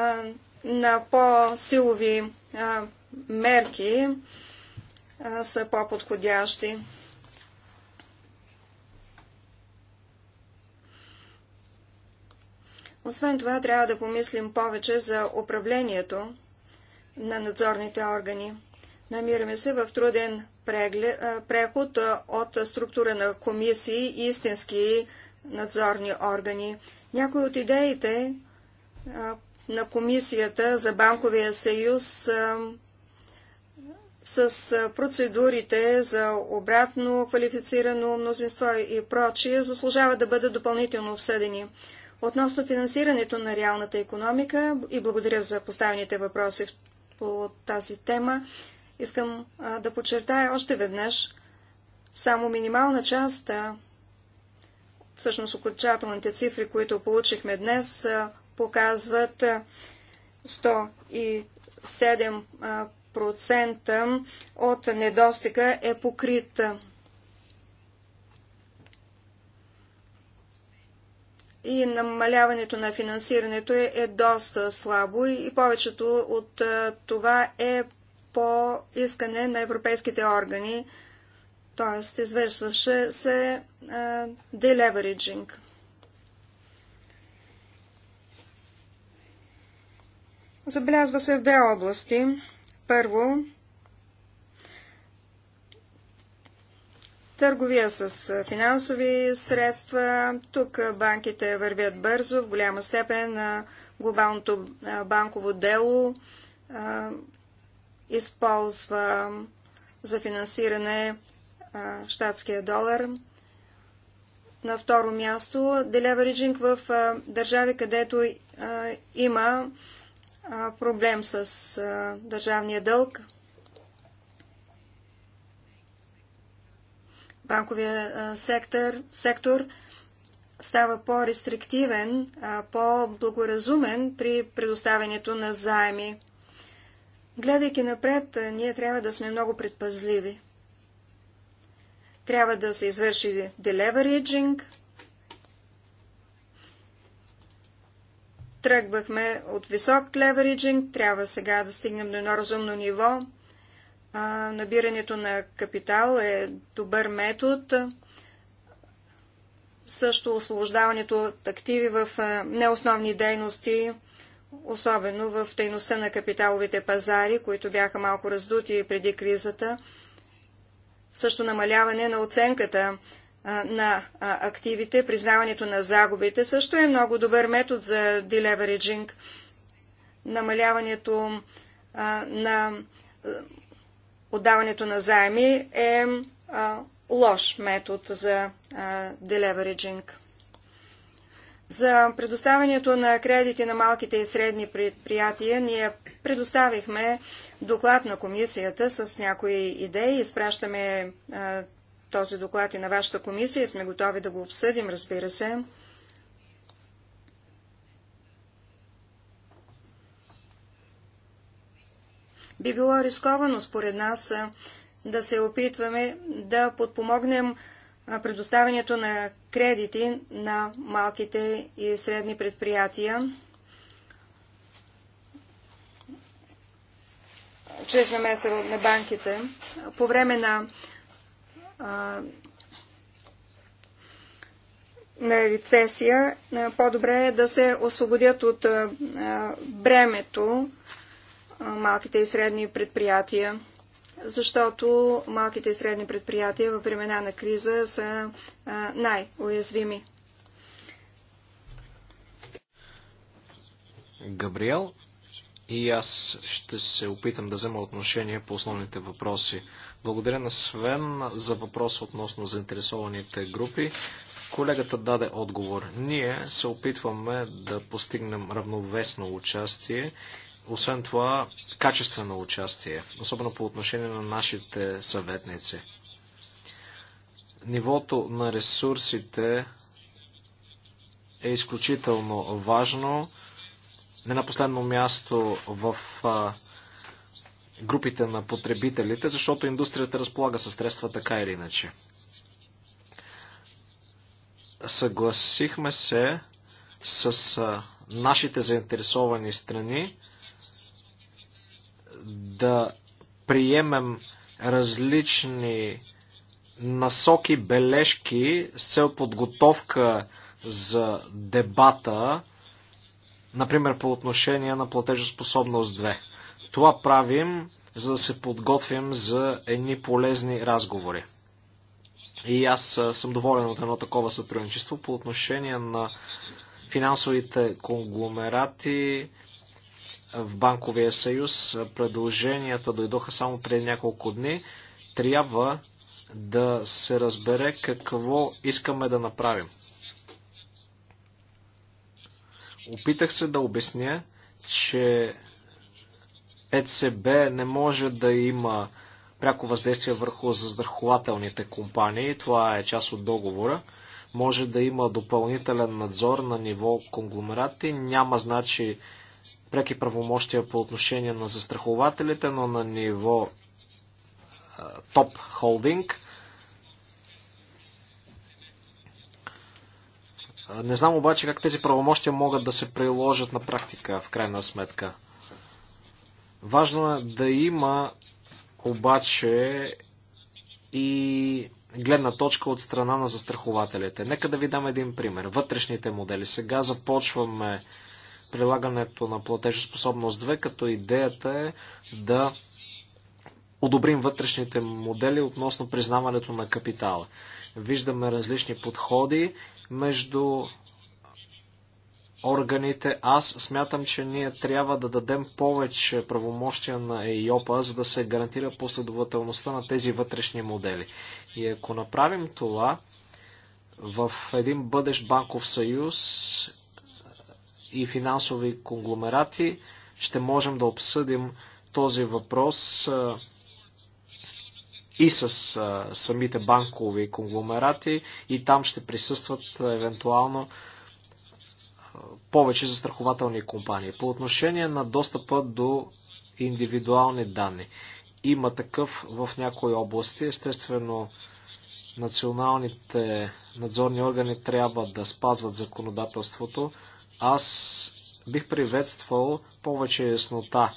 на по-силови мерки са по-подходящи. Освен това, трябва да помислим повече за управлението на надзорните органи. Намираме се в труден прегле... преход от структура на комисии и истински надзорни органи. Някои от идеите на комисията за банковия съюз с процедурите за обратно квалифицирано мнозинство и прочие заслужава да бъдат допълнително обсъдени. Относно финансирането на реалната економика и благодаря за поставените въпроси по тази тема, искам да подчертая още веднъж, само минимална част, всъщност окончателните цифри, които получихме днес, показват 107% от недостига е покрита. и намаляването на финансирането е, е доста слабо и повечето от е, това е по искане на европейските органи, т.е. извършваше се делевериджинг. Забелязва се в две области. Първо, Търговия с финансови средства. Тук банките вървят бързо, в голяма степен на глобалното банково дело използва за финансиране щатския долар. На второ място, риджинг в държави, където има проблем с държавния дълг, банковия сектор, сектор става по-рестриктивен, по-благоразумен при предоставянето на заеми. Гледайки напред, ние трябва да сме много предпазливи. Трябва да се извърши делевериджинг. Тръгвахме от висок левериджинг, трябва сега да стигнем до едно разумно ниво – Набирането на капитал е добър метод. Също освобождаването от активи в неосновни дейности, особено в дейността на капиталовите пазари, които бяха малко раздути преди кризата. Също намаляване на оценката на активите, признаването на загубите също е много добър метод за делевериджинг. Намаляването на отдаването на заеми е а, лош метод за а, делевериджинг. За предоставянето на кредити на малките и средни предприятия ние предоставихме доклад на комисията с някои идеи. Изпращаме а, този доклад и на вашата комисия и сме готови да го обсъдим, разбира се. Би било рисковано, според нас, да се опитваме да подпомогнем предоставянето на кредити на малките и средни предприятия чрез намеса на банките. По време на, а, на рецесия по-добре е да се освободят от а, бремето малките и средни предприятия, защото малките и средни предприятия във времена на криза са най-уязвими. Габриел, и аз ще се опитам да взема отношение по основните въпроси. Благодаря на Свен за въпрос относно заинтересованите групи. Колегата даде отговор. Ние се опитваме да постигнем равновесно участие освен това, качествено участие, особено по отношение на нашите съветници. Нивото на ресурсите е изключително важно. Не на последно място в групите на потребителите, защото индустрията разполага със средства така или иначе. Съгласихме се с нашите заинтересовани страни да приемем различни насоки, бележки с цел подготовка за дебата, например по отношение на платежоспособност 2. Това правим, за да се подготвим за едни полезни разговори. И аз съм доволен от едно такова сътрудничество по отношение на финансовите конгломерати в Банковия съюз. Предложенията дойдоха само преди няколко дни. Трябва да се разбере какво искаме да направим. Опитах се да обясня, че ЕЦБ не може да има пряко въздействие върху застрахователните компании. Това е част от договора. Може да има допълнителен надзор на ниво конгломерати. Няма значи преки правомощия по отношение на застрахователите, но на ниво топ холдинг. Не знам обаче как тези правомощия могат да се приложат на практика, в крайна сметка. Важно е да има обаче и гледна точка от страна на застрахователите. Нека да ви дам един пример. Вътрешните модели. Сега започваме прилагането на платежоспособност 2, като идеята е да одобрим вътрешните модели относно признаването на капитала. Виждаме различни подходи между органите. Аз смятам, че ние трябва да дадем повече правомощия на ЕИОПА, за да се гарантира последователността на тези вътрешни модели. И ако направим това, в един бъдещ банков съюз и финансови конгломерати. Ще можем да обсъдим този въпрос и с самите банкови конгломерати и там ще присъстват евентуално повече застрахователни компании. По отношение на достъпа до индивидуални данни. Има такъв в някои области. Естествено, националните надзорни органи трябва да спазват законодателството. Аз бих приветствал повече яснота.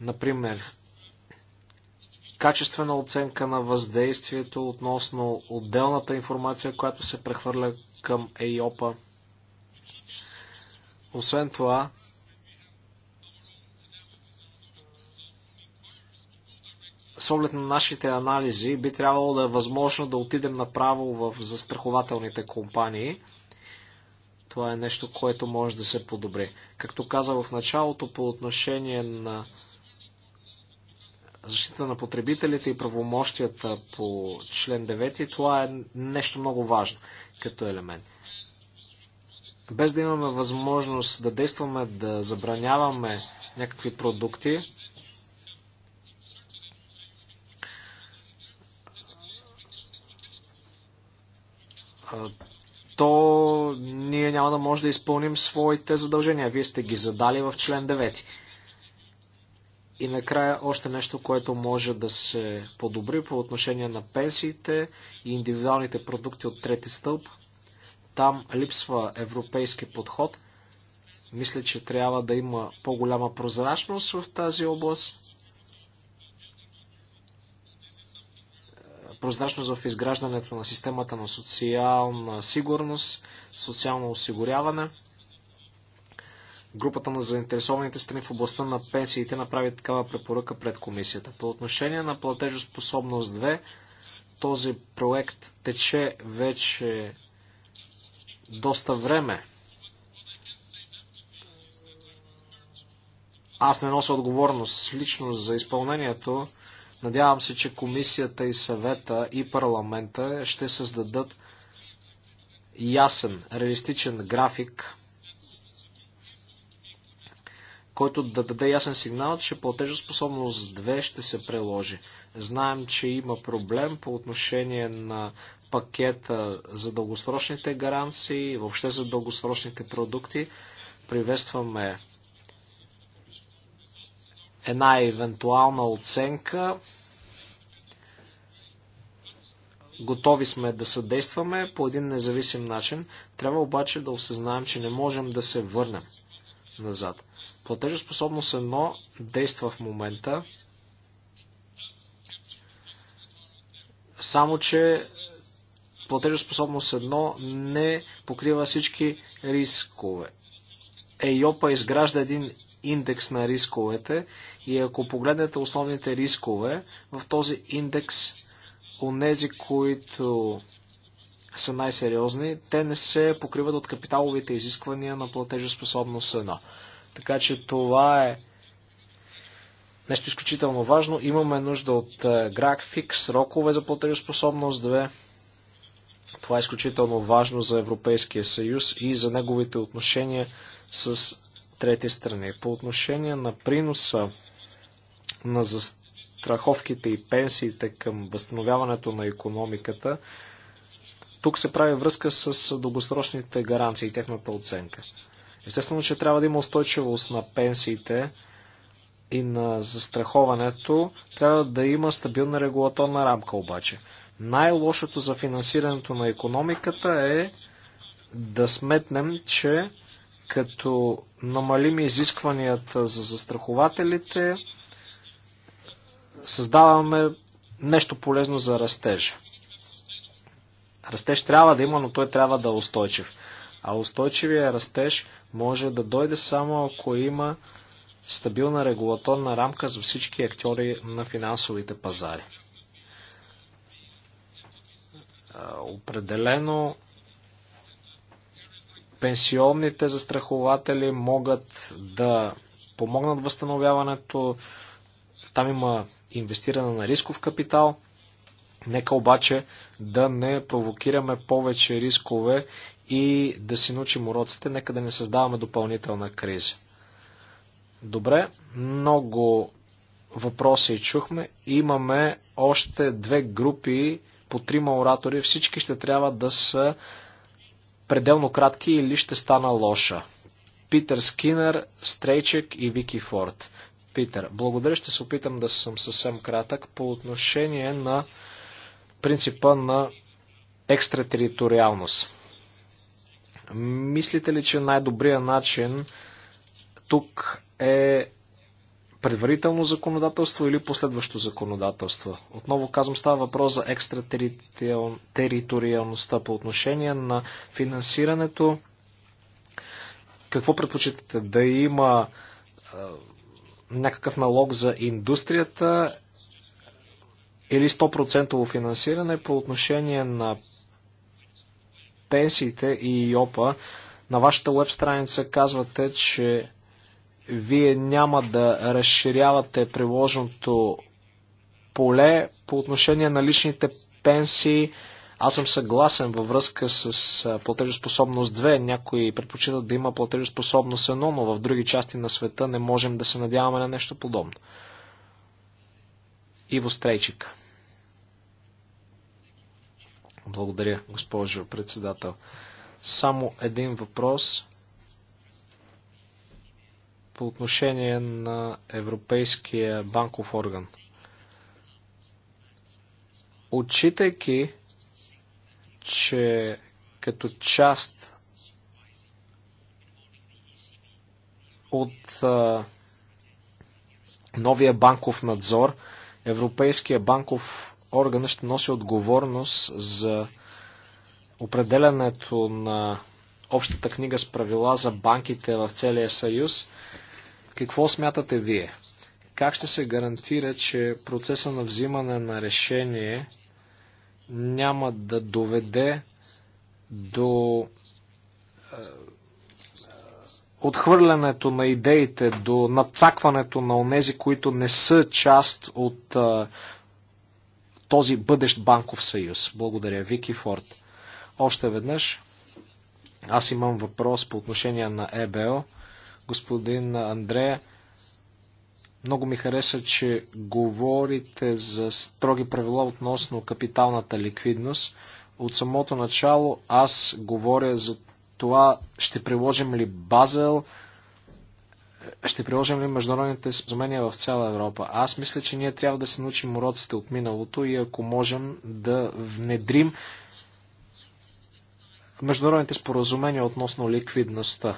Например, качествена оценка на въздействието относно отделната информация, която се прехвърля към ЕИОПа. Освен това, с оглед на нашите анализи, би трябвало да е възможно да отидем направо в застрахователните компании – това е нещо, което може да се подобри. Както казах в началото, по отношение на защита на потребителите и правомощията по член 9, това е нещо много важно като елемент. Без да имаме възможност да действаме, да забраняваме някакви продукти, то ние няма да може да изпълним своите задължения. Вие сте ги задали в член 9. И накрая още нещо, което може да се подобри по отношение на пенсиите и индивидуалните продукти от трети стълб. Там липсва европейски подход. Мисля, че трябва да има по-голяма прозрачност в тази област. прозрачност в изграждането на системата на социална сигурност, социално осигуряване. Групата на заинтересованите страни в областта на пенсиите направи такава препоръка пред комисията. По отношение на платежоспособност 2, този проект тече вече доста време. Аз не нося отговорност лично за изпълнението, Надявам се, че комисията и съвета и парламента ще създадат ясен, реалистичен график, който да даде ясен сигнал, че платежоспособност 2 ще се приложи. Знаем, че има проблем по отношение на пакета за дългосрочните гаранции, въобще за дългосрочните продукти. Приветстваме една евентуална оценка. Готови сме да съдействаме по един независим начин. Трябва обаче да осъзнаем, че не можем да се върнем назад. Платежоспособност 1 действа в момента, само че платежоспособност 1 не покрива всички рискове. ЕЙОПА изгражда един индекс на рисковете и ако погледнете основните рискове, в този индекс онези, които са най-сериозни, те не се покриват от капиталовите изисквания на платежоспособност 1. Така че това е нещо изключително важно. Имаме нужда от е, график, срокове за платежоспособност 2. Това е изключително важно за Европейския съюз и за неговите отношения с трети страни. По отношение на приноса на застраховките и пенсиите към възстановяването на економиката, тук се прави връзка с дългосрочните гаранции и техната оценка. Естествено, че трябва да има устойчивост на пенсиите и на застраховането. Трябва да има стабилна регулаторна рамка обаче. Най-лошото за финансирането на економиката е да сметнем, че като намалим изискванията за застрахователите, създаваме нещо полезно за растежа. Растеж трябва да има, но той трябва да е устойчив. А устойчивия растеж може да дойде само ако има стабилна регулаторна рамка за всички актьори на финансовите пазари. Определено Пенсионните застрахователи могат да помогнат възстановяването. Там има инвестиране на рисков капитал. Нека обаче да не провокираме повече рискове и да си научим уроците, нека да не създаваме допълнителна криза. Добре, много въпроси чухме. Имаме още две групи по трима оратори. Всички ще трябва да са пределно кратки или ще стана лоша. Питър Скинер, Стрейчек и Вики Форд. Питър, благодаря, ще се опитам да съм съвсем кратък по отношение на принципа на екстратериториалност. Мислите ли, че най-добрият начин тук е предварително законодателство или последващо законодателство. Отново казвам, става въпрос за екстратериториалността по отношение на финансирането. Какво предпочитате? Да има някакъв налог за индустрията или 100% финансиране по отношение на пенсиите и ИОПа. На вашата веб страница казвате, че вие няма да разширявате приложеното поле по отношение на личните пенсии. Аз съм съгласен във връзка с платежоспособност 2. Някои предпочитат да има платежоспособност 1, но в други части на света не можем да се надяваме на нещо подобно. Иво Стрейчик. Благодаря, госпожо председател. Само един въпрос по отношение на Европейския банков орган. Отчитайки, че като част от а, новия банков надзор, Европейския банков орган ще носи отговорност за определянето на общата книга с правила за банките в целия съюз. Какво смятате вие? Как ще се гарантира, че процеса на взимане на решение няма да доведе до е, е, отхвърлянето на идеите, до надцакването на онези, които не са част от а, е, този бъдещ банков съюз. Благодаря, Вики Форд. Още веднъж, аз имам въпрос по отношение на ЕБО. Господин Андре, много ми хареса, че говорите за строги правила относно капиталната ликвидност. От самото начало аз говоря за това, ще приложим ли Базел, ще приложим ли международните споразумения в цяла Европа. Аз мисля, че ние трябва да се научим уроците от миналото и ако можем да внедрим международните споразумения относно ликвидността. Е,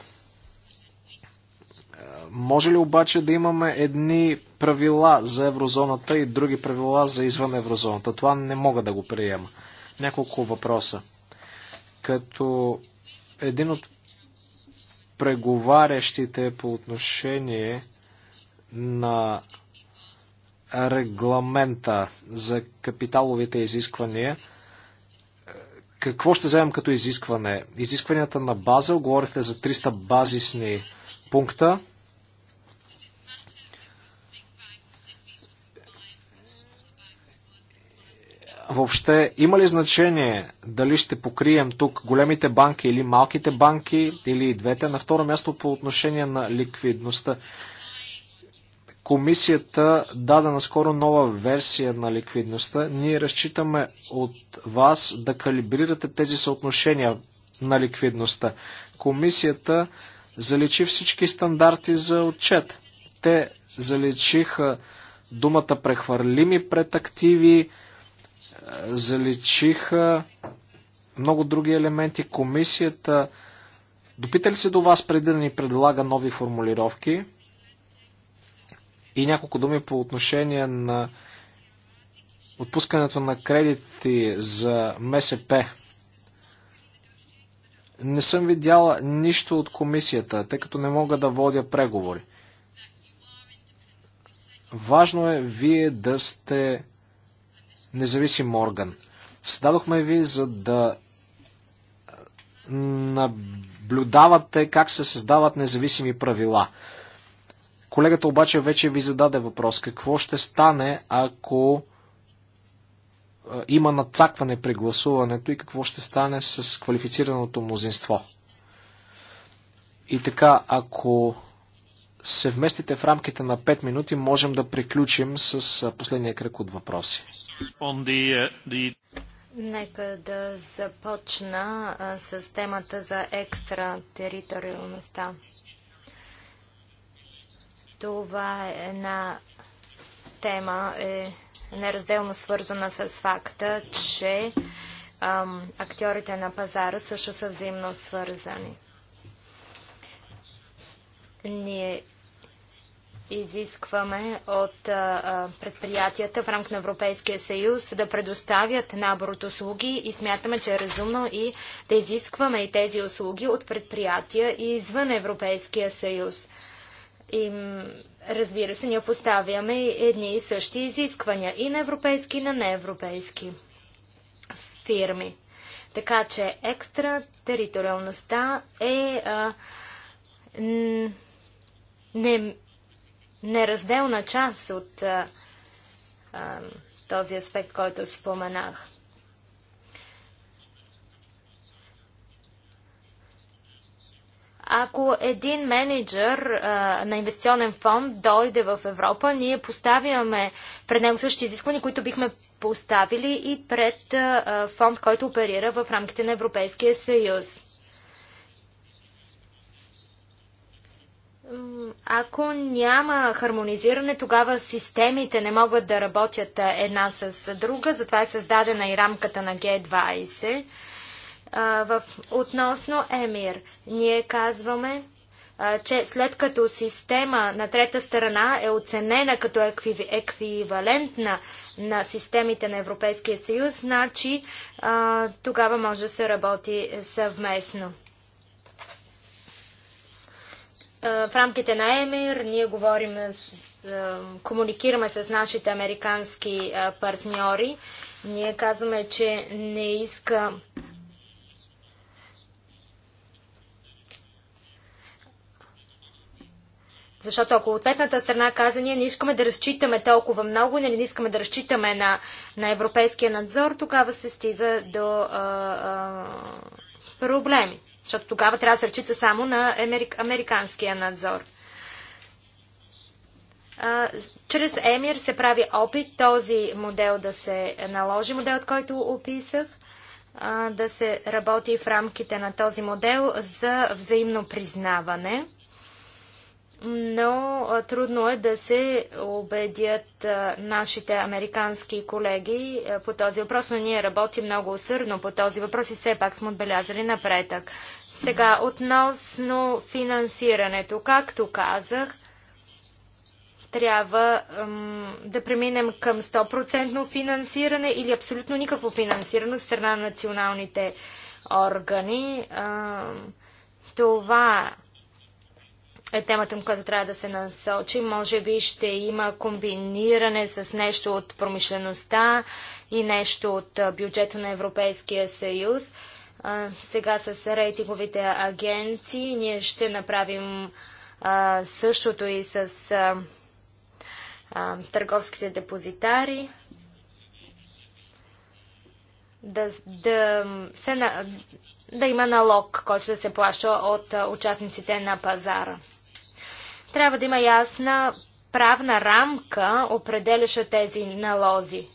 може ли обаче да имаме едни правила за еврозоната и други правила за извън еврозоната? Това не мога да го приема. Няколко въпроса. Като един от преговарящите по отношение на регламента за капиталовите изисквания – какво ще вземем като изискване? Изискванията на база, говорите за 300 базисни пункта. Въобще, има ли значение дали ще покрием тук големите банки или малките банки или и двете? На второ място по отношение на ликвидността. Комисията даде наскоро нова версия на ликвидността. Ние разчитаме от вас да калибрирате тези съотношения на ликвидността. Комисията заличи всички стандарти за отчет. Те заличиха думата прехвърлими пред активи, е, заличиха много други елементи. Комисията допита ли се до вас преди да ни предлага нови формулировки? И няколко думи по отношение на отпускането на кредити за МСП. Не съм видяла нищо от комисията, тъй като не мога да водя преговори. Важно е вие да сте независим орган. Създадохме ви, за да наблюдавате как се създават независими правила. Колегата обаче вече ви зададе въпрос. Какво ще стане, ако е, има надцакване при гласуването и какво ще стане с квалифицираното мнозинство? И така, ако се вместите в рамките на 5 минути, можем да приключим с е, последния кръг от въпроси. Е, Нека да започна а, с темата за екстратериториалността. Това е една тема, е неразделно свързана с факта, че ам, актьорите на пазара също са взаимно свързани. Ние изискваме от а, предприятията в рамк на Европейския съюз да предоставят набор от услуги и смятаме, че е разумно и да изискваме и тези услуги от предприятия и извън Европейския съюз. И, разбира се, ние поставяме едни и същи изисквания и на европейски, и на неевропейски фирми. Така че екстратериториалността е а, не, неразделна част от а, този аспект, който споменах. Ако един менеджер а, на инвестиционен фонд дойде в Европа, ние поставяме пред него същите изисквания, които бихме поставили и пред а, фонд, който оперира в рамките на Европейския съюз. Ако няма хармонизиране, тогава системите не могат да работят една с друга, затова е създадена и рамката на g 20 а, в, относно Емир, ние казваме, а, че след като система на трета страна е оценена като екви, еквивалентна на системите на Европейския съюз, значи а, тогава може да се работи съвместно. В рамките на ЕМИР ние говорим, с, комуникираме с нашите американски партньори. Ние казваме, че не иска Защото ако ответната страна каза, ние не искаме да разчитаме толкова много или нали, не искаме да разчитаме на, на европейския надзор, тогава се стига до а, а, проблеми. Защото тогава трябва да се разчита само на америк, американския надзор. А, чрез Емир се прави опит този модел да се наложи, моделът, който описах, а, да се работи в рамките на този модел за взаимно признаване – но трудно е да се убедят нашите американски колеги по този въпрос, но ние работим много усърдно по този въпрос и все пак сме отбелязали напредък. Сега, относно финансирането, както казах, трябва ем, да преминем към 100% финансиране или абсолютно никакво финансиране от страна на националните органи. Ем, това е темата, която трябва да се насочи. Може би ще има комбиниране с нещо от промишлеността и нещо от бюджета на Европейския съюз. сега с рейтинговите агенции ние ще направим същото и с търговските депозитари. Да, да, се, да има налог, който да се плаща от участниците на пазара. Трябва да има ясна правна рамка, определяща тези налози.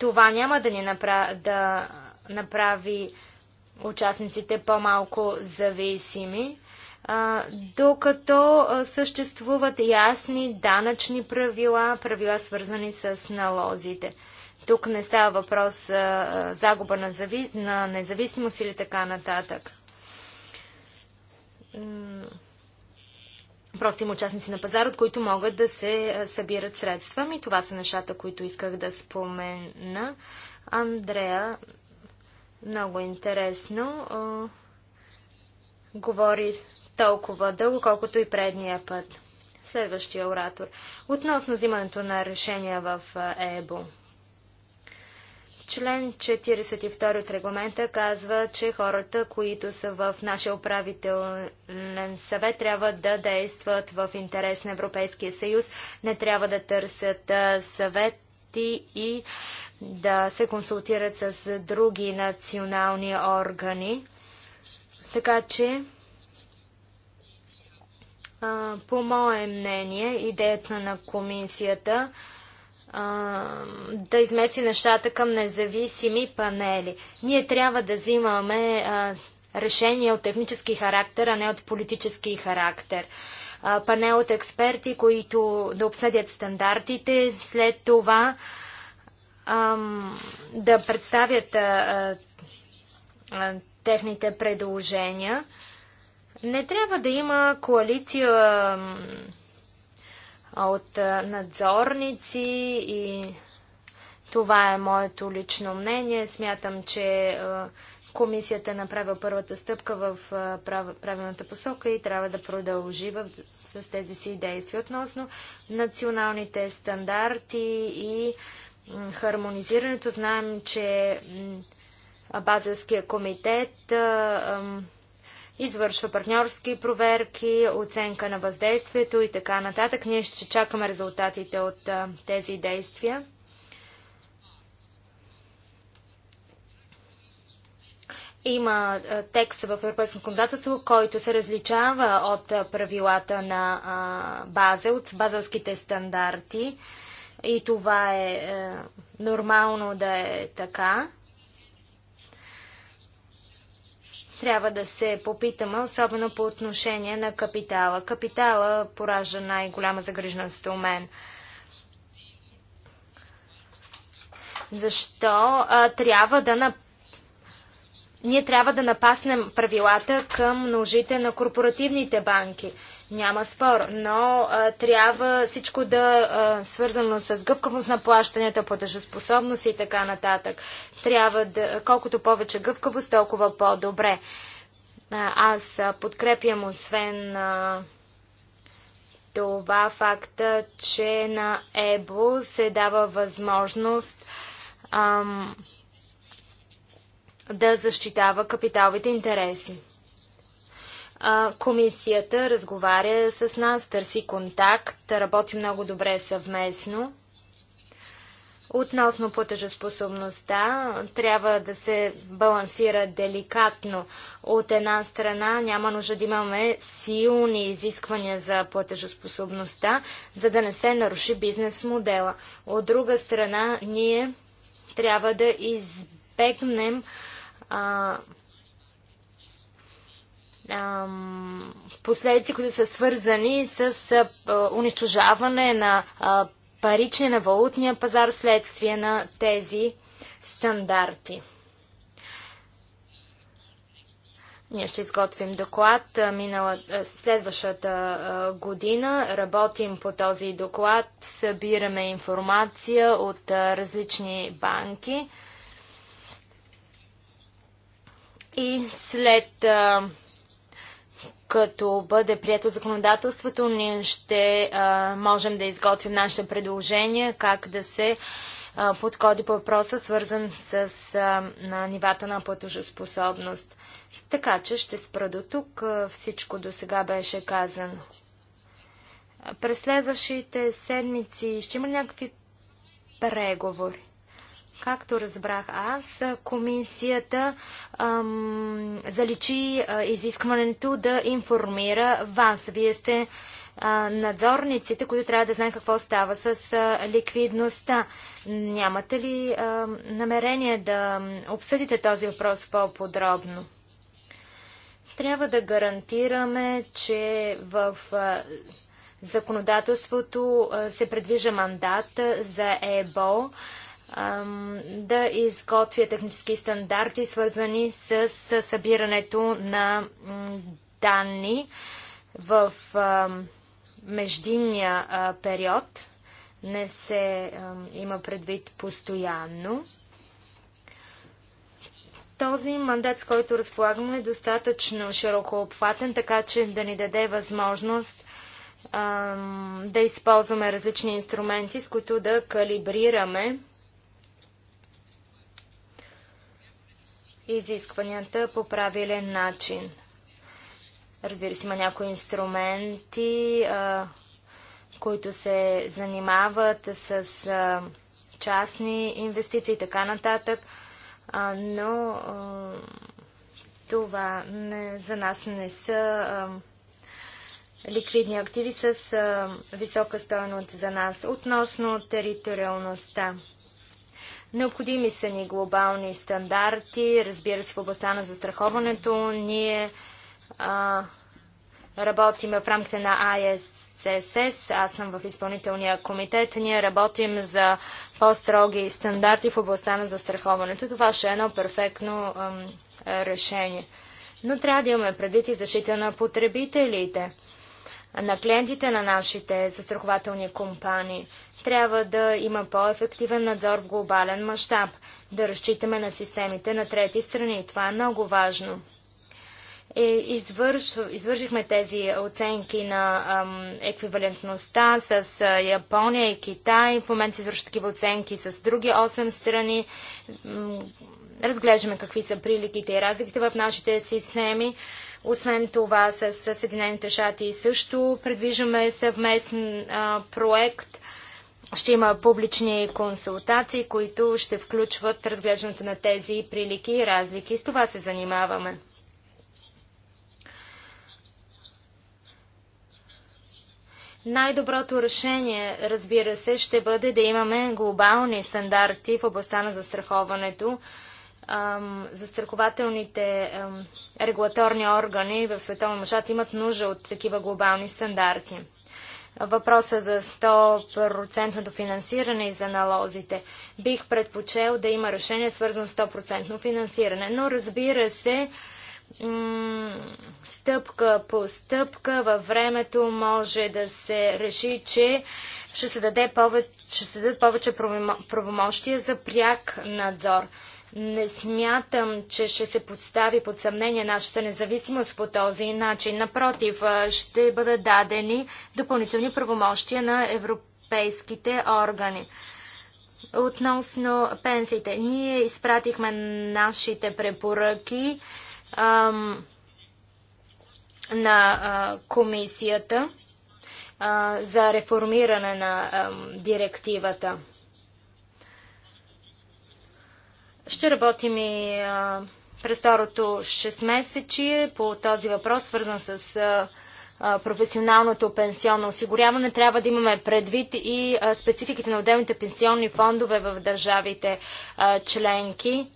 Това няма да ни напра... да направи участниците по-малко зависими, а, докато съществуват ясни данъчни правила, правила свързани с налозите. Тук не става въпрос за загуба на, зави... на независимост или така нататък. Просто има участници на пазар, от които могат да се е, събират средства. Ми това са нещата, които исках да спомена. Андрея, много интересно, говори толкова дълго, колкото и предния път. Следващия оратор. Относно взимането на решения в ЕБО. Член 42 от регламента казва, че хората, които са в нашия управителен съвет, трябва да действат в интерес на Европейския съюз, не трябва да търсят съвет и да се консултират с други национални органи. Така че, по мое мнение, идеята на комисията е да измеси нещата към независими панели. Ние трябва да взимаме а, решения от технически характер, а не от политически характер. А, панел от експерти, които да обсъдят стандартите, след това да представят техните предложения. Не трябва да има коалиция от надзорници и това е моето лично мнение. Смятам, че комисията е направила първата стъпка в правилната посока и трябва да продължи с тези си действия относно националните стандарти и хармонизирането. Знаем, че Базелския комитет а, извършва партньорски проверки, оценка на въздействието и така нататък. Ние ще чакаме резултатите от тези действия. Има текст в европейското законодателство, който се различава от правилата на Базел, от базелските стандарти. И това е, е нормално да е така. трябва да се попитаме, особено по отношение на капитала. Капитала поражда най-голяма загриженост у мен. Защо а, трябва да на... ние трябва да напаснем правилата към ножите на корпоративните банки? няма спор, но а, трябва всичко да а, свързано с гъвкавост на плащанията, платежоспособност и така нататък. Трябва да, колкото повече гъвкавост, толкова по-добре. аз подкрепям освен а, това факта, че на ЕБО се дава възможност ам, да защитава капиталовите интереси комисията разговаря с нас, търси контакт, работи много добре съвместно. Относно платежоспособността, трябва да се балансира деликатно. От една страна няма нужда да имаме силни изисквания за платежоспособността, за да не се наруши бизнес модела. От друга страна, ние трябва да избегнем а, последици, които са свързани с унищожаване на паричния, на валутния пазар следствие на тези стандарти. Ние ще изготвим доклад минала, следващата година. Работим по този доклад, събираме информация от различни банки. И след като бъде прието законодателството, ние ще а, можем да изготвим нашите предложения как да се а, подходи по въпроса, свързан с а, на нивата на платежоспособност. Така че ще спра до тук. Всичко до сега беше казано. През следващите седмици ще има някакви преговори. Както разбрах аз, комисията ам, заличи а, изискването да информира вас. Вие сте а, надзорниците, които трябва да знаят какво става с а, ликвидността. Нямате ли а, намерение да обсъдите този въпрос по-подробно? Трябва да гарантираме, че в. А, законодателството се предвижда мандат за ЕБО да изготвя технически стандарти, свързани с събирането на данни в междинния период. Не се има предвид постоянно. Този мандат, с който разполагаме, е достатъчно широко обхватен, така че да ни даде възможност да използваме различни инструменти, с които да калибрираме изискванията по правилен начин. Разбира се, има някои инструменти, а, които се занимават с а, частни инвестиции и така нататък, а, но това не, за нас не са ликвидни активи с висока стоеност за нас относно териториалността. Необходими са ни глобални стандарти, разбира се, в областта на застраховането. Ние а, работим в рамките на ISSS, аз съм в изпълнителния комитет. Ние работим за по-строги стандарти в областта на застраховането. Това ще е едно перфектно а, решение. Но трябва да имаме предвид и защита на потребителите на клиентите на нашите застрахователни компании. Трябва да има по-ефективен надзор в глобален мащаб, да разчитаме на системите на трети страни. Това е много важно. И е, извърш, извършихме тези оценки на ам, еквивалентността с Япония и Китай. В момента се извършват такива оценки с други 8 страни. Разглеждаме какви са приликите и разликите в нашите системи. Освен това, с Съединените щати също предвиждаме съвместен а, проект. Ще има публични консултации, които ще включват разглеждането на тези прилики и разлики. С това се занимаваме. Най-доброто решение, разбира се, ще бъде да имаме глобални стандарти в областта на застраховането. Застрахователните регулаторни органи в световен мащаб имат нужда от такива глобални стандарти. Въпроса за 100% финансиране и за налозите. Бих предпочел да има решение свързано с 100% финансиране. Но разбира се, стъпка по стъпка във времето може да се реши, че ще се, даде повече, ще се дадат повече правомощия за пряк надзор. Не смятам, че ще се подстави под съмнение нашата независимост по този начин. Напротив, ще бъдат дадени допълнителни правомощия на европейските органи. Относно пенсиите, ние изпратихме нашите препоръки ам, на а, комисията а, за реформиране на ам, директивата. Ще работим и през второто 6 месечи по този въпрос, свързан с професионалното пенсионно осигуряване, трябва да имаме предвид и спецификите на отделните пенсионни фондове в държавите членки.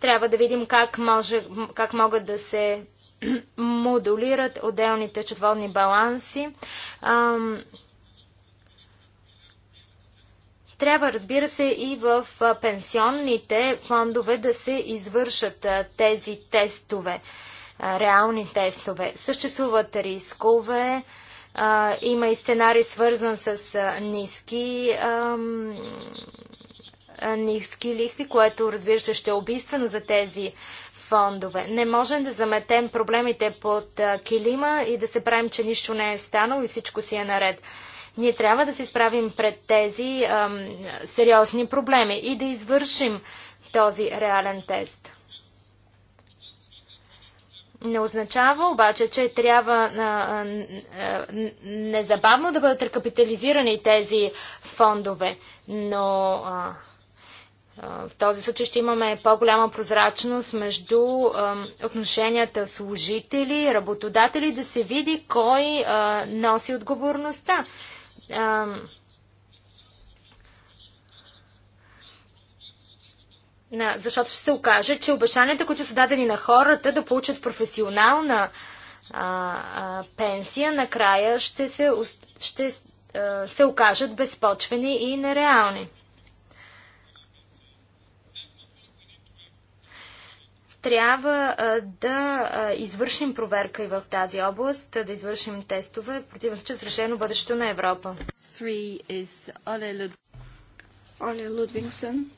Трябва да видим как, може, как могат да се модулират отделните четводни баланси. Трябва, разбира се, и в пенсионните фондове да се извършат тези тестове, реални тестове. Съществуват рискове, има и сценарий свързан с ниски ниски лихви, което разбира се ще е убийствено за тези фондове. Не можем да заметем проблемите под килима и да се правим, че нищо не е станало и всичко си е наред. Ние трябва да се справим пред тези ам, сериозни проблеми и да извършим този реален тест. Не означава обаче, че трябва а, а, а, незабавно да бъдат рекапитализирани тези фондове, но а, а, в този случай ще имаме по-голяма прозрачност между а, отношенията служители, работодатели, да се види кой а, носи отговорността защото ще се окаже, че обещанията, които са дадени на хората да получат професионална а, а, пенсия, накрая ще се, ще, а, се окажат безпочвени и нереални. трябва а, да а, извършим проверка и в тази област, да извършим тестове, в противен случай решено бъдещето на Европа. Оле Лудвингсън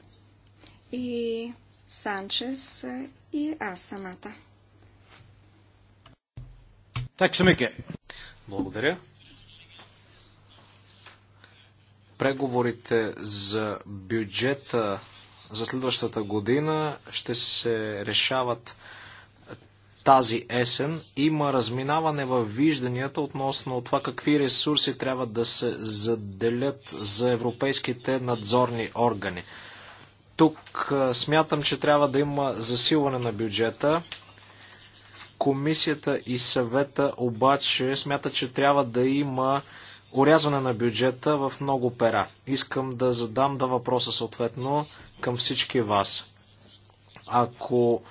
и Санчес и аз самата. Так Шамике. Благодаря. Преговорите за бюджета за следващата година ще се решават тази есен. Има разминаване в вижданията относно това какви ресурси трябва да се заделят за европейските надзорни органи. Тук смятам, че трябва да има засилване на бюджета. Комисията и съвета обаче смятат, че трябва да има урязване на бюджета в много пера. Искам да задам два въпроса съответно към всички вас. Ако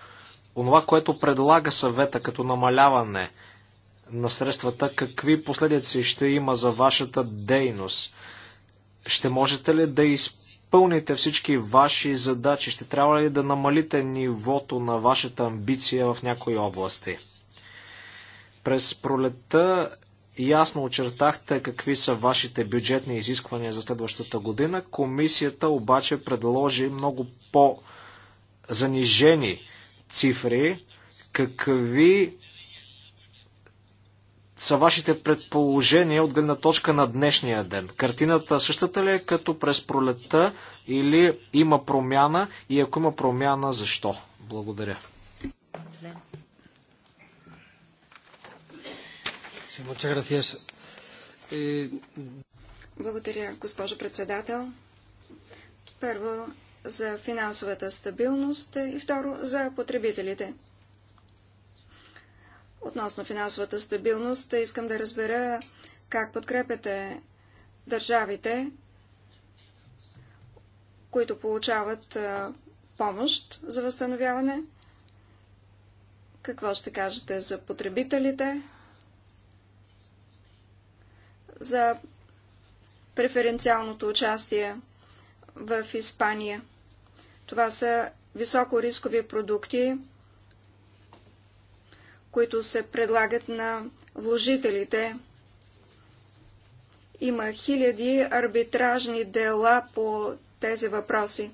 онова, което предлага съвета като намаляване на средствата, какви последици ще има за вашата дейност? Ще можете ли да изпълните всички ваши задачи? Ще трябва ли да намалите нивото на вашата амбиция в някои области? През пролета ясно очертахте какви са вашите бюджетни изисквания за следващата година. Комисията обаче предложи много по-занижени цифри. Какви са вашите предположения от гледна точка на днешния ден? Картината същата ли е като през пролетта или има промяна и ако има промяна, защо? Благодаря. Excellent. Eh, Благодаря, госпожо председател. Първо, за финансовата стабилност и второ, за потребителите. Относно финансовата стабилност, искам да разбера как подкрепяте държавите, които получават помощ за възстановяване. Какво ще кажете за потребителите? за преференциалното участие в Испания. Това са високо рискови продукти, които се предлагат на вложителите. Има хиляди арбитражни дела по тези въпроси.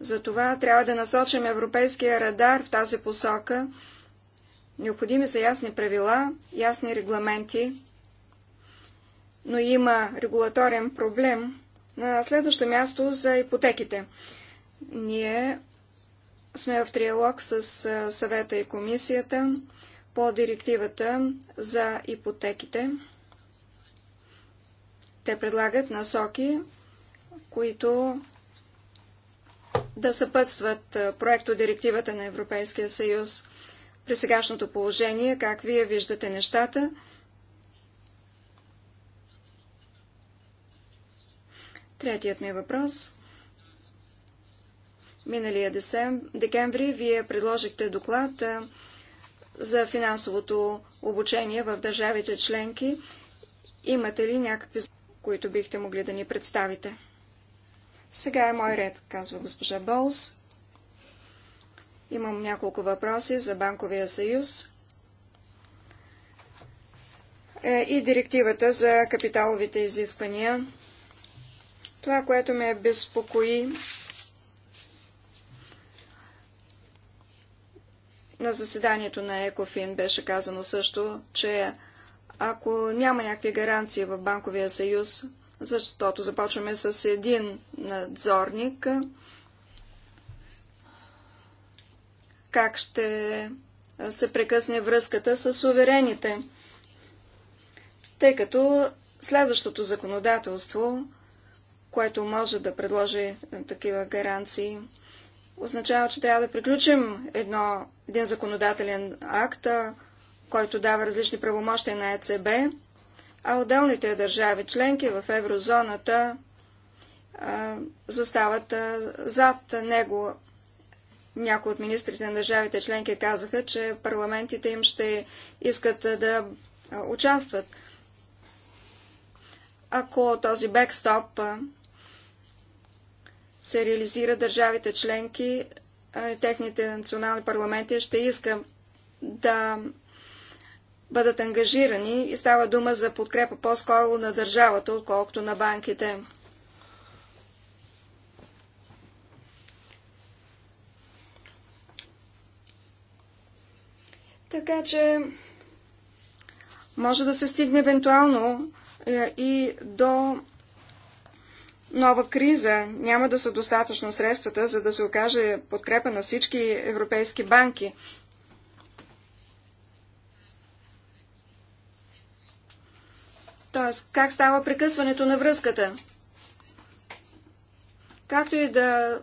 Затова трябва да насочим европейския радар в тази посока. Необходими са ясни правила, ясни регламенти, но има регулаторен проблем. На следващо място за ипотеките. Ние сме в триалог с съвета и комисията по директивата за ипотеките. Те предлагат насоки, които да съпътстват проекто директивата на Европейския съюз. При сегашното положение, как вие виждате нещата, Третият ми въпрос. Миналия декември вие предложихте доклад за финансовото обучение в държавите членки. Имате ли някакви, които бихте могли да ни представите? Сега е мой ред, казва госпожа Болс. Имам няколко въпроси за Банковия съюз е, и директивата за капиталовите изисквания. Това, което ме безпокои на заседанието на Екофин беше казано също, че ако няма някакви гаранции в Банковия съюз, защото започваме с един надзорник, как ще се прекъсне връзката с суверените, тъй като следващото законодателство което може да предложи е, такива гаранции, означава, че трябва да приключим едно, един законодателен акт, който дава различни правомощия на ЕЦБ, а отделните държави членки в еврозоната застават зад него. Някои от министрите на държавите членки казаха, че парламентите им ще искат да участват. Ако този бекстоп се реализира, държавите членки, техните национални парламенти ще иска да бъдат ангажирани и става дума за подкрепа по-скоро на държавата, отколкото на банките. Така че може да се стигне евентуално е, и до нова криза. Няма да са достатъчно средствата, за да се окаже подкрепа на всички европейски банки. Тоест, как става прекъсването на връзката? Както и да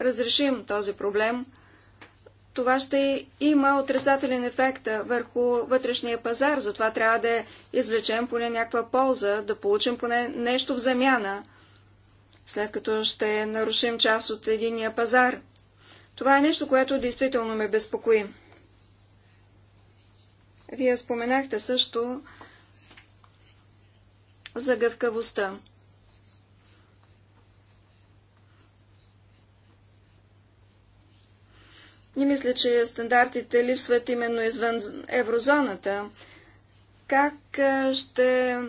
разрешим този проблем, това ще има отрицателен ефект върху вътрешния пазар, затова трябва да извлечем поне някаква полза, да получим поне нещо в замяна – след като ще нарушим част от единия пазар. Това е нещо, което действително ме безпокои. Вие споменахте също за гъвкавостта. Не мисля, че стандартите липсват именно извън еврозоната. Как ще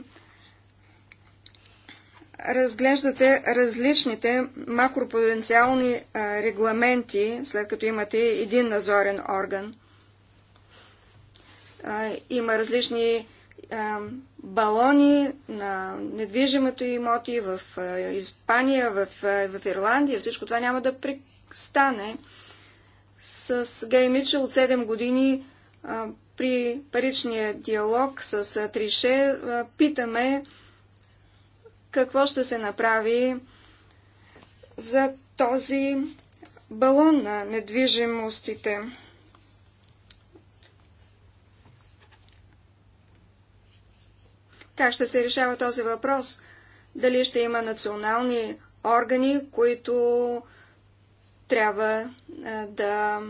разглеждате различните макропотенциални регламенти, след като имате един надзорен орган. Има различни балони на недвижимото имоти в Испания, в, Ирландия. Всичко това няма да престане. С Гей Митчел от 7 години при паричния диалог с Трише питаме какво ще се направи за този балон на недвижимостите. Как ще се решава този въпрос? Дали ще има национални органи, които трябва да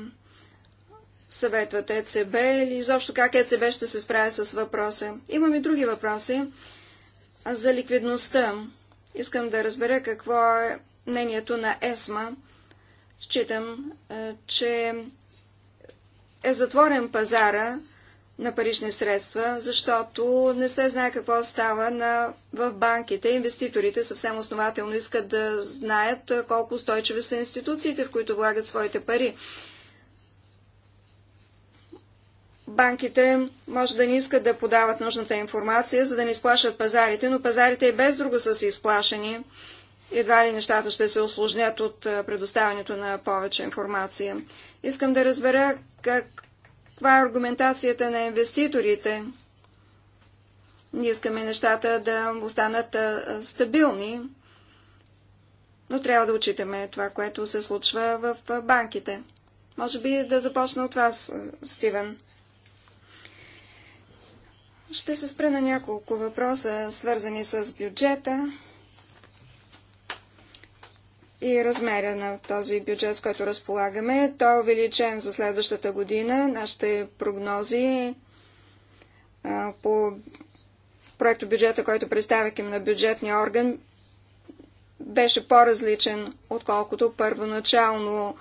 съветват ЕЦБ или изобщо как ЕЦБ ще се справя с въпроса. Имаме други въпроси, за ликвидността. Искам да разбера какво е мнението на ЕСМА. Считам, че е затворен пазара на парични средства, защото не се знае какво става на, в банките. Инвеститорите съвсем основателно искат да знаят колко устойчиви са институциите, в които влагат своите пари банките може да не искат да подават нужната информация, за да не изплашат пазарите, но пазарите и без друго са си изплашени. Едва ли нещата ще се осложнят от предоставянето на повече информация. Искам да разбера каква е аргументацията на инвеститорите. Ние искаме нещата да останат стабилни, но трябва да учитаме това, което се случва в банките. Може би да започна от вас, Стивен. Ще се спра на няколко въпроса, свързани с бюджета и размеря на този бюджет, с който разполагаме. Той е увеличен за следващата година. Нашите прогнози а, по проекто бюджета, който представяхме им на бюджетния орган, беше по-различен, отколкото първоначално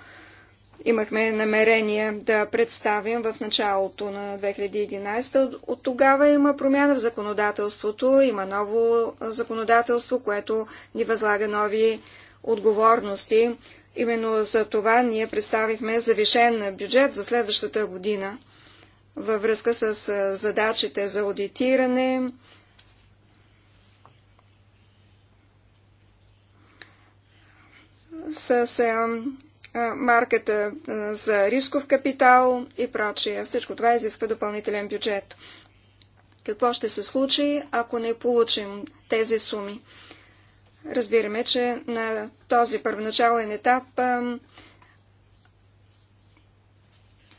имахме намерение да представим в началото на 2011. От тогава има промяна в законодателството, има ново законодателство, което ни възлага нови отговорности. Именно за това ние представихме завишен бюджет за следващата година във връзка с задачите за аудитиране, с марката за рисков капитал и прочие. Всичко това изисква допълнителен бюджет. Какво ще се случи, ако не получим тези суми? Разбираме, че на този първоначален етап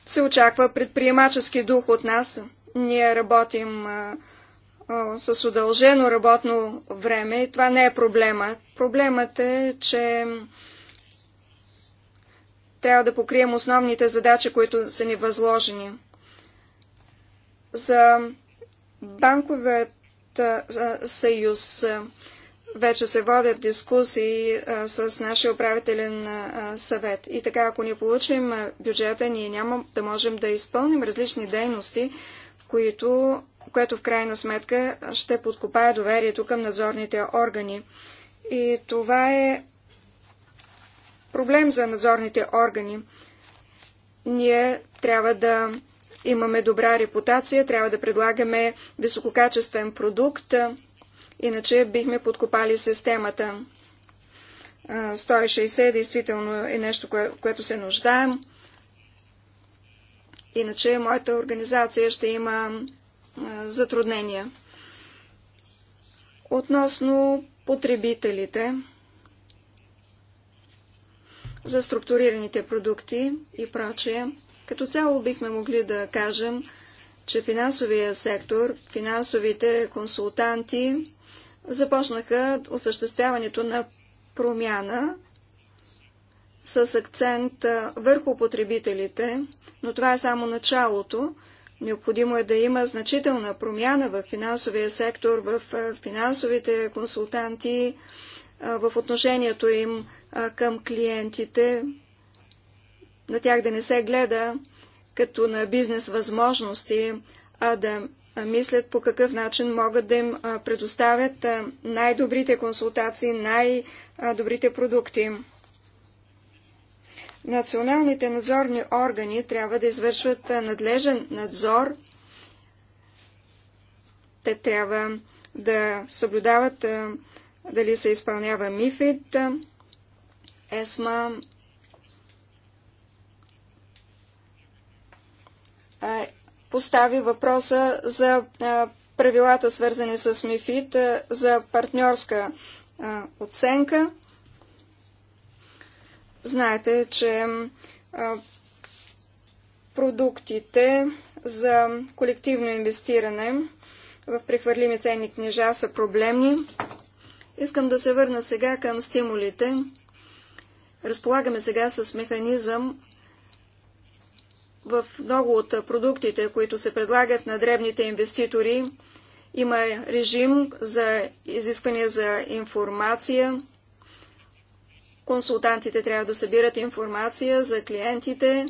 се очаква предприемачески дух от нас. Ние работим с удължено работно време и това не е проблема. Проблемът е, че трябва да покрием основните задачи, които са ни възложени. За банковият съюз вече се водят дискусии а, с нашия управителен а, съвет. И така, ако не получим а, бюджета, ние няма да можем да изпълним различни дейности, които, което в крайна сметка ще подкопае доверието към надзорните органи. И това е проблем за надзорните органи. Ние трябва да имаме добра репутация, трябва да предлагаме висококачествен продукт, иначе бихме подкопали системата. 160 действително е нещо, кое, което се нуждаем. Иначе моята организация ще има затруднения. Относно потребителите, за структурираните продукти и прочие. Като цяло бихме могли да кажем, че финансовия сектор, финансовите консултанти започнаха осъществяването на промяна с акцент върху потребителите, но това е само началото. Необходимо е да има значителна промяна в финансовия сектор, в финансовите консултанти, в отношението им към клиентите, на тях да не се гледа като на бизнес възможности, а да мислят по какъв начин могат да им предоставят най-добрите консултации, най-добрите продукти. Националните надзорни органи трябва да извършват надлежен надзор. Те трябва да съблюдават дали се изпълнява МИФИД, ЕСМА, постави въпроса за правилата, свързани с МИФИД, за партньорска оценка. Знаете, че продуктите за колективно инвестиране в прехвърлими ценни книжа са проблемни. Искам да се върна сега към стимулите. Разполагаме сега с механизъм в много от продуктите, които се предлагат на дребните инвеститори. Има режим за изискване за информация. Консултантите трябва да събират информация за клиентите,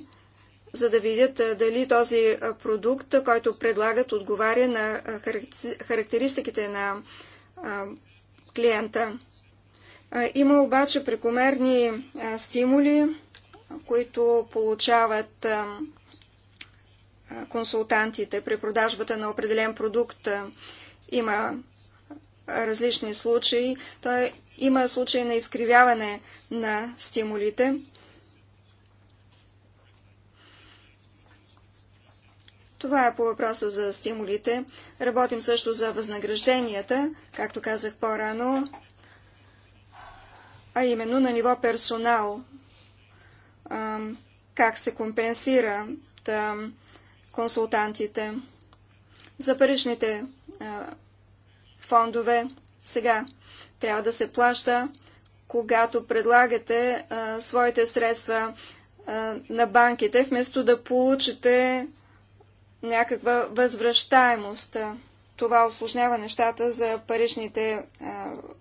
за да видят дали този продукт, който предлагат, отговаря на характеристиките на клиента. Има обаче прекомерни стимули, които получават консултантите при продажбата на определен продукт. Има различни случаи. Той има случаи на изкривяване на стимулите. Това е по въпроса за стимулите. Работим също за възнагражденията, както казах по-рано, а именно на ниво персонал. Как се компенсират консултантите. За паричните фондове сега трябва да се плаща, когато предлагате своите средства на банките, вместо да получите някаква възвръщаемост. Това осложнява нещата за паричните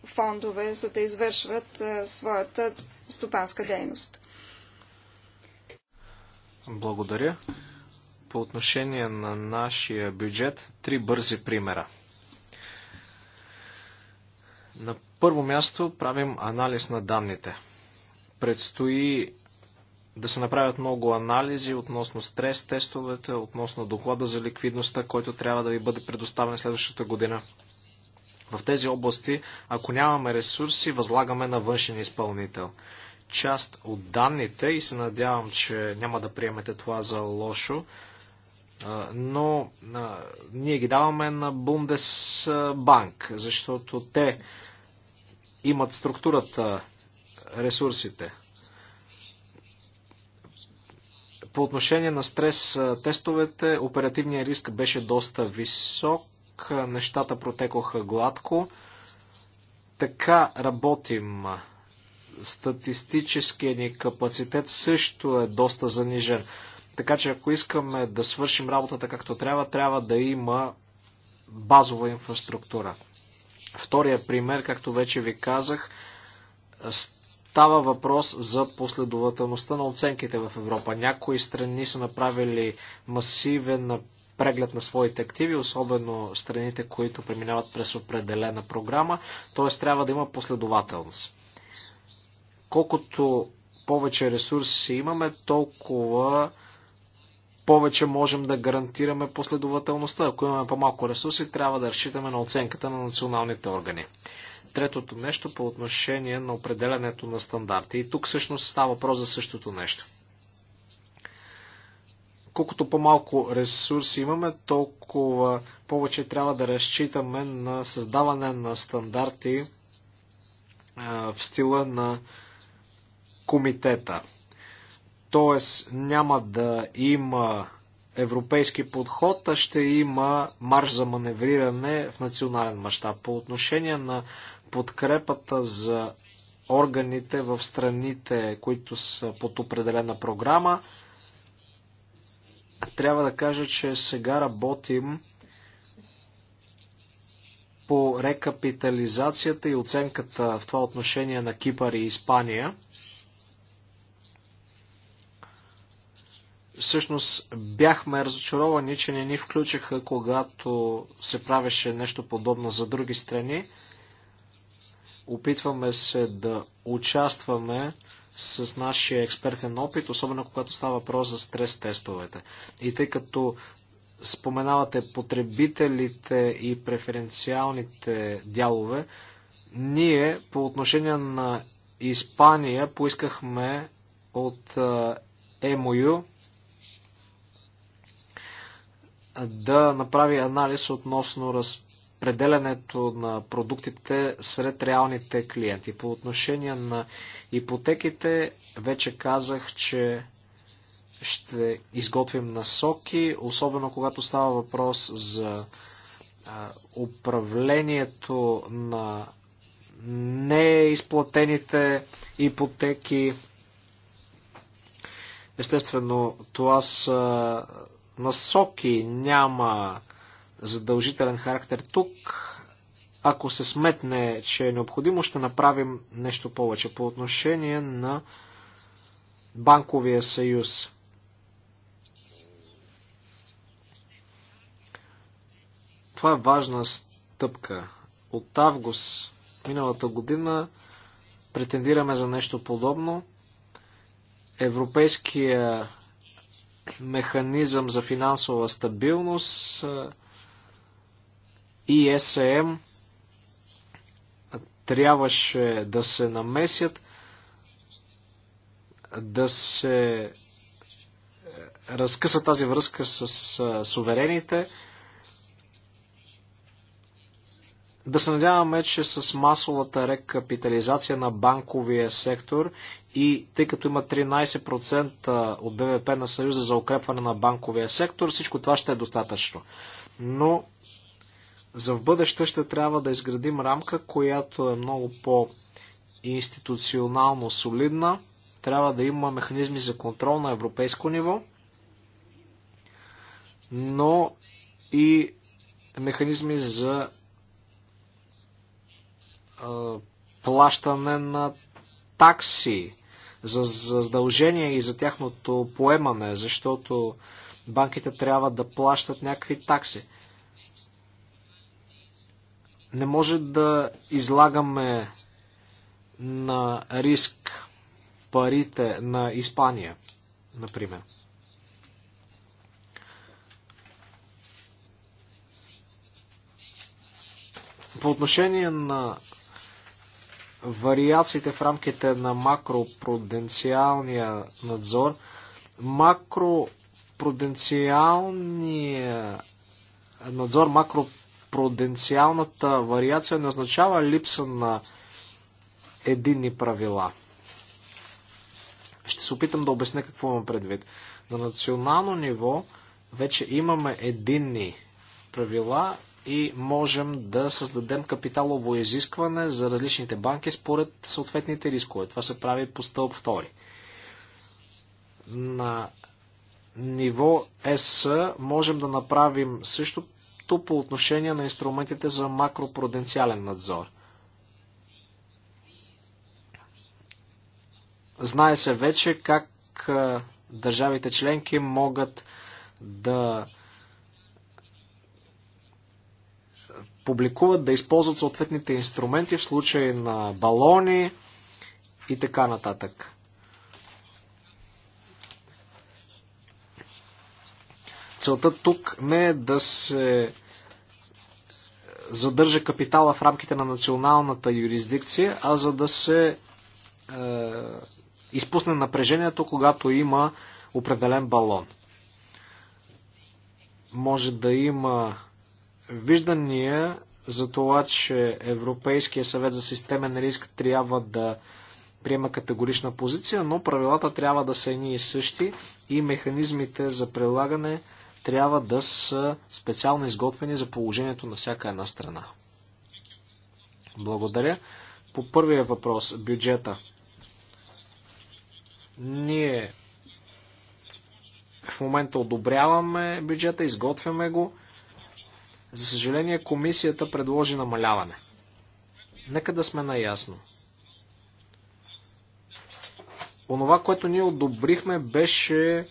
фондове, за да извършват своята стопанска дейност. Благодаря. По отношение на нашия бюджет, три бързи примера. На първо място правим анализ на данните. Предстои да се направят много анализи относно стрес тестовете, относно доклада за ликвидността, който трябва да ви бъде предоставен следващата година. В тези области, ако нямаме ресурси, възлагаме на външен изпълнител. Част от данните, и се надявам, че няма да приемете това за лошо, но ние ги даваме на Бундесбанк, защото те имат структурата, ресурсите. По отношение на стрес тестовете, оперативният риск беше доста висок, нещата протекоха гладко. Така работим. Статистическият ни капацитет също е доста занижен. Така че ако искаме да свършим работата както трябва, трябва да има базова инфраструктура. Втория пример, както вече ви казах, става въпрос за последователността на оценките в Европа. Някои страни са направили масивен преглед на своите активи, особено страните, които преминават през определена програма, т.е. трябва да има последователност. Колкото повече ресурси имаме, толкова повече можем да гарантираме последователността. Ако имаме по-малко ресурси, трябва да разчитаме на оценката на националните органи. Третото нещо по отношение на определенето на стандарти. И тук всъщност става въпрос за същото нещо. Колкото по-малко ресурси имаме, толкова повече трябва да разчитаме на създаване на стандарти в стила на комитета. Тоест няма да има европейски подход, а ще има марш за маневриране в национален мащаб. По отношение на подкрепата за органите в страните, които са под определена програма, трябва да кажа, че сега работим по рекапитализацията и оценката в това отношение на Кипър и Испания – Всъщност бяхме разочаровани, че не ни включиха, когато се правеше нещо подобно за други страни. Опитваме се да участваме с нашия експертен опит, особено когато става въпрос за стрес тестовете. И тъй като споменавате потребителите и преференциалните дялове, ние по отношение на Испания поискахме от ЕМОЮ да направи анализ относно разпределянето на продуктите сред реалните клиенти. По отношение на ипотеките, вече казах, че ще изготвим насоки, особено когато става въпрос за управлението на неизплатените ипотеки. Естествено, това са насоки, няма задължителен характер тук. Ако се сметне, че е необходимо, ще направим нещо повече по отношение на банковия съюз. Това е важна стъпка. От август миналата година претендираме за нещо подобно. Европейския механизъм за финансова стабилност, е, ИСМ трябваше да се намесят, да се е, разкъса тази връзка с е, суверените. Да се надяваме, че с масовата рекапитализация на банковия сектор и тъй като има 13% от БВП на Съюза за укрепване на банковия сектор, всичко това ще е достатъчно. Но за в бъдеще ще трябва да изградим рамка, която е много по-институционално солидна. Трябва да има механизми за контрол на европейско ниво, но и механизми за плащане на такси за задължения и за тяхното поемане, защото банките трябва да плащат някакви такси. Не може да излагаме на риск парите на Испания, например. По отношение на вариациите в рамките на макропруденциалния надзор. Макропруденциалния надзор, макропруденциалната вариация не означава липса на единни правила. Ще се опитам да обясня какво имам предвид. На национално ниво вече имаме единни правила и можем да създадем капиталово изискване за различните банки според съответните рискове. Това се прави по стълб 2. На ниво S можем да направим същото по отношение на инструментите за макропруденциален надзор. Знае се вече как държавите членки могат да публикуват, да използват съответните инструменти в случай на балони и така нататък. Целта тук не е да се задържа капитала в рамките на националната юрисдикция, а за да се е, изпусне напрежението, когато има определен балон. Може да има виждания за това, че Европейския съвет за системен риск трябва да приема категорична позиция, но правилата трябва да са едни и същи и механизмите за прилагане трябва да са специално изготвени за положението на всяка една страна. Благодаря. По първия въпрос, бюджета. Ние в момента одобряваме бюджета, изготвяме го. За съжаление, комисията предложи намаляване. Нека да сме наясно. Онова, което ние одобрихме, беше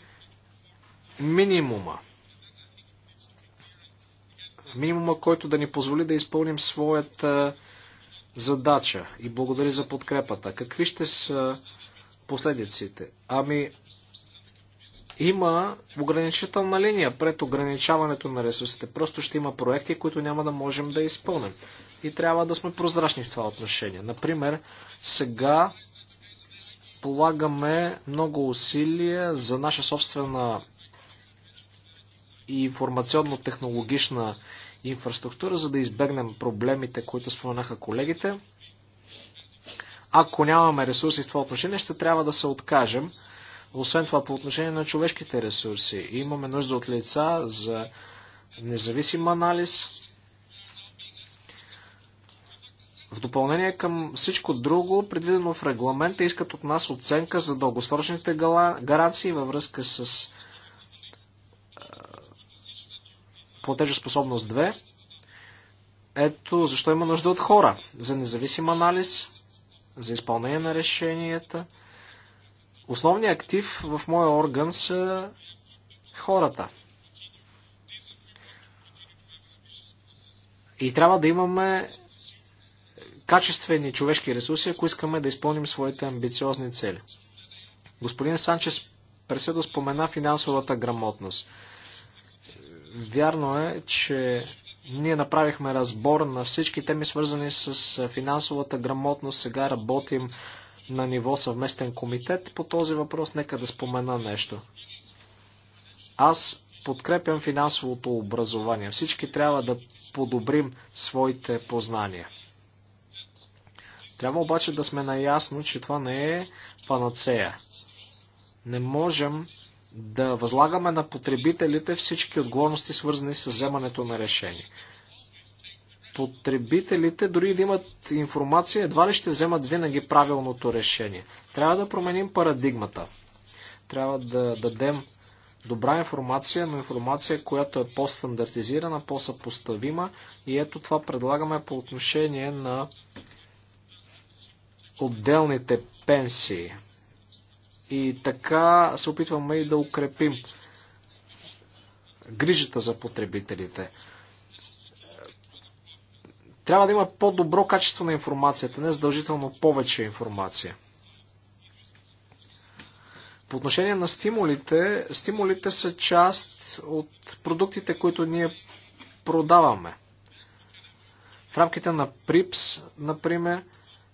минимума. Минимума, който да ни позволи да изпълним своята задача. И благодаря за подкрепата. Какви ще са последиците? Ами, има ограничителна линия пред ограничаването на ресурсите. Просто ще има проекти, които няма да можем да изпълним. И трябва да сме прозрачни в това отношение. Например, сега полагаме много усилия за наша собствена и информационно-технологична инфраструктура, за да избегнем проблемите, които споменаха колегите. Ако нямаме ресурси в това отношение, ще трябва да се откажем освен това, по отношение на човешките ресурси, имаме нужда от лица за независим анализ. В допълнение към всичко друго, предвидено в регламента, искат от нас оценка за дългосрочните гаранции във връзка с платежоспособност 2. Ето защо има нужда от хора за независим анализ, за изпълнение на решенията – Основният актив в моя орган са хората. И трябва да имаме качествени човешки ресурси, ако искаме да изпълним своите амбициозни цели. Господин Санчес Преседо спомена финансовата грамотност. Вярно е, че ние направихме разбор на всички теми, свързани с финансовата грамотност. Сега работим на ниво съвместен комитет по този въпрос, нека да спомена нещо. Аз подкрепям финансовото образование. Всички трябва да подобрим своите познания. Трябва обаче да сме наясно, че това не е панацея. Не можем да възлагаме на потребителите всички отговорности, свързани с вземането на решение потребителите, дори да имат информация, едва ли ще вземат винаги правилното решение. Трябва да променим парадигмата. Трябва да дадем добра информация, но информация, която е по-стандартизирана, по-съпоставима. И ето това предлагаме по отношение на отделните пенсии. И така се опитваме и да укрепим грижата за потребителите. Трябва да има по-добро качество на информацията, не задължително повече информация. По отношение на стимулите, стимулите са част от продуктите, които ние продаваме. В рамките на ПРИПС, например,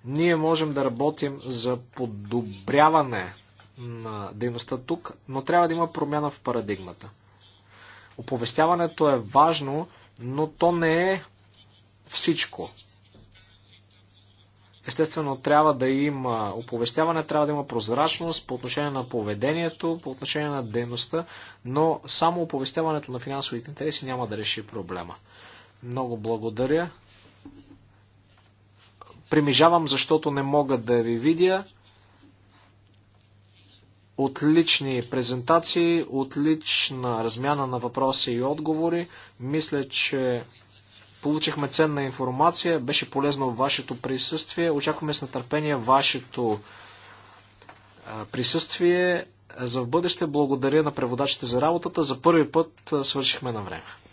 ние можем да работим за подобряване на дейността тук, но трябва да има промяна в парадигмата. Оповестяването е важно, но то не е всичко. Естествено, трябва да има оповестяване, трябва да има прозрачност по отношение на поведението, по отношение на дейността, но само оповестяването на финансовите интереси няма да реши проблема. Много благодаря. Примижавам, защото не мога да ви видя. Отлични презентации, отлична размяна на въпроси и отговори. Мисля, че Получихме ценна информация, беше полезно вашето присъствие. Очакваме с нетърпение вашето присъствие за в бъдеще. Благодаря на преводачите за работата. За първи път свършихме на време.